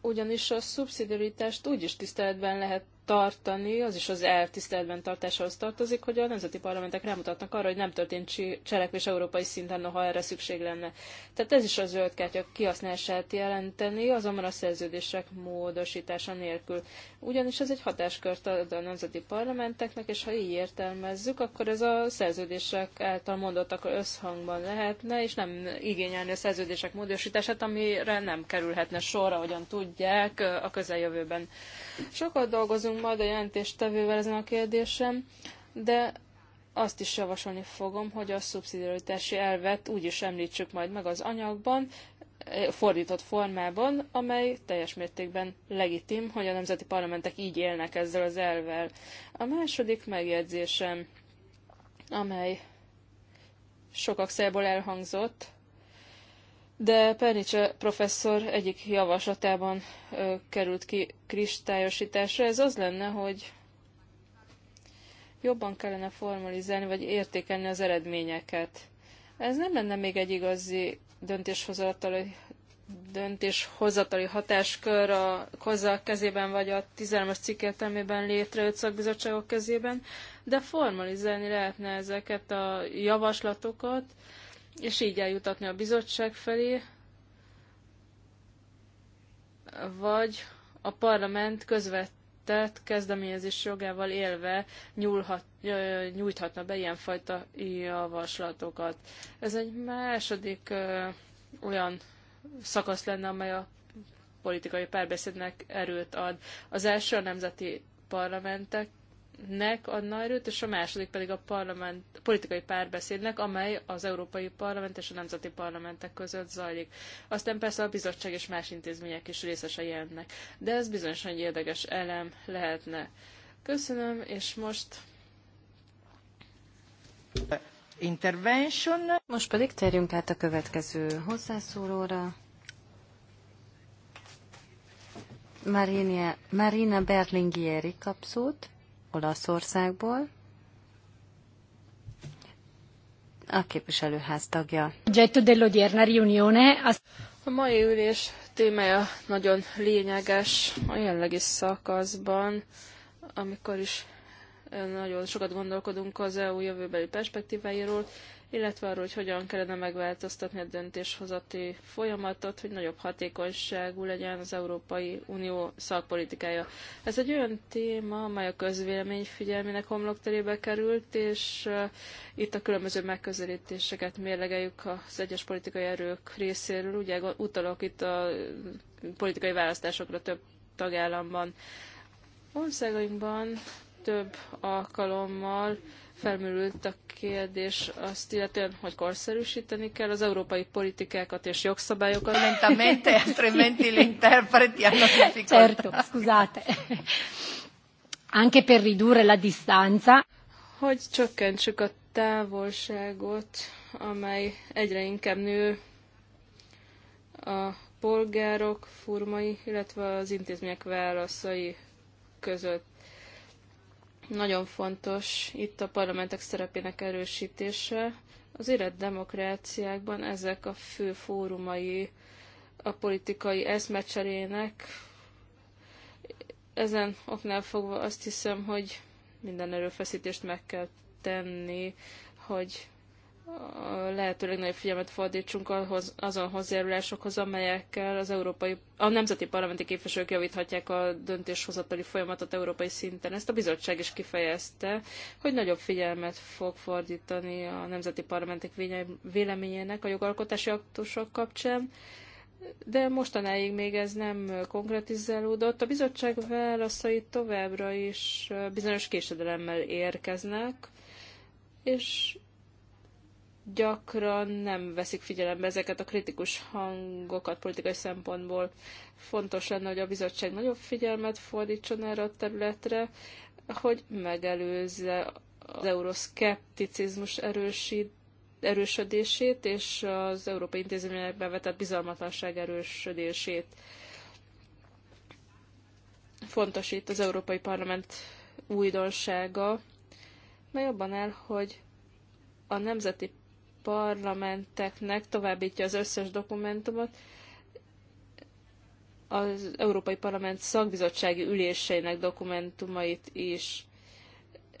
Ugyanis a szubszidiaritást úgy is tiszteletben lehet tartani, az is az eltiszteletben tiszteletben tartásához tartozik, hogy a nemzeti parlamentek rámutatnak arra, hogy nem történt cselekvés európai szinten, noha erre szükség lenne. Tehát ez is a zöld kártya kihasználását jelenteni, azonban a szerződések módosítása nélkül. Ugyanis ez egy hatáskört ad a nemzeti parlamenteknek, és ha így értelmezzük, akkor ez a szerződések által mondottak összhangban lehetne, és nem igényelni a szerződések módosítását, amire nem kerülhetne sorra, hogyan tudják a közeljövőben. Sokat dolgozunk majd a jelentéstevővel ezen a kérdésem, de azt is javasolni fogom, hogy a szubszidiaritási elvet úgy is említsük majd meg az anyagban, eh, fordított formában, amely teljes mértékben legitim, hogy a nemzeti parlamentek így élnek ezzel az elvel. A második megjegyzésem, amely sokak szájából elhangzott, de Pernice professzor egyik javaslatában ö, került ki kristályosításra. Ez az lenne, hogy jobban kellene formalizálni, vagy értékelni az eredményeket. Ez nem lenne még egy igazi döntéshozatali, döntéshozatali hatáskör a hozzá kezében, vagy a 13-as cikk értelmében létrejött szakbizottságok kezében, de formalizálni lehetne ezeket a javaslatokat, és így eljutatni a bizottság felé, vagy a parlament közvetett kezdeményezés jogával élve nyúlhat, nyújthatna be ilyenfajta javaslatokat. Ez egy második ö, olyan szakasz lenne, amely a politikai párbeszédnek erőt ad. Az első a nemzeti parlamentek nek adna erőt, és a második pedig a parlament, a politikai párbeszédnek, amely az Európai Parlament és a Nemzeti Parlamentek között zajlik. Aztán persze a bizottság és más intézmények is részesei ennek, de ez bizonyosan egy érdekes elem lehetne. Köszönöm, és most... Intervention. Most pedig térjünk át a következő hozzászólóra. Marina, Marina Berlingieri kap szót. Olaszországból, a képviselőház tagja. A mai ülés témája nagyon lényeges a jelenlegi szakaszban, amikor is nagyon sokat gondolkodunk az EU jövőbeli perspektíváiról, illetve arról, hogy hogyan kellene megváltoztatni a döntéshozati folyamatot, hogy nagyobb hatékonyságú legyen az Európai Unió szakpolitikája. Ez egy olyan téma, amely a közvélemény figyelmének homlokterébe került, és uh, itt a különböző megközelítéseket mérlegeljük az egyes politikai erők részéről. Ugye utalok itt a politikai választásokra több tagállamban. Országainkban több alkalommal felmerült a kérdés azt illetően, hogy korszerűsíteni kell az európai politikákat és jogszabályokat. Lentamente, altrimenti l'interpreti hanno Certo, scusate. Anche per ridurre la distanza. Hogy csökkentsük a távolságot, amely egyre inkább nő a polgárok, furmai, illetve az intézmények válaszai között nagyon fontos itt a parlamentek szerepének erősítése. Az érett demokráciákban ezek a fő fórumai a politikai eszmecserének. Ezen oknál fogva azt hiszem, hogy minden erőfeszítést meg kell tenni, hogy lehetőleg nagyobb figyelmet fordítsunk ahhoz, azon hozzájárulásokhoz, amelyekkel az európai, a nemzeti parlamenti képviselők javíthatják a döntéshozatali folyamatot európai szinten. Ezt a bizottság is kifejezte, hogy nagyobb figyelmet fog fordítani a nemzeti parlamentek véleményének a jogalkotási aktusok kapcsán, de mostanáig még ez nem konkretizálódott. A bizottság válaszai továbbra is bizonyos késedelemmel érkeznek, és gyakran nem veszik figyelembe ezeket a kritikus hangokat politikai szempontból. Fontos lenne, hogy a bizottság nagyobb figyelmet fordítson erre a területre, hogy megelőzze az euroszkepticizmus erősít, erősödését és az európai intézményekbe vetett bizalmatlanság erősödését. Fontos itt az Európai Parlament újdonsága, mely abban el, hogy a nemzeti parlamenteknek továbbítja az összes dokumentumot az Európai Parlament szakbizottsági üléseinek dokumentumait is.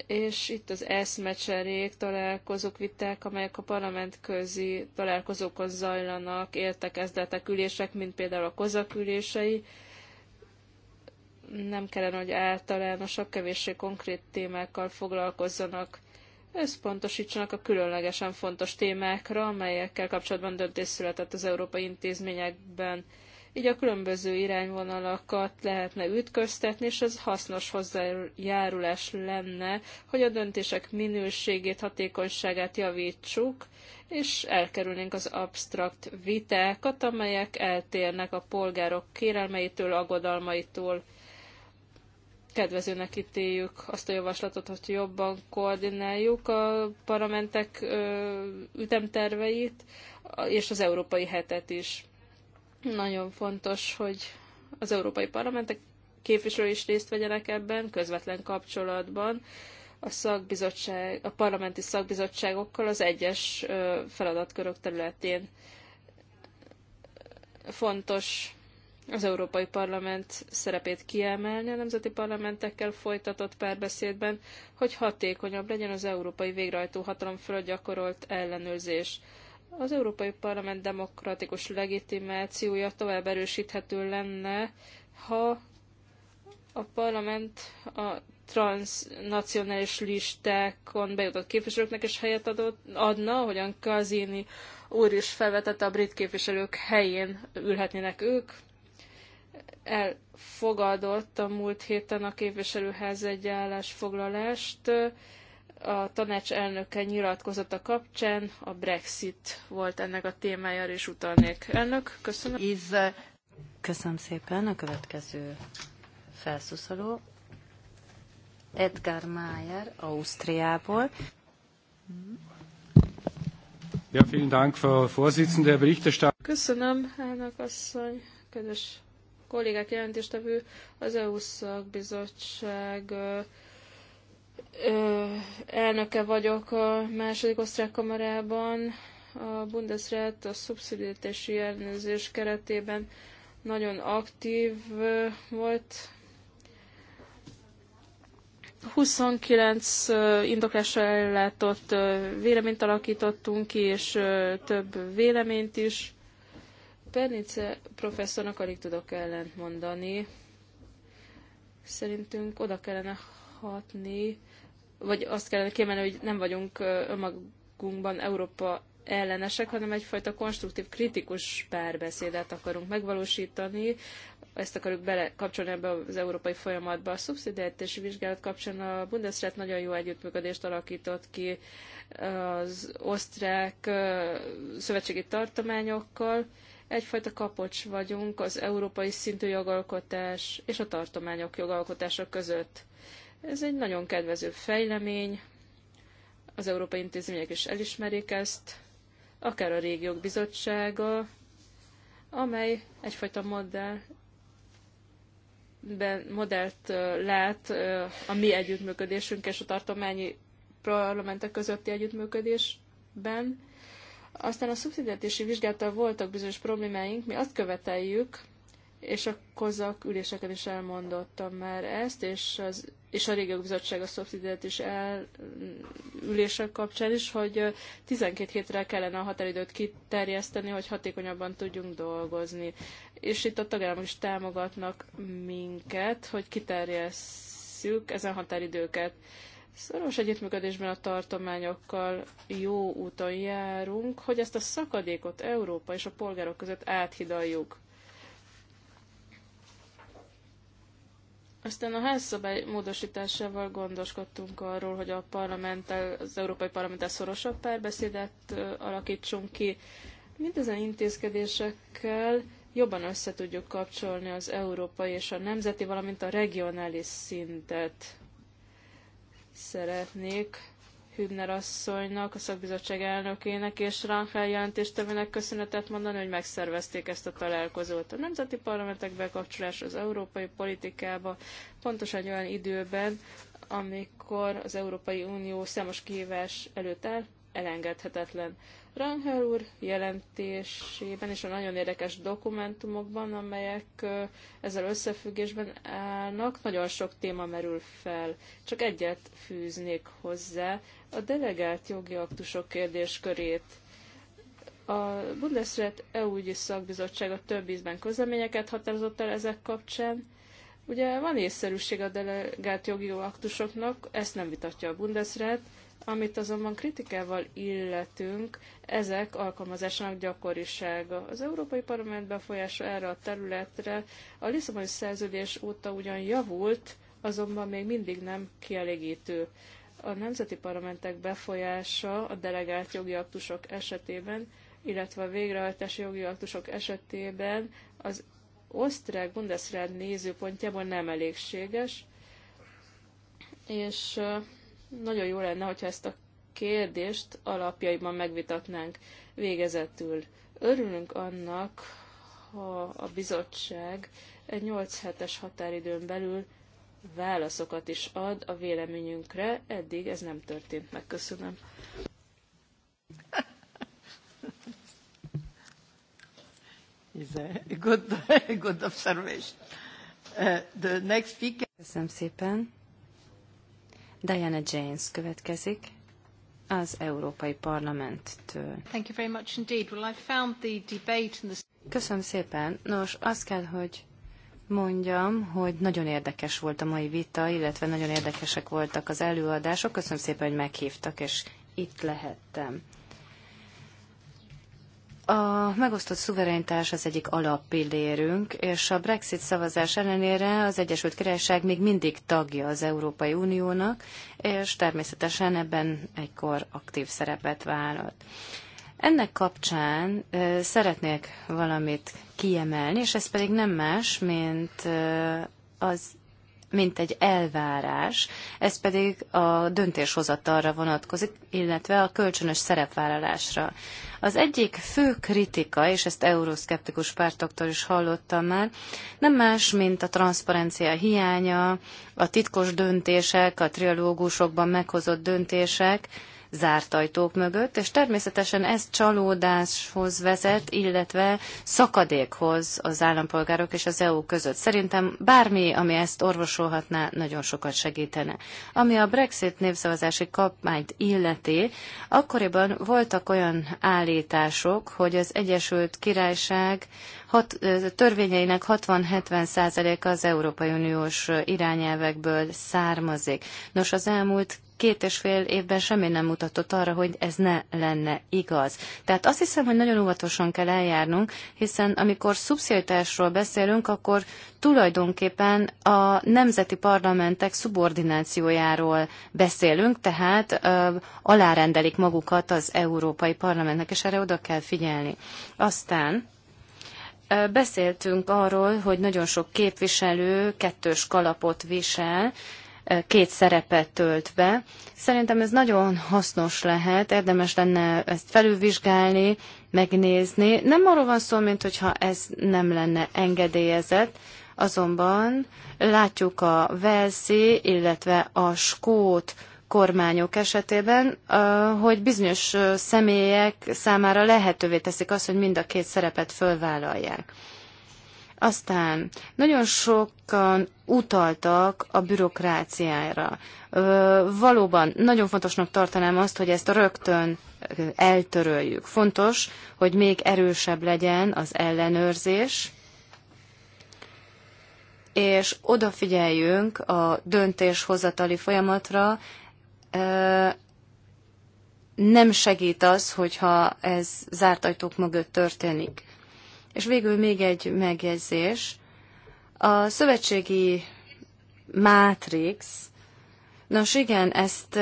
És itt az eszmecserék, találkozók, viták, amelyek a parlament közi találkozókon zajlanak, értekezletek, ülések, mint például a kozak ülései, nem kellene, hogy általánosak, kevéssé konkrét témákkal foglalkozzanak összpontosítsanak a különlegesen fontos témákra, amelyekkel kapcsolatban döntés született az európai intézményekben. Így a különböző irányvonalakat lehetne ütköztetni, és ez hasznos hozzájárulás lenne, hogy a döntések minőségét, hatékonyságát javítsuk, és elkerülnénk az abstrakt vitákat, amelyek eltérnek a polgárok kérelmeitől, aggodalmaitól kedvezőnek ítéljük azt a javaslatot, hogy jobban koordináljuk a parlamentek ütemterveit, és az európai hetet is. Nagyon fontos, hogy az európai parlamentek képviselői is részt vegyenek ebben, közvetlen kapcsolatban a, szakbizottság, a parlamenti szakbizottságokkal az egyes feladatkörök területén. Fontos az Európai Parlament szerepét kiemelni a nemzeti parlamentekkel folytatott párbeszédben, hogy hatékonyabb legyen az európai végrehajtó hatalom fölött gyakorolt ellenőrzés. Az Európai Parlament demokratikus legitimációja tovább erősíthető lenne, ha a parlament a transnacionális listákon bejutott képviselőknek is helyet adott, adna, hogyan Kazini úr is felvetette a brit képviselők helyén ülhetnének ők, elfogadott a múlt héten a képviselőház egy állásfoglalást a tanács elnöke nyilatkozott a kapcsán. A Brexit volt ennek a témája, és utalnék. Elnök, köszönöm. Íze. Uh, köszönöm szépen. A következő felszuszoló. Edgar Mayer, Ausztriából. Ja, vielen Dank, Frau Vorsitzende, Berichterstatter. Köszönöm, elnök asszony, kedves kollégák jelentéstevő az EU szakbizottság elnöke vagyok a második osztrák kamarában. A Bundesrat a szubszidítési ellenőrzés keretében nagyon aktív volt. 29 indoklással ellátott véleményt alakítottunk ki, és több véleményt is. Pernice professzornak alig tudok ellent mondani. Szerintünk oda kellene hatni, vagy azt kellene kiemelni, hogy nem vagyunk önmagunkban Európa ellenesek, hanem egyfajta konstruktív, kritikus párbeszédet akarunk megvalósítani. Ezt akarjuk belekapcsolni ebbe az európai folyamatba. A szubszidiáltási vizsgálat kapcsán a Bundesrat nagyon jó együttműködést alakított ki az osztrák szövetségi tartományokkal, Egyfajta kapocs vagyunk az európai szintű jogalkotás és a tartományok jogalkotása között. Ez egy nagyon kedvező fejlemény, az európai intézmények is elismerik ezt, akár a régiók bizottsága, amely egyfajta modell, ben, modellt lát a mi együttműködésünk és a tartományi parlamentek közötti együttműködésben. Aztán a szubszidiatési vizsgáltal voltak bizonyos problémáink, mi azt követeljük, és a kozak üléseken is elmondottam már ezt, és, az, és a régi bizottság a szubszidiát is el, ülések kapcsán is, hogy 12 hétre kellene a határidőt kiterjeszteni, hogy hatékonyabban tudjunk dolgozni. És itt a tagállamok is támogatnak minket, hogy kiterjesszük ezen határidőket. Szoros együttműködésben a tartományokkal jó úton járunk, hogy ezt a szakadékot Európa és a polgárok között áthidaljuk. Aztán a házszabály módosításával gondoskodtunk arról, hogy a parlamenttel, az Európai Parlamenttel szorosabb párbeszédet alakítsunk ki. Mindezen intézkedésekkel jobban össze tudjuk kapcsolni az európai és a nemzeti, valamint a regionális szintet. Szeretnék Hübner asszonynak, a szakbizottság elnökének és Ránfel jelentéstevének köszönetet mondani, hogy megszervezték ezt a találkozót. A nemzeti parlamentek bekapcsolás az európai politikába pontosan olyan időben, amikor az Európai Unió számos kihívás előtt áll, elengedhetetlen. Rangel úr jelentésében és a nagyon érdekes dokumentumokban, amelyek ezzel összefüggésben állnak, nagyon sok téma merül fel. Csak egyet fűznék hozzá, a delegált jogi aktusok kérdéskörét. A Bundesrat EU ügyi szakbizottság a több ízben közleményeket határozott el ezek kapcsán. Ugye van észszerűség a delegált jogi aktusoknak, ezt nem vitatja a Bundesrat, amit azonban kritikával illetünk, ezek alkalmazásának gyakorisága. Az Európai Parlament befolyása erre a területre a Lisszaboni szerződés óta ugyan javult, azonban még mindig nem kielégítő. A nemzeti parlamentek befolyása a delegált jogi aktusok esetében, illetve a végrehajtási jogi aktusok esetében az osztrák Bundesrat nézőpontjából nem elégséges, és nagyon jó lenne, hogyha ezt a kérdést alapjaiban megvitatnánk végezetül. Örülünk annak, ha a bizottság egy 8 hetes határidőn belül válaszokat is ad a véleményünkre. Eddig ez nem történt meg. Köszönöm. good, good observation. Uh, the next speaker. Köszönöm szépen. Diana James következik az Európai Parlamenttől. Thank you very much indeed. Well, I found the debate in the... Köszönöm szépen. Nos, azt kell, hogy mondjam, hogy nagyon érdekes volt a mai vita, illetve nagyon érdekesek voltak az előadások. Köszönöm szépen, hogy meghívtak, és itt lehettem. A megosztott szuverenitás az egyik alappillérünk, és a Brexit szavazás ellenére az Egyesült Királyság még mindig tagja az Európai Uniónak, és természetesen ebben egykor aktív szerepet vállalt. Ennek kapcsán szeretnék valamit kiemelni, és ez pedig nem más, mint az mint egy elvárás, ez pedig a döntéshozatalra vonatkozik, illetve a kölcsönös szerepvállalásra. Az egyik fő kritika, és ezt euroszkeptikus pártoktól is hallottam már, nem más, mint a transzparencia hiánya, a titkos döntések, a trialógusokban meghozott döntések, zárt ajtók mögött, és természetesen ez csalódáshoz vezet, illetve szakadékhoz az állampolgárok és az EU között. Szerintem bármi, ami ezt orvosolhatná, nagyon sokat segítene. Ami a Brexit népszavazási kapmányt illeti, akkoriban voltak olyan állítások, hogy az Egyesült Királyság hat, törvényeinek 60-70%-a az Európai Uniós irányelvekből származik. Nos, az elmúlt két és fél évben semmi nem mutatott arra, hogy ez ne lenne igaz. Tehát azt hiszem, hogy nagyon óvatosan kell eljárnunk, hiszen amikor szubszidiaritásról beszélünk, akkor tulajdonképpen a nemzeti parlamentek szubordinációjáról beszélünk, tehát ö, alárendelik magukat az Európai Parlamentnek, és erre oda kell figyelni. Aztán Beszéltünk arról, hogy nagyon sok képviselő kettős kalapot visel, két szerepet tölt be. Szerintem ez nagyon hasznos lehet, érdemes lenne ezt felülvizsgálni, megnézni. Nem arról van szó, mint hogyha ez nem lenne engedélyezett, azonban látjuk a Velszi, illetve a Skót kormányok esetében, hogy bizonyos személyek számára lehetővé teszik azt, hogy mind a két szerepet fölvállalják. Aztán nagyon sokan utaltak a bürokráciára. valóban nagyon fontosnak tartanám azt, hogy ezt rögtön eltöröljük. Fontos, hogy még erősebb legyen az ellenőrzés, és odafigyeljünk a döntéshozatali folyamatra. nem segít az, hogyha ez zárt ajtók mögött történik. És végül még egy megjegyzés. A szövetségi mátrix, nos igen, ezt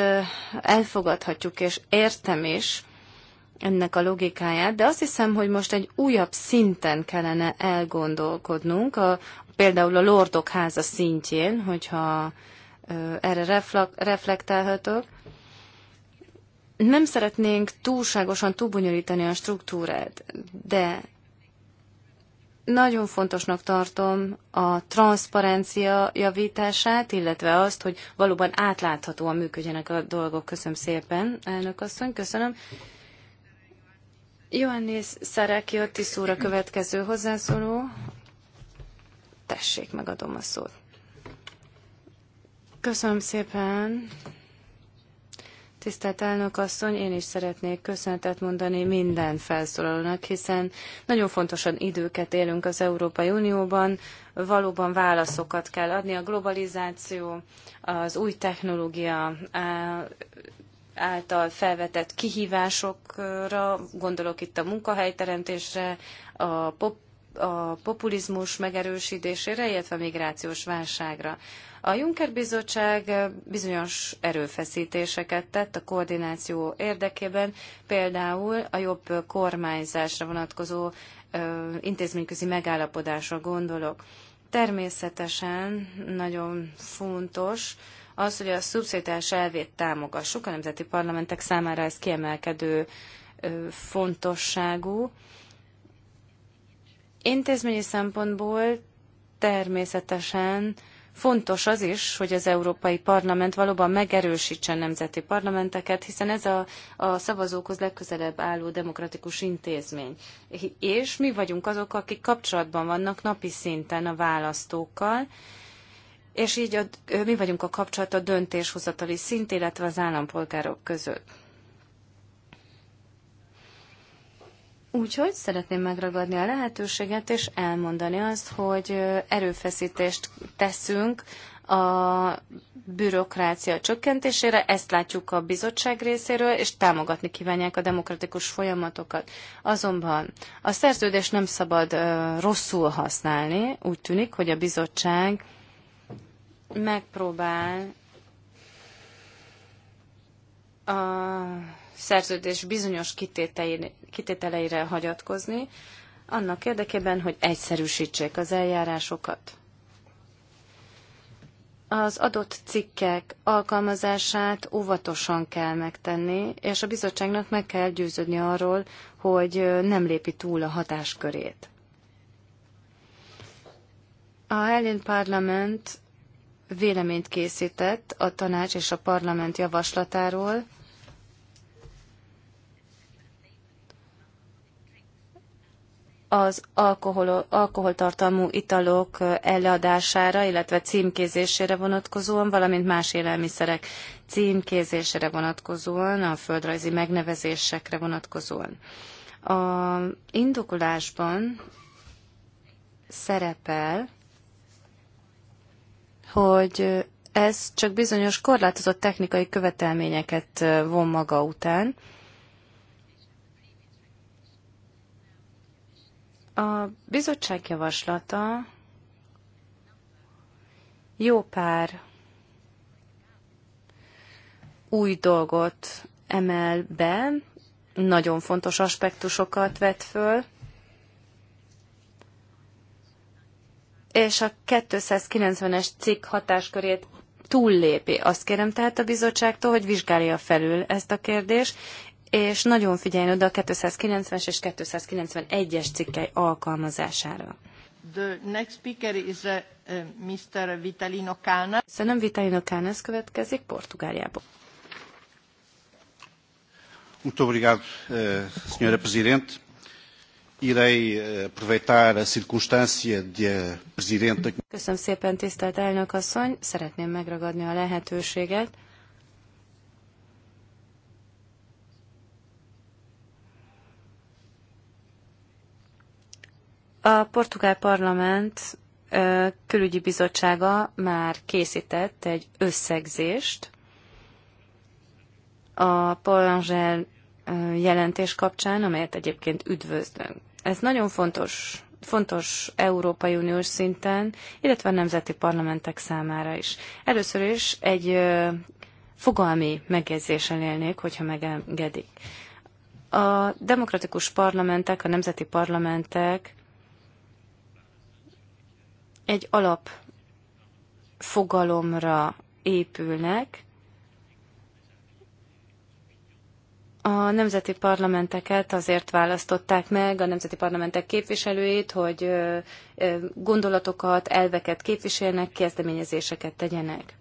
elfogadhatjuk, és értem is ennek a logikáját, de azt hiszem, hogy most egy újabb szinten kellene elgondolkodnunk, a, például a Lordok háza szintjén, hogyha erre reflektálhatok. Nem szeretnénk túlságosan túlbonyolítani a struktúrát, de nagyon fontosnak tartom a transzparencia javítását, illetve azt, hogy valóban átláthatóan működjenek a dolgok. Köszönöm szépen, elnök asszony, köszönöm. Johannes Szerek jött szóra következő hozzászóló. Tessék, megadom a szót. Köszönöm szépen, Tisztelt elnök asszony, én is szeretnék köszönetet mondani minden felszólalónak, hiszen nagyon fontosan időket élünk az Európai Unióban, valóban válaszokat kell adni. A globalizáció, az új technológia által felvetett kihívásokra, gondolok itt a munkahelyteremtésre, a pop a populizmus megerősítésére, illetve a migrációs válságra. A Juncker Bizottság bizonyos erőfeszítéseket tett a koordináció érdekében, például a jobb kormányzásra vonatkozó intézményközi megállapodásra gondolok. Természetesen nagyon fontos az, hogy a szubszétás elvét támogassuk, a nemzeti parlamentek számára ez kiemelkedő fontosságú. Intézményi szempontból természetesen fontos az is, hogy az Európai Parlament valóban megerősítse a nemzeti parlamenteket, hiszen ez a, a szavazókhoz legközelebb álló demokratikus intézmény. És mi vagyunk azok, akik kapcsolatban vannak napi szinten a választókkal, és így a, mi vagyunk a kapcsolat a döntéshozatali szint, illetve az állampolgárok között. Úgyhogy szeretném megragadni a lehetőséget, és elmondani azt, hogy erőfeszítést teszünk a bürokrácia csökkentésére, ezt látjuk a bizottság részéről, és támogatni kívánják a demokratikus folyamatokat. Azonban a szerződést nem szabad rosszul használni, úgy tűnik, hogy a bizottság megpróbál a szerződés bizonyos kitételeire hagyatkozni, annak érdekében, hogy egyszerűsítsék az eljárásokat. Az adott cikkek alkalmazását óvatosan kell megtenni, és a bizottságnak meg kell győződni arról, hogy nem lépi túl a hatáskörét. A Hellén Parlament véleményt készített a tanács és a parlament javaslatáról, az alkohol, alkoholtartalmú italok eladására, illetve címkézésére vonatkozóan, valamint más élelmiszerek címkézésére vonatkozóan, a földrajzi megnevezésekre vonatkozóan. A indokolásban szerepel, hogy ez csak bizonyos korlátozott technikai követelményeket von maga után, A bizottság javaslata jó pár új dolgot emel be, nagyon fontos aspektusokat vet föl, és a 290-es cikk hatáskörét túllépi. Azt kérem tehát a bizottságtól, hogy vizsgálja felül ezt a kérdést, és nagyon figyeljen oda a 290-es és 291-es cikkei alkalmazására. The next speaker is uh, Mr. Vitalino Canas. Szerintem Vitalino Canas következik Portugáliából. Muito obrigado, uh, Senhora Presidente. Irei uh, aproveitar a circunstância de a Presidente... Köszönöm szépen, tisztelt elnök asszony. Szeretném megragadni a lehetőséget, A portugál parlament külügyi bizottsága már készített egy összegzést a Polangel jelentés kapcsán, amelyet egyébként üdvözlünk. Ez nagyon fontos fontos Európai Uniós szinten, illetve a nemzeti parlamentek számára is. Először is egy fogalmi megjegyzésen élnék, hogyha megengedik. A demokratikus parlamentek, a nemzeti parlamentek egy alap fogalomra épülnek. A nemzeti parlamenteket azért választották meg, a nemzeti parlamentek képviselőit, hogy gondolatokat, elveket képviseljenek, kezdeményezéseket tegyenek.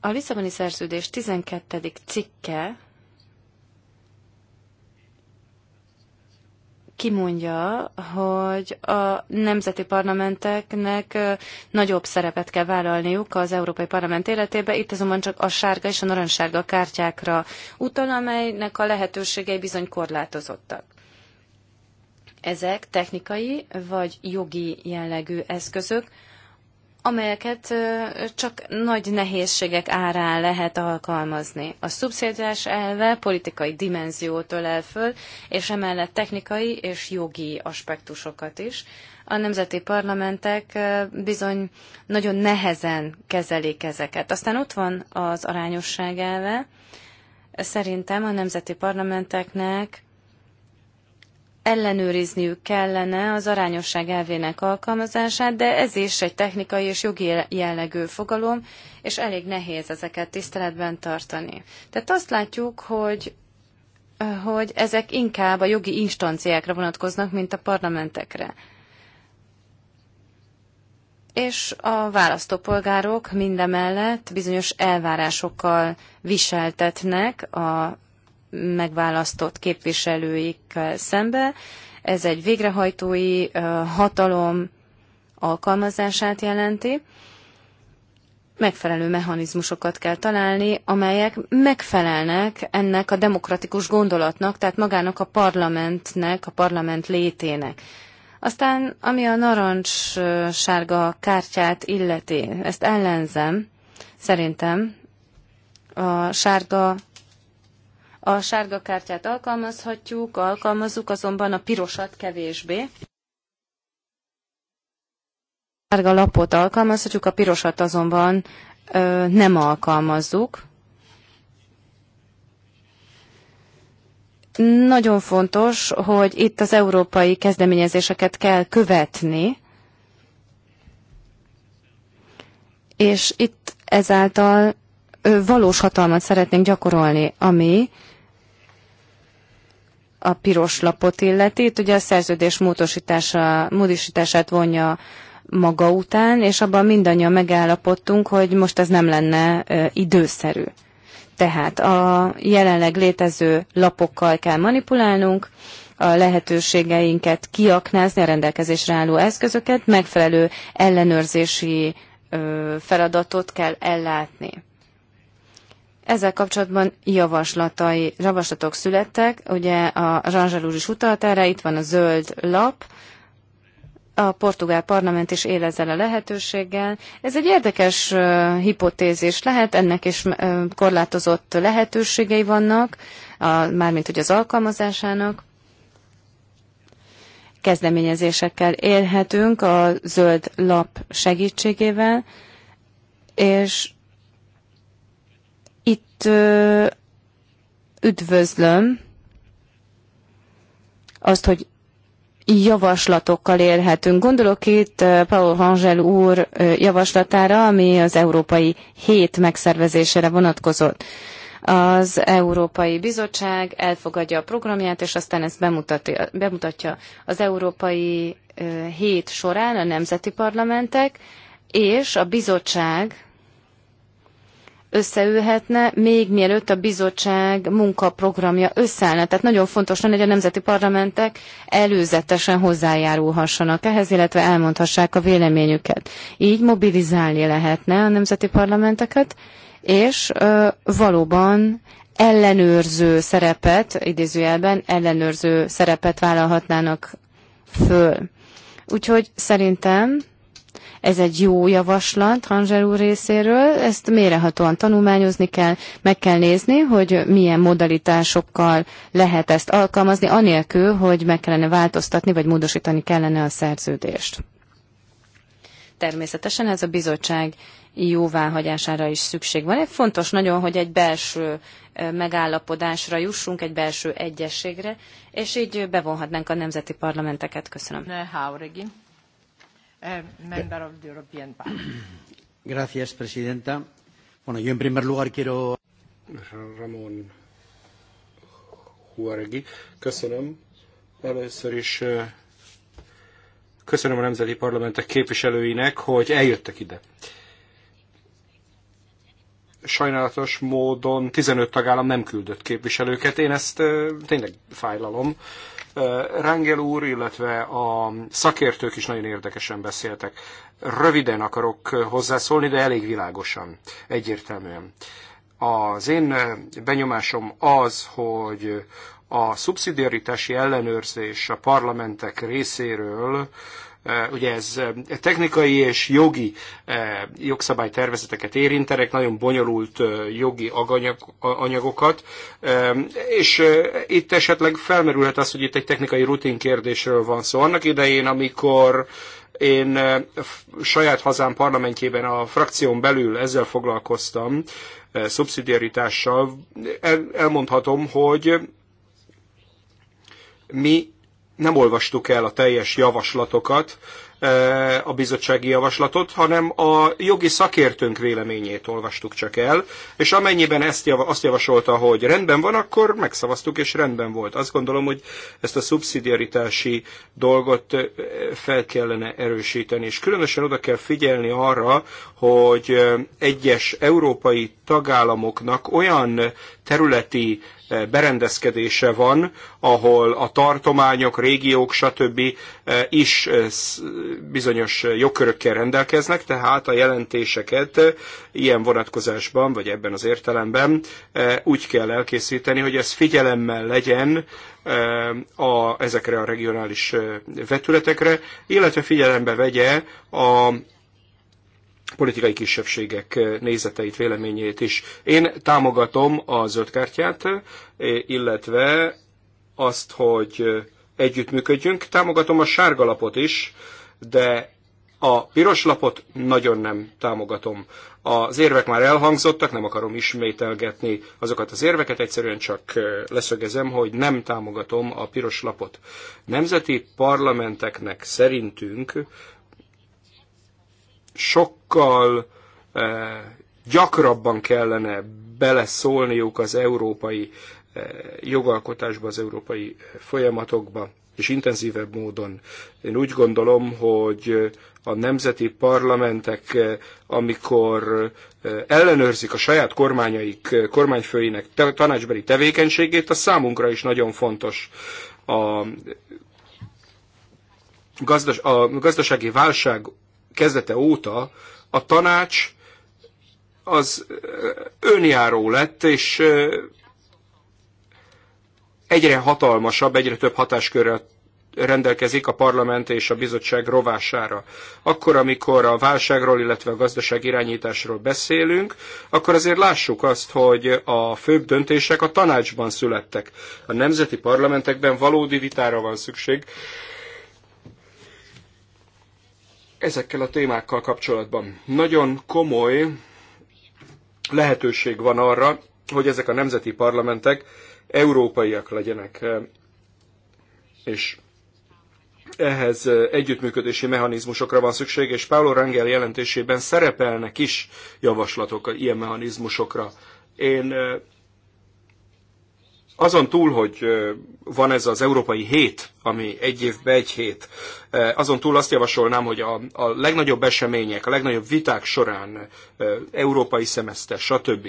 A Lisszaboni Szerződés 12. cikke kimondja, hogy a nemzeti parlamenteknek nagyobb szerepet kell vállalniuk az Európai Parlament életébe. Itt azonban csak a sárga és a narancssárga kártyákra utal, amelynek a lehetőségei bizony korlátozottak. Ezek technikai vagy jogi jellegű eszközök, amelyeket csak nagy nehézségek árán lehet alkalmazni. A szubszédiás elve politikai dimenziót ölel föl, és emellett technikai és jogi aspektusokat is. A nemzeti parlamentek bizony nagyon nehezen kezelik ezeket. Aztán ott van az arányosság elve. Szerintem a nemzeti parlamenteknek ellenőrizniük kellene az arányosság elvének alkalmazását, de ez is egy technikai és jogi jellegű fogalom, és elég nehéz ezeket tiszteletben tartani. Tehát azt látjuk, hogy hogy ezek inkább a jogi instanciákra vonatkoznak, mint a parlamentekre. És a választópolgárok mindemellett bizonyos elvárásokkal viseltetnek a megválasztott képviselőikkel szembe. Ez egy végrehajtói hatalom alkalmazását jelenti. Megfelelő mechanizmusokat kell találni, amelyek megfelelnek ennek a demokratikus gondolatnak, tehát magának a parlamentnek, a parlament létének. Aztán, ami a narancssárga kártyát illeti, ezt ellenzem, szerintem a sárga a sárga kártyát alkalmazhatjuk, alkalmazzuk, azonban a pirosat kevésbé. A sárga lapot alkalmazhatjuk, a pirosat azonban ö, nem alkalmazzuk. Nagyon fontos, hogy itt az európai kezdeményezéseket kell követni, és itt ezáltal valós hatalmat szeretnénk gyakorolni, ami a piros lapot illeti. Itt ugye a szerződés módosítása, módosítását vonja maga után, és abban mindannyian megállapodtunk, hogy most ez nem lenne időszerű. Tehát a jelenleg létező lapokkal kell manipulálnunk, a lehetőségeinket kiaknázni, a rendelkezésre álló eszközöket, megfelelő ellenőrzési feladatot kell ellátni. Ezzel kapcsolatban javaslatai, javaslatok születtek, ugye a Zsanzsal úr is utalt erre, itt van a zöld lap, a portugál parlament is él ezzel a lehetőséggel. Ez egy érdekes hipotézis lehet, ennek is korlátozott lehetőségei vannak, a, mármint hogy az alkalmazásának. Kezdeményezésekkel élhetünk a zöld lap segítségével, és üdvözlöm azt, hogy javaslatokkal érhetünk. Gondolok itt Paul Vangel úr javaslatára, ami az Európai Hét megszervezésére vonatkozott. Az Európai Bizottság elfogadja a programját, és aztán ezt bemutatja. bemutatja. Az Európai Hét során a nemzeti parlamentek és a bizottság összeülhetne, még mielőtt a bizottság munkaprogramja összeállna. Tehát nagyon fontos lenne, hogy a nemzeti parlamentek előzetesen hozzájárulhassanak ehhez, illetve elmondhassák a véleményüket. Így mobilizálni lehetne a nemzeti parlamenteket, és ö, valóban ellenőrző szerepet, idézőjelben ellenőrző szerepet vállalhatnának föl. Úgyhogy szerintem ez egy jó javaslat Hanzser úr részéről, ezt mérehatóan tanulmányozni kell, meg kell nézni, hogy milyen modalitásokkal lehet ezt alkalmazni, anélkül, hogy meg kellene változtatni, vagy módosítani kellene a szerződést. Természetesen ez a bizottság jóváhagyására is szükség van. Egy fontos nagyon, hogy egy belső megállapodásra jussunk, egy belső egyességre, és így bevonhatnánk a nemzeti parlamenteket. Köszönöm. Hauregin. Uh, member of the European Parliament. Gracias, Presidenta. Bueno, yo en primer lugar quiero... Ramón Huaregi. Köszönöm. Először is eh, köszönöm a Nemzeti Parlamentek képviselőinek, hogy eljöttek ide. Sajnálatos módon 15 tagállam nem küldött képviselőket. Én ezt eh, tényleg fájlalom. Eh, Rangel úr, illetve a szakértők is nagyon érdekesen beszéltek. Röviden akarok eh, hozzászólni, de elég világosan, egyértelműen. Az én eh, benyomásom az, hogy a szubszidiaritási ellenőrzés a parlamentek részéről Ugye ez technikai és jogi jogszabálytervezeteket érintenek, nagyon bonyolult jogi aganyag, anyagokat, és itt esetleg felmerülhet az, hogy itt egy technikai rutin kérdésről van szó. Annak idején, amikor én saját hazám parlamentjében a frakción belül ezzel foglalkoztam, szubszidiaritással, elmondhatom, hogy mi nem olvastuk el a teljes javaslatokat, e, a bizottsági javaslatot, hanem a jogi szakértőnk véleményét olvastuk csak el, és amennyiben ezt jav, azt javasolta, hogy rendben van, akkor megszavaztuk, és rendben volt. Azt gondolom, hogy ezt a szubszidiaritási dolgot e, fel kellene erősíteni, és különösen oda kell figyelni arra, hogy e, egyes európai tagállamoknak olyan területi Eh, berendezkedése van, ahol a tartományok, régiók, stb. Eh, is eh, bizonyos jogkörökkel rendelkeznek, tehát a jelentéseket ilyen vonatkozásban, vagy ebben az értelemben úgy kell elkészíteni, hogy ez figyelemmel legyen a, ezekre a regionális vetületekre, illetve figyelembe vegye a politikai kisebbségek eh, nézeteit, véleményét is. Én támogatom a zöld kártyát, eh, illetve azt, hogy eh, együttműködjünk. Támogatom a sárga lapot is, de a piros lapot nagyon nem támogatom. Az érvek már elhangzottak, nem akarom ismételgetni azokat az érveket, egyszerűen csak leszögezem, hogy nem támogatom a piros lapot. Nemzeti parlamenteknek szerintünk sokkal eh, gyakrabban kellene beleszólniuk az európai eh, jogalkotásba, az európai folyamatokba, és intenzívebb módon. Én úgy gondolom, hogy a nemzeti parlamentek, eh, amikor ellenőrzik a saját kormányaik, kormányfőinek tanácsbeli tevékenységét, az számunkra is nagyon fontos. A, a gazdasági válság kezdete óta a tanács az önjáró lett, és egyre hatalmasabb, egyre több hatáskörrel rendelkezik a parlament és a bizottság rovására. Akkor, amikor a válságról, illetve a gazdaság irányításról beszélünk, akkor azért lássuk azt, hogy a főbb döntések a tanácsban születtek. A nemzeti parlamentekben valódi vitára van szükség ezekkel a témákkal kapcsolatban. Nagyon komoly lehetőség van arra, hogy ezek a nemzeti parlamentek európaiak legyenek, és ehhez együttműködési mechanizmusokra van szükség, és Paolo Rangel jelentésében szerepelnek is javaslatok ilyen mechanizmusokra. Én azon túl, hogy van ez az európai hét, ami egy évbe egy hét, azon túl azt javasolnám, hogy a, a legnagyobb események, a legnagyobb viták során, európai szemeszter, stb.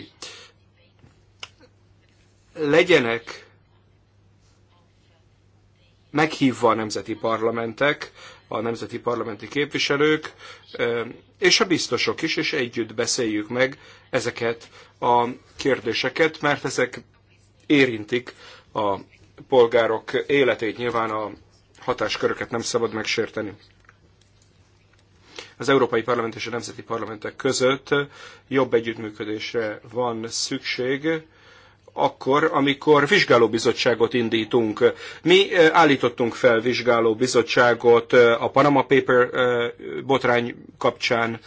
legyenek meghívva a nemzeti parlamentek, a nemzeti parlamenti képviselők, és a biztosok is, és együtt beszéljük meg ezeket a kérdéseket, mert ezek érintik a polgárok életét. Nyilván a hatásköröket nem szabad megsérteni. Az Európai Parlament és a Nemzeti Parlamentek között jobb együttműködésre van szükség, akkor, amikor vizsgálóbizottságot indítunk. Mi eh, állítottunk fel vizsgálóbizottságot eh, a Panama Paper eh, botrány kapcsán,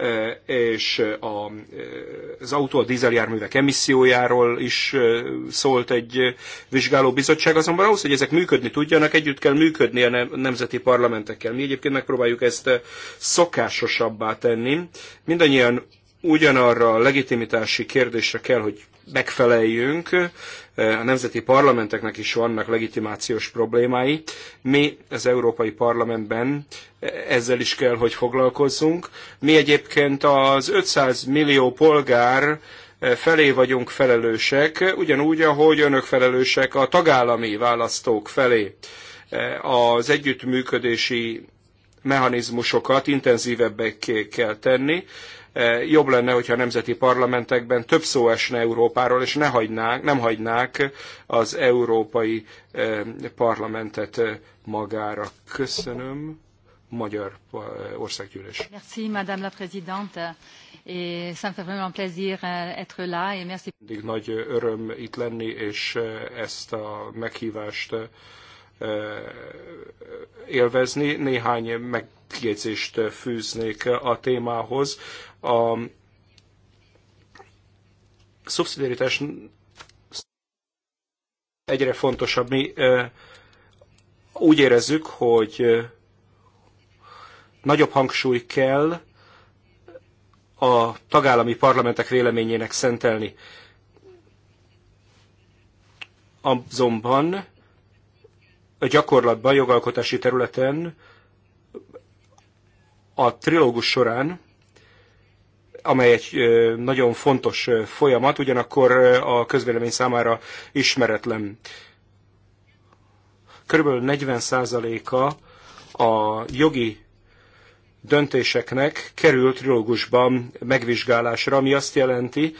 Eh, és eh, eh, az autó a dízeljárművek emissziójáról is szólt egy vizsgálóbizottság, azonban ahhoz, hogy ezek működni tudjanak, együtt kell működni a nemzeti parlamentekkel. Mi egyébként megpróbáljuk ezt szokásosabbá tenni. Mindannyian ugyanarra a legitimitási kérdésre kell, hogy megfeleljünk. A nemzeti parlamenteknek is vannak legitimációs problémái. Mi az Európai Parlamentben ezzel is kell, hogy foglalkozzunk. Mi egyébként az 500 millió polgár felé vagyunk felelősek, ugyanúgy, ahogy önök felelősek a tagállami választók felé. Az együttműködési mechanizmusokat intenzívebbek kell tenni, E, jobb lenne, hogyha a nemzeti parlamentekben több szó esne Európáról, és ne hagynák, nem hagynák az Európai e, Parlamentet e, magára. Köszönöm. Magyar Országgyűlés. Merci, Madame la Présidente. Et ça me fait vraiment plaisir euh, être là, et merci. Mindig nagy öröm itt lenni, és ezt a meghívást élvezni. Néhány megjegyzést fűznék a témához. A szubszidiaritás egyre fontosabb. Mi úgy érezzük, hogy nagyobb hangsúly kell a tagállami parlamentek véleményének szentelni. Azonban a gyakorlatban, jogalkotási területen a trilógus során, amely egy nagyon fontos folyamat, ugyanakkor a közvélemény számára ismeretlen. Körülbelül 40%-a a jogi döntéseknek került trilógusban megvizsgálásra, ami azt jelenti,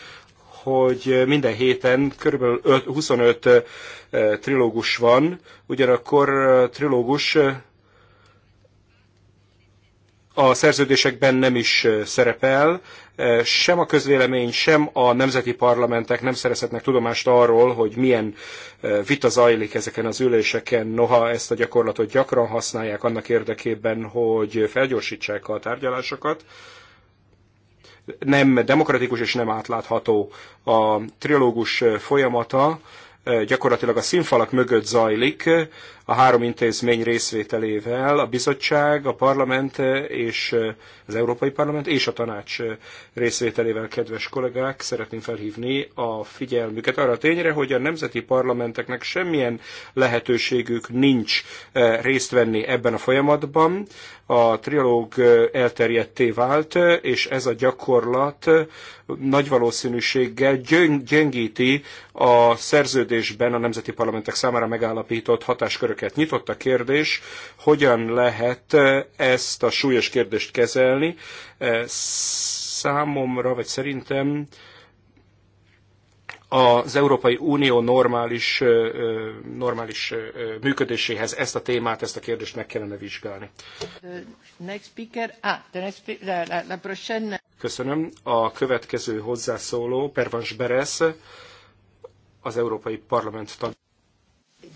hogy minden héten körülbelül 25 trilógus van, ugyanakkor trilógus a szerződésekben nem is szerepel, sem a közvélemény, sem a nemzeti parlamentek nem szerezhetnek tudomást arról, hogy milyen vita zajlik ezeken az üléseken, noha ezt a gyakorlatot gyakran használják annak érdekében, hogy felgyorsítsák a tárgyalásokat nem demokratikus és nem átlátható a trilógus folyamata, gyakorlatilag a színfalak mögött zajlik, a három intézmény részvételével, a bizottság, a parlament eh, és eh, az Európai Parlament és a tanács eh, részvételével, kedves kollégák, szeretném felhívni a figyelmüket arra a tényre, hogy a nemzeti parlamenteknek semmilyen lehetőségük nincs részt venni ebben a folyamatban. A trialóg elterjedté vált, és ez a gyakorlat nagy valószínűséggel gyöng, gyengíti a szerződésben a nemzeti parlamentek számára megállapított hatáskörök őket. Nyitott a kérdés, hogyan lehet eh, ezt a súlyos kérdést kezelni. Eh, számomra, vagy szerintem az Európai Unió normális, eh, normális működéséhez ezt a témát, ezt a kérdést meg kellene vizsgálni. Ah, Köszönöm. A következő hozzászóló Pervans Beres, az Európai Parlament tag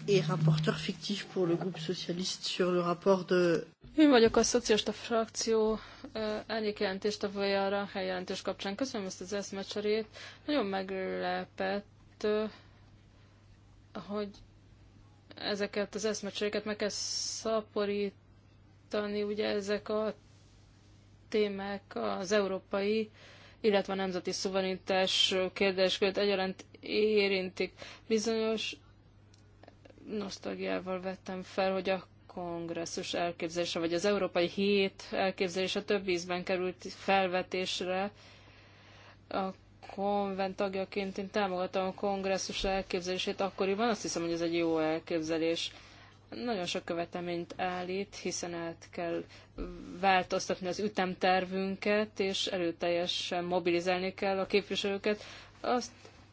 et rapporteur fictif pour le groupe socialiste sur le rapport de... Én vagyok a szocialista frakció elnyékjelentéstevője eh, a Ránhely jelentés kapcsán. Köszönöm ezt az eszmecserét. Nagyon meglepett, eh, hogy ezeket az eszmecseréket meg kell szaporítani, ugye ezek a témák az európai, illetve a nemzeti szuverenitás kérdéskört egyaránt érintik. Bizonyos nosztalgiával vettem fel, hogy a kongresszus elképzelése, vagy az Európai Hét elképzelése több ízben került felvetésre. A konvent tagjaként én támogatom a kongresszus elképzelését akkoriban, azt hiszem, hogy ez egy jó elképzelés. Nagyon sok követeményt állít, hiszen át kell változtatni az ütemtervünket, és erőteljesen mobilizálni kell a képviselőket. Azt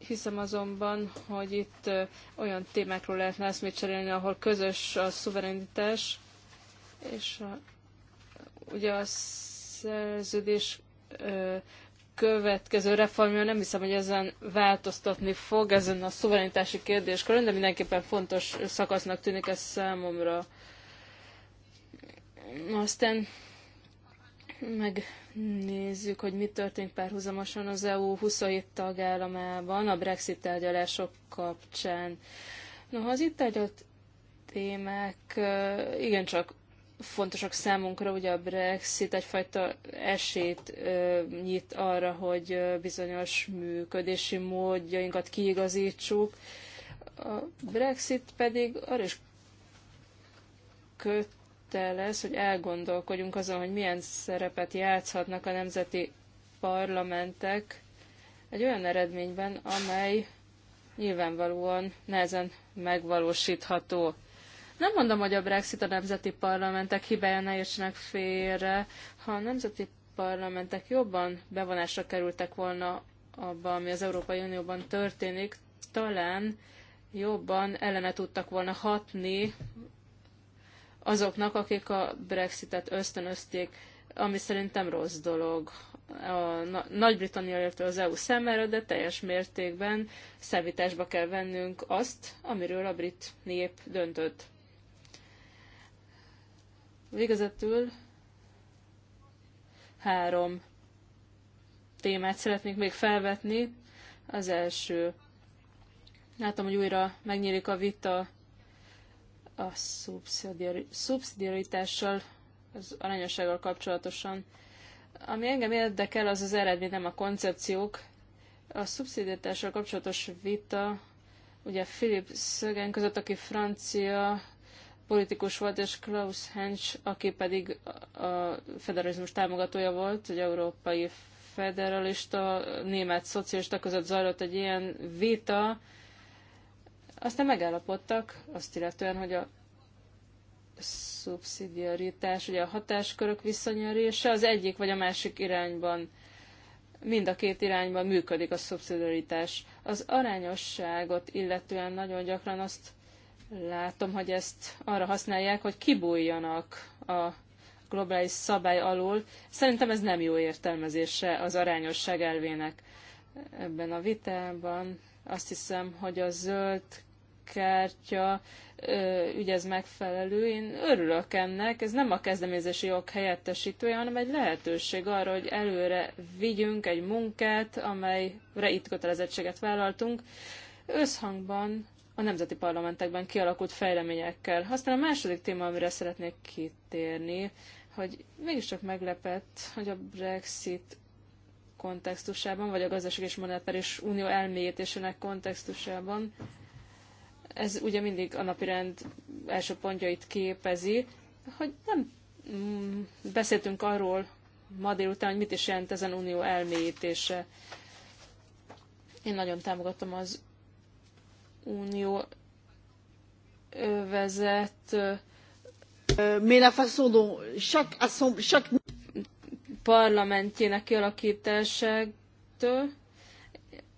Hiszem azonban, hogy itt olyan témákról lehetne eszmét cserélni, ahol közös a szuverenitás, és a, ugye a szerződés ö, következő reformja nem hiszem, hogy ezen változtatni fog, ezen a szuverenitási kérdéskörön, de mindenképpen fontos szakasznak tűnik ez számomra. Aztán megnézzük, hogy mi történt párhuzamosan az EU 27 tagállamában a Brexit tárgyalások kapcsán. Noha az itt tárgyalt témák igencsak fontosak számunkra, ugye a Brexit egyfajta esélyt nyit arra, hogy bizonyos működési módjainkat kiigazítsuk. A Brexit pedig arra is köt kezdeményezte lesz, hogy elgondolkodjunk azon, hogy milyen szerepet játszhatnak a nemzeti parlamentek egy olyan eredményben, amely nyilvánvalóan nehezen megvalósítható. Nem mondom, hogy a Brexit a nemzeti parlamentek hibája ne értsenek félre. Ha a nemzeti parlamentek jobban bevonásra kerültek volna abba, ami az Európai Unióban történik, talán jobban ellene tudtak volna hatni azoknak, akik a Brexitet ösztönözték, ami szerintem rossz dolog a Nagy-Britannia, illetve az EU szemére de teljes mértékben szemításba kell vennünk azt, amiről a brit nép döntött. Végezetül három témát szeretnék még felvetni. Az első, látom, hogy újra megnyílik a vita a szubszidiaritással, az arányossággal kapcsolatosan. Ami engem érdekel, az az eredmény, nem a koncepciók. A szubszidiaritással kapcsolatos vita, ugye Philip Szögen között, aki francia politikus volt, és Klaus Hensch, aki pedig a federalizmus támogatója volt, egy európai federalista, német szocialista között zajlott egy ilyen vita, aztán megállapodtak azt illetően, hogy a szubszidiaritás, ugye a hatáskörök visszanyerése, az egyik vagy a másik irányban, mind a két irányban működik a szubszidiaritás. Az arányosságot illetően nagyon gyakran azt látom, hogy ezt arra használják, hogy kibújjanak a globális szabály alól. Szerintem ez nem jó értelmezése az arányosság elvének ebben a vitában. Azt hiszem, hogy a zöld kártya ez megfelelő. Én örülök ennek, ez nem a kezdeményezési jog helyettesítője, hanem egy lehetőség arra, hogy előre vigyünk egy munkát, amelyre itt kötelezettséget vállaltunk, összhangban a nemzeti parlamentekben kialakult fejleményekkel. Aztán a második téma, amire szeretnék kitérni, hogy mégiscsak meglepett, hogy a Brexit kontextusában, vagy a gazdaság és monetáris unió elmélyítésének kontextusában ez ugye mindig a napirend első pontjait képezi, hogy nem mm, beszéltünk arról ma délután, hogy mit is jelent ezen unió elmélyítése. Én nagyon támogatom az unió vezet. Mais la façon dont chaque chaque parlamentjének kialakításától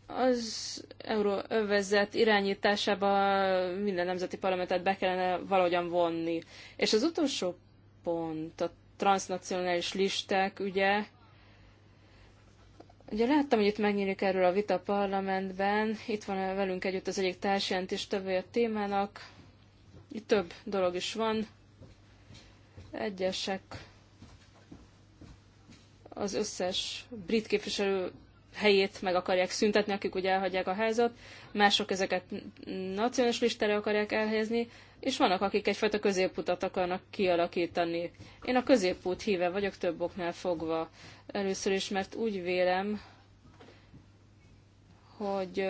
az euróövezet irányításába minden nemzeti parlamentet be kellene valahogyan vonni. És az utolsó pont, a transnacionális listák, ugye, Ugye láttam, hogy itt megnyílik erről a vita parlamentben, itt van velünk együtt az egyik társjelentés tevője a témának, itt több dolog is van, egyesek az összes brit képviselő helyét meg akarják szüntetni, akik ugye elhagyják a házat, mások ezeket nacionális listára akarják elhelyezni, és vannak, akik egyfajta középutat akarnak kialakítani. Én a középút híve vagyok több oknál fogva. Először is, mert úgy vélem, hogy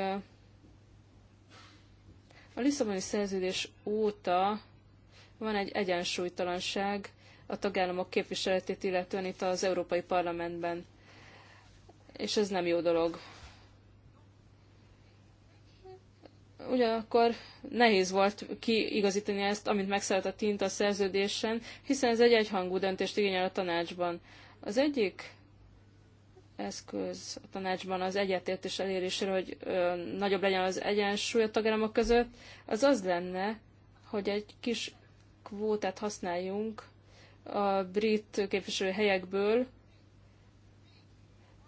a Lisszaboni szerződés óta van egy egyensúlytalanság a tagállamok képviseletét illetően itt az Európai Parlamentben és ez nem jó dolog. Ugyanakkor nehéz volt kiigazítani ezt, amit megszállt a a szerződésen, hiszen ez egy egyhangú döntést igényel a tanácsban. Az egyik eszköz a tanácsban az egyetértés elérésére, hogy ö, nagyobb legyen az egyensúly a tagállamok között, az az lenne, hogy egy kis kvótát használjunk a brit képviselő helyekből,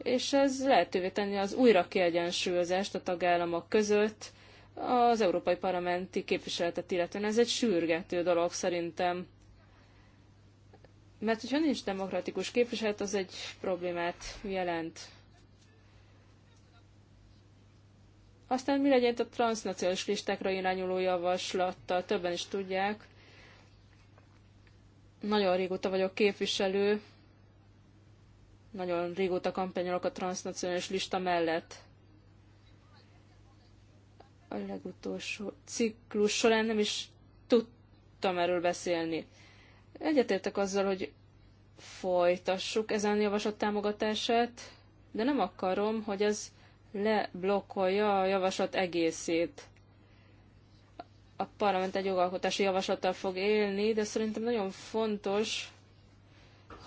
és ez lehetővé tenni az újra kiegyensúlyozást a tagállamok között az Európai Parlamenti képviseletet illetően. Ez egy sürgető dolog szerintem. Mert hogyha nincs demokratikus képviselet, az egy problémát jelent. Aztán mi legyen a transnacionális listákra irányuló javaslattal? Többen is tudják. Nagyon régóta vagyok képviselő, nagyon régóta kampányolok a transnacionális lista mellett. A legutolsó ciklus során nem is tudtam erről beszélni. Egyetértek azzal, hogy folytassuk ezen javaslat támogatását, de nem akarom, hogy ez leblokkolja a javaslat egészét. A parlament egy jogalkotási javaslattal fog élni, de szerintem nagyon fontos,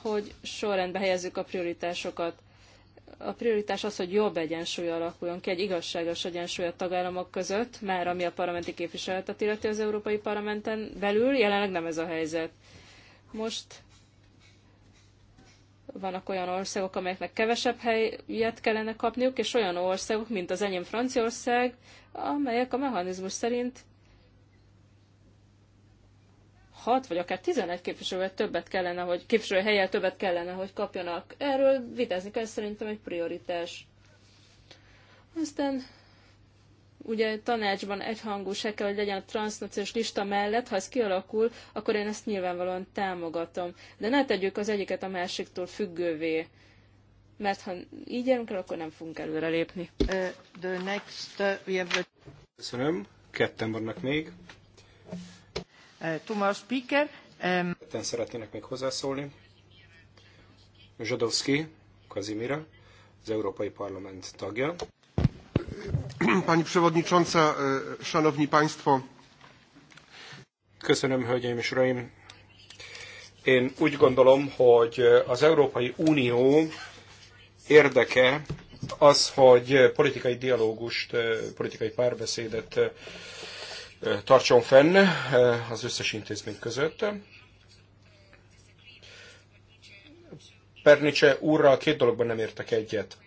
hogy sorrendbe helyezzük a prioritásokat. A prioritás az, hogy jobb egyensúly alakuljon ki, egy igazságos egyensúly a tagállamok között, már ami a parlamenti képviseletet illeti az Európai Parlamenten belül, jelenleg nem ez a helyzet. Most vannak olyan országok, amelyeknek kevesebb helyet kellene kapniuk, és olyan országok, mint az enyém Franciaország, amelyek a mechanizmus szerint hat vagy akár 11 képviselővel többet kellene, hogy képviselő helyet többet kellene, hogy kapjanak. Erről vitázni kell szerintem egy prioritás. Aztán ugye tanácsban egyhangú, se kell, hogy legyen a transznacionális lista mellett, ha ez kialakul, akkor én ezt nyilvánvalóan támogatom. De ne tegyük az egyiket a másiktól függővé, mert ha így járunk el, akkor nem fogunk előrelépni. Uh, the next, uh, we have... Köszönöm, ketten vannak még uh, two more um, szeretnének még hozzászólni. Zsadovszki Kazimira, az Európai Parlament tagja. Pani Przewodnicząca, e, Szanowni Państwo. Köszönöm, Hölgyeim és Uraim. Én úgy gondolom, hogy az Európai Unió érdeke az, hogy politikai dialógust, e, politikai párbeszédet e, tartson fenn az összes intézmény között. Pernice úrral két dologban nem értek egyet,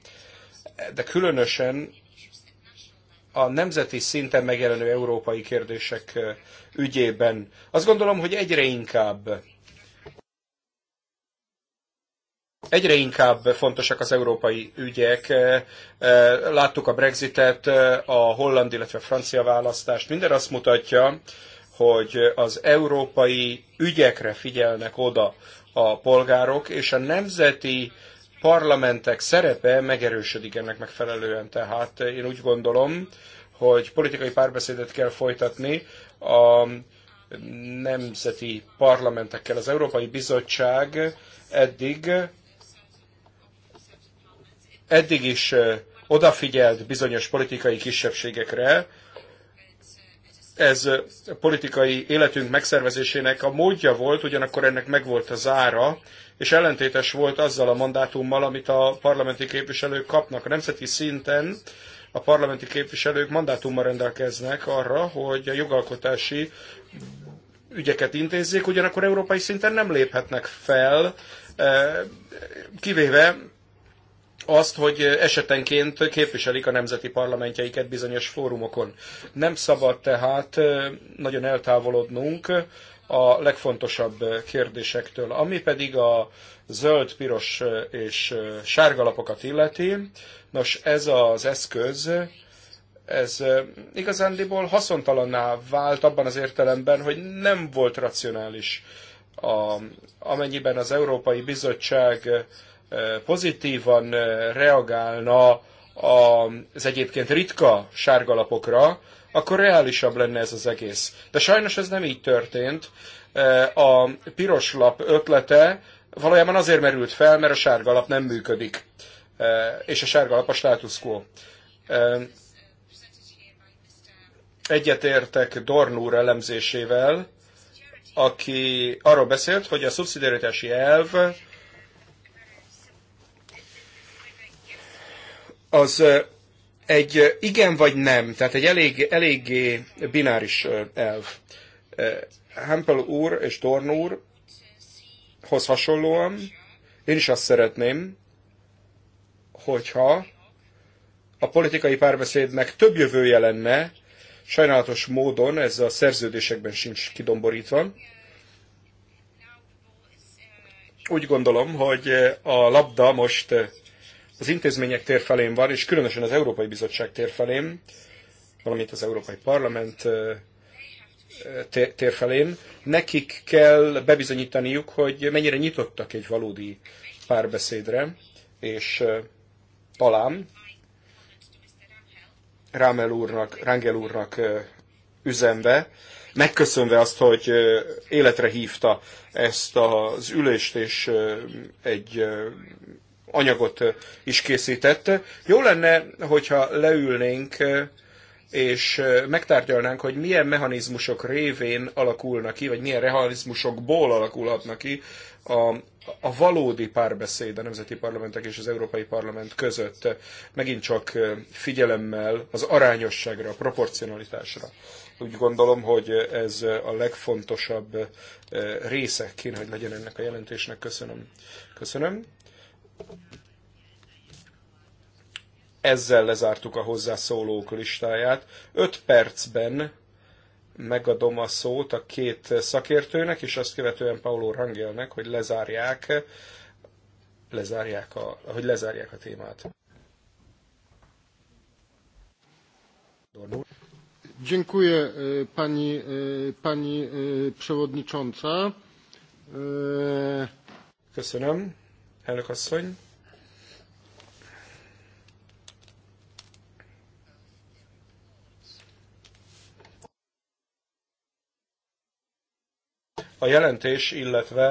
de különösen a nemzeti szinten megjelenő európai kérdések ügyében. Azt gondolom, hogy egyre inkább egyre inkább fontosak az európai ügyek. E, e, láttuk a Brexitet, e, a holland, illetve a francia választást. Minden azt mutatja, hogy az európai ügyekre figyelnek oda a polgárok, és a nemzeti parlamentek szerepe megerősödik ennek megfelelően. Tehát én úgy gondolom, hogy politikai párbeszédet kell folytatni a nemzeti parlamentekkel. Az Európai Bizottság eddig eddig is odafigyelt bizonyos politikai kisebbségekre, ez politikai életünk megszervezésének a módja volt, ugyanakkor ennek megvolt a zára, és ellentétes volt azzal a mandátummal, amit a parlamenti képviselők kapnak. A nemzeti szinten a parlamenti képviselők mandátummal rendelkeznek arra, hogy a jogalkotási ügyeket intézzék, ugyanakkor európai szinten nem léphetnek fel, kivéve azt, hogy esetenként képviselik a nemzeti parlamentjeiket bizonyos fórumokon. Nem szabad tehát nagyon eltávolodnunk a legfontosabb kérdésektől, ami pedig a zöld, piros és sárga lapokat illeti. Nos, ez az eszköz, ez igazándiból haszontalanná vált abban az értelemben, hogy nem volt racionális. A, amennyiben az Európai Bizottság pozitívan reagálna az egyébként ritka sárgalapokra, akkor reálisabb lenne ez az egész. De sajnos ez nem így történt. A piros lap ötlete valójában azért merült fel, mert a sárgalap nem működik. És a sárgalap a status quo. Egyetértek Dornúr elemzésével, aki arról beszélt, hogy a szubszidiaritási elv az egy igen vagy nem, tehát egy elég, eléggé bináris elv. Hempel úr és Dorn úrhoz hasonlóan én is azt szeretném, hogyha a politikai párbeszédnek több jövője lenne, sajnálatos módon ez a szerződésekben sincs kidomborítva. Úgy gondolom, hogy a labda most az intézmények térfelén van, és különösen az Európai Bizottság térfelén, valamint az Európai Parlament térfelén, nekik kell bebizonyítaniuk, hogy mennyire nyitottak egy valódi párbeszédre, és talán Rámel úrnak, Rangel úrnak üzenve, megköszönve azt, hogy életre hívta ezt az ülést, és egy anyagot is készített. Jó lenne, hogyha leülnénk és megtárgyalnánk, hogy milyen mechanizmusok révén alakulnak ki, vagy milyen mechanizmusokból alakulhatnak ki a, a valódi párbeszéd a nemzeti parlamentek és az Európai Parlament között, megint csak figyelemmel az arányosságra, a proporcionalitásra. Úgy gondolom, hogy ez a legfontosabb része kéne, hogy legyen ennek a jelentésnek. Köszönöm. Köszönöm. Ezzel lezártuk a hozzászólók listáját. Öt percben megadom a szót a két szakértőnek, és azt követően Paulo Rangelnek, hogy lezárják, lezárják a, hogy lezárják a témát. Dziękuję e, pani, e, pani e, przewodnicząca. Köszönöm elnök asszony. A jelentés, illetve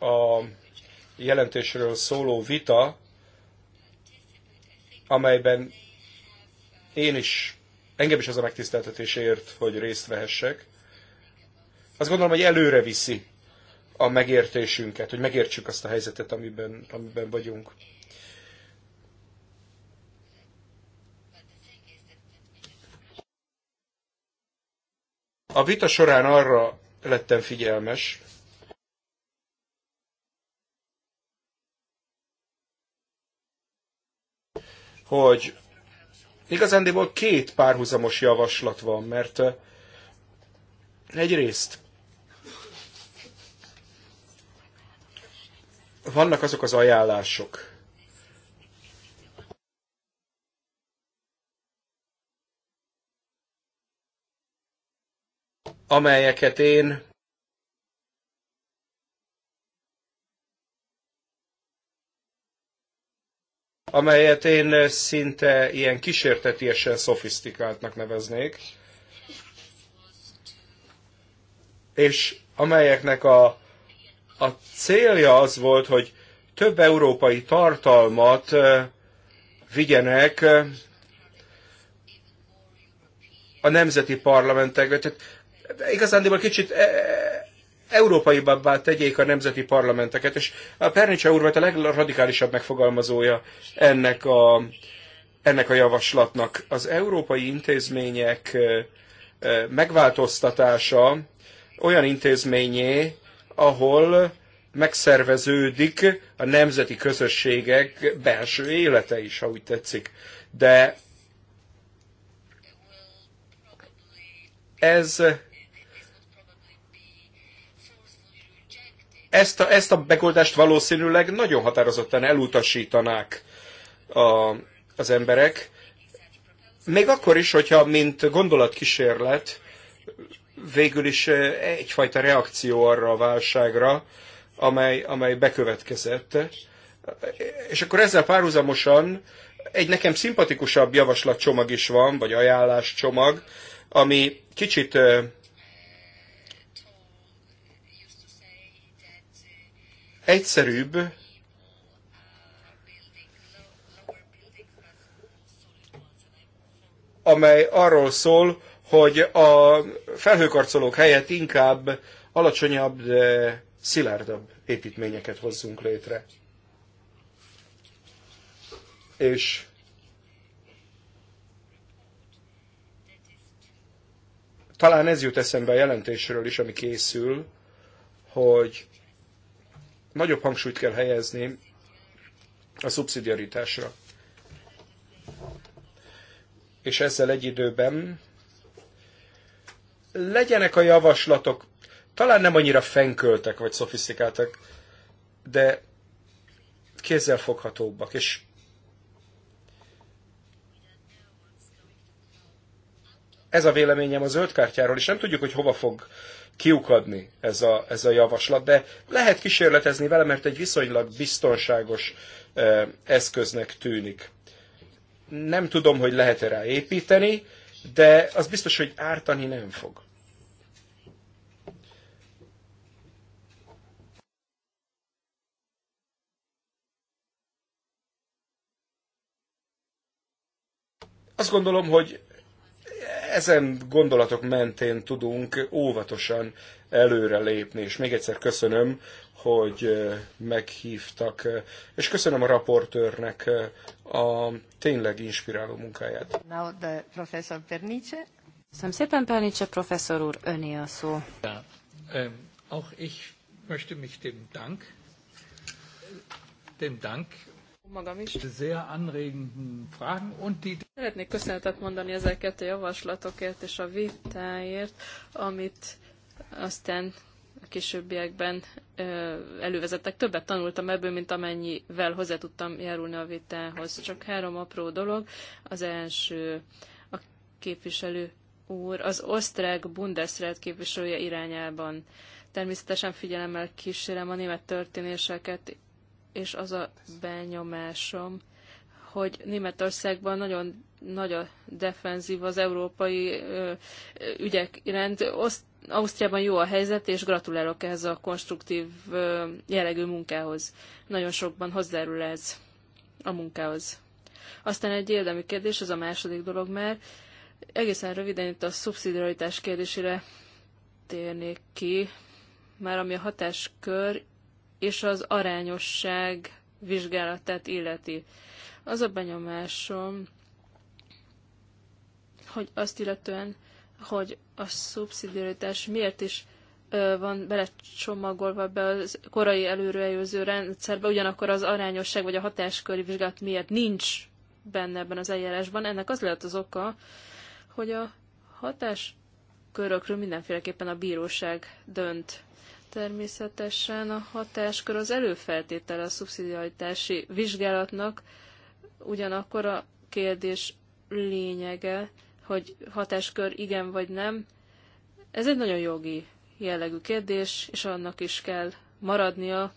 a jelentésről szóló vita, amelyben én is, engem is az a megtiszteltetésért, hogy részt vehessek, azt gondolom, hogy előre viszi a megértésünket, hogy megértsük azt a helyzetet, amiben, amiben vagyunk. A vita során arra lettem figyelmes, hogy igazándiból két párhuzamos javaslat van, mert egyrészt vannak azok az ajánlások, amelyeket én amelyet én szinte ilyen kísértetiesen szofisztikáltnak neveznék, és amelyeknek a a célja az volt, hogy több európai tartalmat vigyenek a nemzeti parlamentekbe. Tehát igazándiból kicsit e, e, európaibabbá tegyék a nemzeti parlamenteket, és a Pernicsa úr volt a legradikálisabb megfogalmazója ennek a, ennek a javaslatnak. Az európai intézmények megváltoztatása olyan intézményé, ahol megszerveződik a nemzeti közösségek belső élete is, ha úgy tetszik. De ez ezt a, ezt a megoldást valószínűleg nagyon határozottan elutasítanák a, az emberek, még akkor is, hogyha mint gondolatkísérlet végül is egyfajta reakció arra a válságra, amely, amely bekövetkezett. És akkor ezzel párhuzamosan egy nekem szimpatikusabb javaslatcsomag is van, vagy ajánláscsomag, ami kicsit egyszerűbb, amely arról szól, hogy a felhőkarcolók helyett inkább alacsonyabb, de szilárdabb építményeket hozzunk létre. És talán ez jut eszembe a jelentésről is, ami készül, hogy nagyobb hangsúlyt kell helyezni a szubszidiaritásra. És ezzel egy időben legyenek a javaslatok, talán nem annyira fenköltek vagy szofisztikáltak, de foghatóbbak és ez a véleményem a zöld kártyáról, és nem tudjuk, hogy hova fog kiukadni ez a, ez a javaslat, de lehet kísérletezni vele, mert egy viszonylag biztonságos eh, eszköznek tűnik. Nem tudom, hogy lehet-e rá építeni, de az biztos, hogy ártani nem fog. Azt gondolom, hogy ezen gondolatok mentén tudunk óvatosan előre lépni, és még egyszer köszönöm, hogy meghívtak, és köszönöm a raportőrnek a tényleg inspiráló munkáját. Now the professor Pernice. Köszönöm szépen, Pernice professzor úr, öné a szó. Ja, auch ich möchte mich dem Dank, dem Dank magam is. Szeretnék köszönetet mondani ezeket a javaslatokért és a vitáért, amit aztán a későbbiekben elővezettek. Többet tanultam ebből, mint amennyivel hozzá tudtam járulni a vitához. Csak három apró dolog. Az első a képviselő úr, az osztrák Bundesrat képviselője irányában. Természetesen figyelemmel kísérem a német történéseket és az a benyomásom, hogy Németországban nagyon nagy a defenzív az európai ö, ügyek iránt. Oszt- Ausztriában jó a helyzet, és gratulálok ehhez a konstruktív ö, jellegű munkához. Nagyon sokban hozzárul ez a munkához. Aztán egy érdemi kérdés, ez a második dolog már. Egészen röviden itt a szubszidiaritás kérdésére térnék ki, már ami a hatáskör, és az arányosság vizsgálatát illeti. Az a benyomásom, hogy azt illetően, hogy a szubszidiaritás miért is van belecsomagolva be a korai előrejelző rendszerbe, ugyanakkor az arányosság vagy a hatásköri vizsgálat miért nincs benne ebben az eljárásban. Ennek az lehet az oka, hogy a hatáskörökről mindenféleképpen a bíróság dönt. Természetesen a hatáskör az előfeltétele a szubszidiaritási vizsgálatnak, ugyanakkor a kérdés lényege, hogy hatáskör igen vagy nem. Ez egy nagyon jogi jellegű kérdés, és annak is kell maradnia,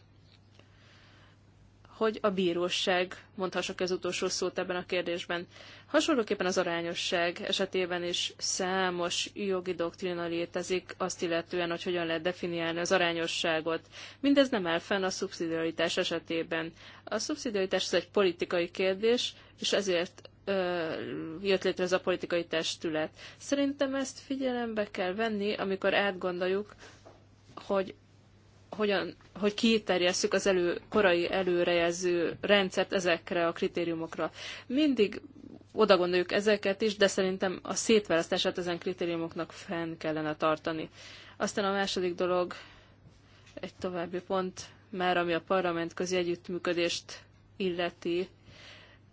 hogy a bíróság mondhassak az utolsó szót ebben a kérdésben. Hasonlóképpen az arányosság esetében is számos jogi doktrina létezik, azt illetően, hogy hogyan lehet definiálni az arányosságot. Mindez nem áll fenn a szubszidiaritás esetében. A szubszidiaritás az egy politikai kérdés, és ezért jött létre ez a politikai testület. Szerintem ezt figyelembe kell venni, amikor átgondoljuk, hogy hogyan, hogy kiterjesszük az elő, korai előrejelző rendszert ezekre a kritériumokra. Mindig oda gondoljuk ezeket is, de szerintem a szétválasztását ezen kritériumoknak fenn kellene tartani. Aztán a második dolog, egy további pont, már ami a parlament közi együttműködést illeti,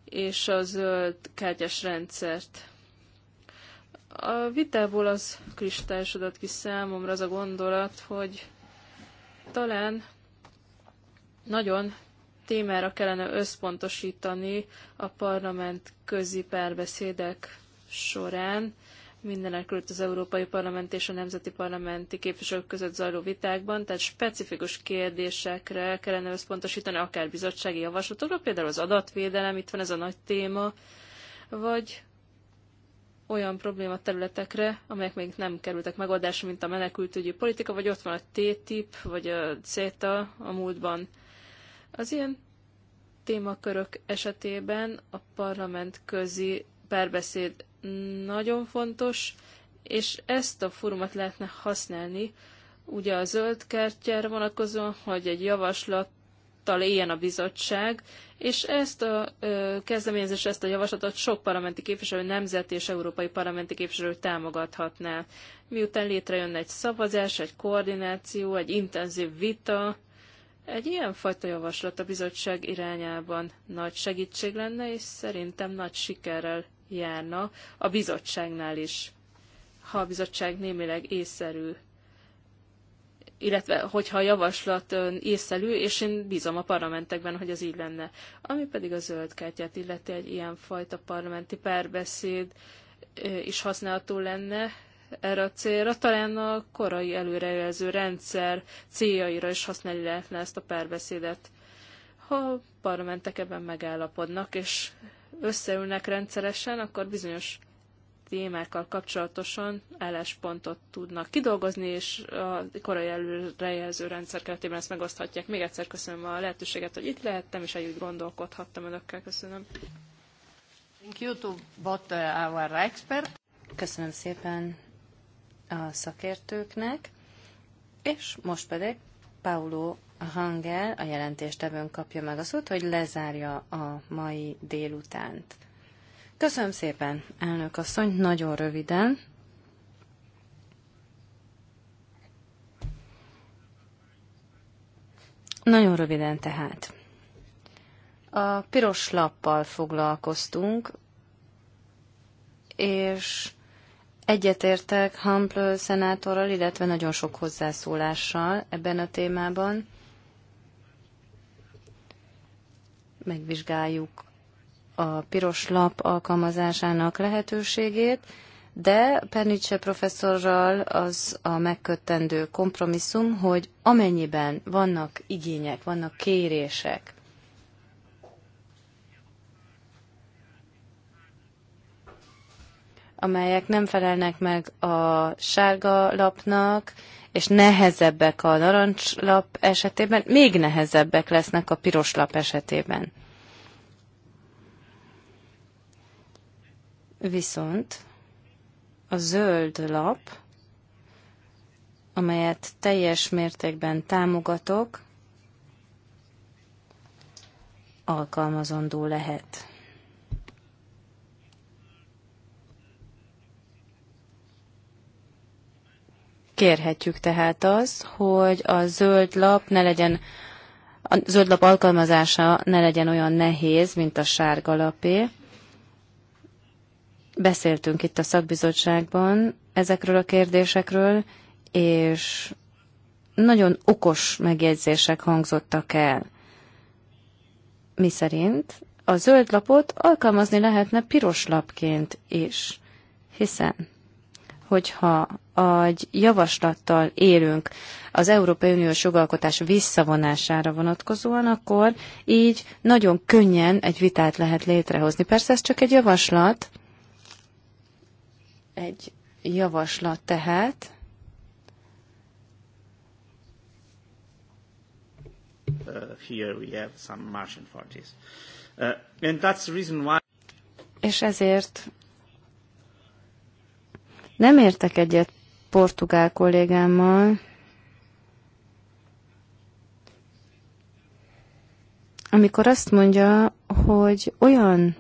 és a zöld kártyás rendszert. A vitából az kristályosodott ki számomra az a gondolat, hogy talán nagyon témára kellene összpontosítani a parlament közi párbeszédek során, mindenek előtt az Európai Parlament és a Nemzeti Parlamenti képviselők között zajló vitákban, tehát specifikus kérdésekre kellene összpontosítani, akár bizottsági javaslatokra, például az adatvédelem, itt van ez a nagy téma, vagy olyan területekre, amelyek még nem kerültek megoldásra, mint a menekültügyi politika, vagy ott van a TTIP, vagy a CETA a múltban. Az ilyen témakörök esetében a parlament közi párbeszéd nagyon fontos, és ezt a fórumot lehetne használni, ugye a zöld kártyára vonatkozóan, hogy egy javaslat javaslattal éljen a bizottság, és ezt a kezdeményezést, ezt a javaslatot sok parlamenti képviselő, nemzeti és európai parlamenti képviselő támogathatná. Miután létrejön egy szavazás, egy koordináció, egy intenzív vita, egy ilyenfajta javaslat a bizottság irányában nagy segítség lenne, és szerintem nagy sikerrel járna a bizottságnál is, ha a bizottság némileg észszerű illetve hogyha a javaslat észszerű, és én bízom a parlamentekben, hogy az így lenne. Ami pedig a zöld kártyát illeti egy fajta parlamenti párbeszéd is használható lenne erre a célra. Talán a korai előrejelző rendszer céljaira is használni lehetne ezt a párbeszédet. Ha a parlamentek ebben megállapodnak, és összeülnek rendszeresen, akkor bizonyos témákkal kapcsolatosan álláspontot tudnak kidolgozni, és a korai előrejelző rendszer keretében ezt megoszthatják. Még egyszer köszönöm a lehetőséget, hogy itt lehettem, és együtt gondolkodhattam önökkel. Köszönöm. Thank you to both uh, our expert. Köszönöm szépen a szakértőknek, és most pedig Paulo Hangel, a jelentéstevőn kapja meg a szót, hogy lezárja a mai délutánt. Köszönöm szépen, elnök asszony, nagyon röviden. Nagyon röviden tehát. A piros lappal foglalkoztunk, és egyetértek Hampl szenátorral, illetve nagyon sok hozzászólással ebben a témában. Megvizsgáljuk a piros lap alkalmazásának lehetőségét, de Pernice professzorral az a megköttendő kompromisszum, hogy amennyiben vannak igények, vannak kérések, amelyek nem felelnek meg a sárga lapnak, és nehezebbek a narancslap esetében, még nehezebbek lesznek a piros lap esetében. Viszont a zöld lap, amelyet teljes mértékben támogatok, alkalmazandó lehet. Kérhetjük tehát az, hogy a zöld lap ne legyen, a zöld lap alkalmazása ne legyen olyan nehéz, mint a sárga lapé. Beszéltünk itt a szakbizottságban ezekről a kérdésekről, és nagyon okos megjegyzések hangzottak el. Mi szerint a zöld lapot alkalmazni lehetne piros lapként is, hiszen hogyha egy javaslattal élünk az Európai Uniós jogalkotás visszavonására vonatkozóan, akkor így nagyon könnyen egy vitát lehet létrehozni. Persze ez csak egy javaslat, egy javaslat tehát. Uh, here we have some Martian parties. Uh, and that's the reason why... És ezért nem értek egyet portugál kollégámmal, amikor azt mondja, hogy olyan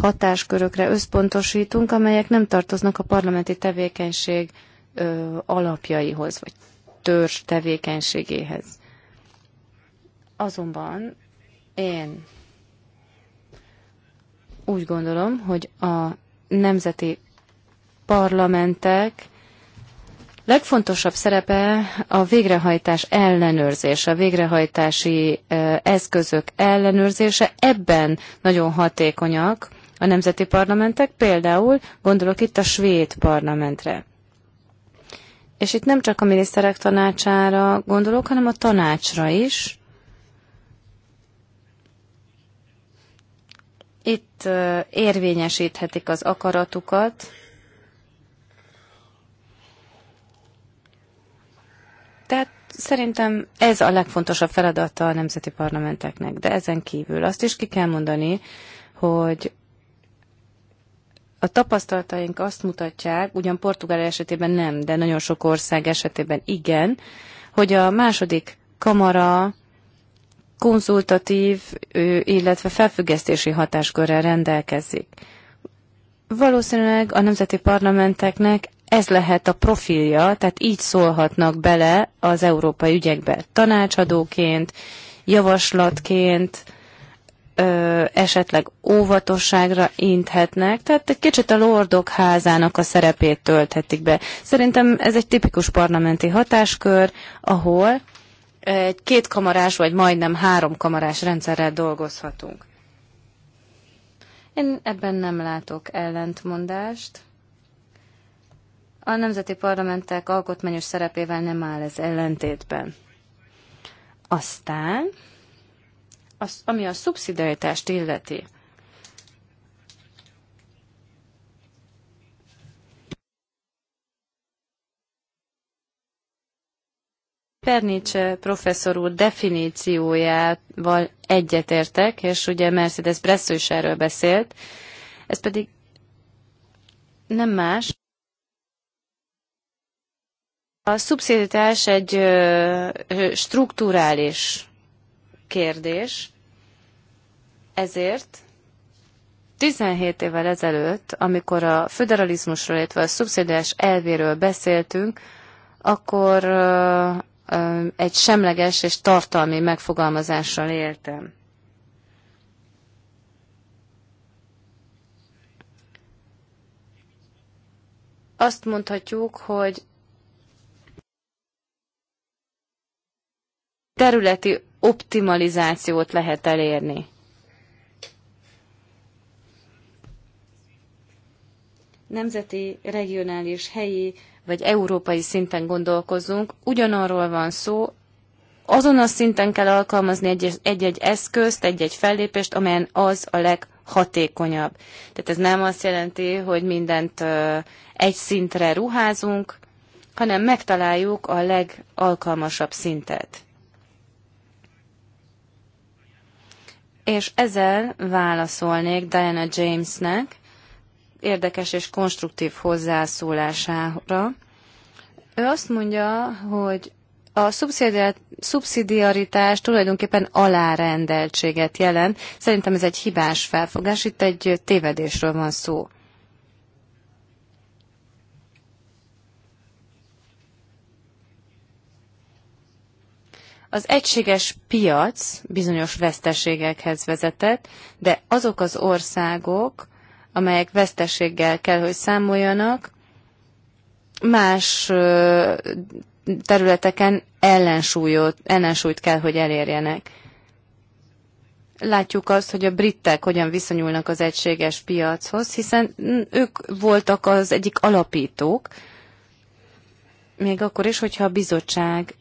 hatáskörökre összpontosítunk, amelyek nem tartoznak a parlamenti tevékenység ö, alapjaihoz, vagy törzs tevékenységéhez. Azonban én úgy gondolom, hogy a nemzeti parlamentek legfontosabb szerepe a végrehajtás ellenőrzése, a végrehajtási eszközök ellenőrzése. Ebben nagyon hatékonyak a nemzeti parlamentek, például gondolok itt a svéd parlamentre. És itt nem csak a miniszterek tanácsára gondolok, hanem a tanácsra is. Itt érvényesíthetik az akaratukat, Tehát szerintem ez a legfontosabb feladata a nemzeti parlamenteknek, de ezen kívül azt is ki kell mondani, hogy a tapasztalataink azt mutatják, ugyan Portugál esetében nem, de nagyon sok ország esetében igen, hogy a második kamara konzultatív, illetve felfüggesztési hatáskörrel rendelkezik. Valószínűleg a nemzeti parlamenteknek ez lehet a profilja, tehát így szólhatnak bele az európai ügyekbe tanácsadóként, javaslatként, ö, esetleg óvatosságra inthetnek, tehát egy kicsit a lordok házának a szerepét tölthetik be. Szerintem ez egy tipikus parlamenti hatáskör, ahol egy kétkamarás vagy majdnem háromkamarás rendszerrel dolgozhatunk. Én ebben nem látok ellentmondást. A nemzeti parlamentek alkotmányos szerepével nem áll ez ellentétben. Aztán az, ami a szubszidiaritást illeti. Pernics eh, professzor úr definíciójával egyetértek, és ugye Mercedes Bresso is erről beszélt, ez pedig nem más. A szubszidiaritás egy eh, strukturális kérdés, ezért 17 évvel ezelőtt, amikor a föderalizmusról, illetve a szubszidiás elvéről beszéltünk, akkor egy semleges és tartalmi megfogalmazással éltem. Azt mondhatjuk, hogy területi optimalizációt lehet elérni. nemzeti, regionális, helyi vagy európai szinten gondolkozzunk. Ugyanarról van szó, azon a szinten kell alkalmazni egy-egy eszközt, egy-egy fellépést, amelyen az a leghatékonyabb. Tehát ez nem azt jelenti, hogy mindent egy szintre ruházunk, hanem megtaláljuk a legalkalmasabb szintet. És ezzel válaszolnék Diana Jamesnek, érdekes és konstruktív hozzászólására. Ő azt mondja, hogy a szubszidiaritás tulajdonképpen alárendeltséget jelent. Szerintem ez egy hibás felfogás, itt egy tévedésről van szó. Az egységes piac bizonyos veszteségekhez vezetett, de azok az országok, amelyek veszteséggel kell, hogy számoljanak, más területeken ellensúlyot, ellensúlyt kell, hogy elérjenek. Látjuk azt, hogy a britek hogyan viszonyulnak az egységes piachoz, hiszen ők voltak az egyik alapítók, még akkor is, hogyha a bizottság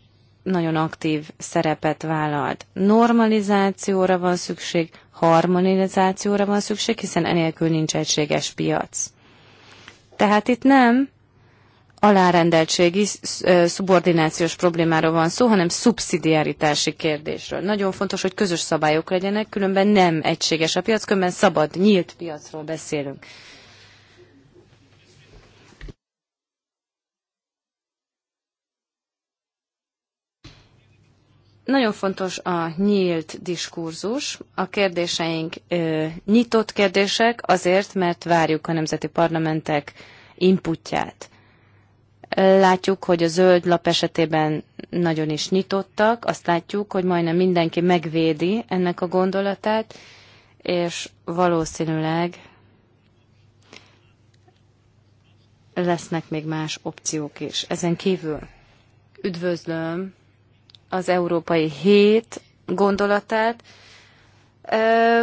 nagyon aktív szerepet vállalt. Normalizációra van szükség, harmonizációra van szükség, hiszen enélkül nincs egységes piac. Tehát itt nem alárendeltségi, szubordinációs problémáról van szó, hanem szubszidiaritási kérdésről. Nagyon fontos, hogy közös szabályok legyenek, különben nem egységes a piac, különben szabad, nyílt piacról beszélünk. Nagyon fontos a nyílt diskurzus. A kérdéseink ö, nyitott kérdések azért, mert várjuk a nemzeti parlamentek inputját. Látjuk, hogy a zöld lap esetében nagyon is nyitottak, azt látjuk, hogy majdnem mindenki megvédi ennek a gondolatát, és valószínűleg lesznek még más opciók is. Ezen kívül üdvözlöm az Európai Hét gondolatát.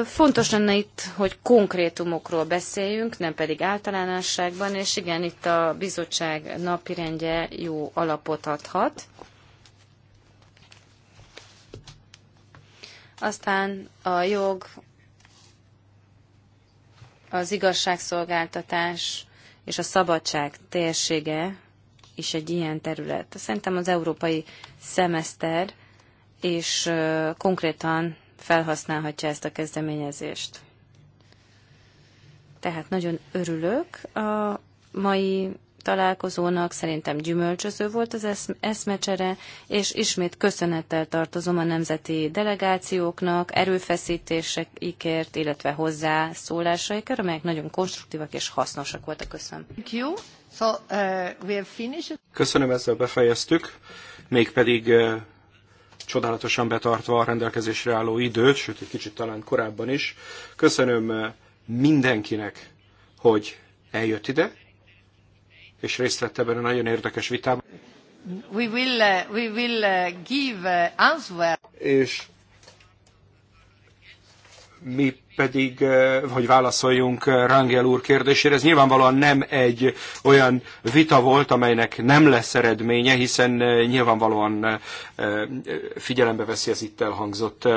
Fontos lenne itt, hogy konkrétumokról beszéljünk, nem pedig általánosságban, és igen, itt a bizottság napirendje jó alapot adhat. Aztán a jog, az igazságszolgáltatás és a szabadság térsége is egy ilyen terület. Szerintem az európai szemeszter és konkrétan felhasználhatja ezt a kezdeményezést. Tehát nagyon örülök a mai találkozónak, szerintem gyümölcsöző volt az esz- eszmecsere, és ismét köszönettel tartozom a nemzeti delegációknak, erőfeszítésekért, illetve hozzászólásaikért, amelyek nagyon konstruktívak és hasznosak voltak. Köszönöm. Thank you. So, uh, Köszönöm, ezzel befejeztük, mégpedig uh, csodálatosan betartva a rendelkezésre álló időt, sőt egy kicsit talán korábban is. Köszönöm uh, mindenkinek, hogy eljött ide, és részt vett ebben a nagyon érdekes vitában. We will, uh, we will uh, give uh, answer. És mi pedig, eh, hogy válaszoljunk eh, Rangel úr kérdésére, ez nyilvánvalóan nem egy olyan vita volt, amelynek nem lesz eredménye, hiszen eh, nyilvánvalóan figyelembe veszi az itt elhangzott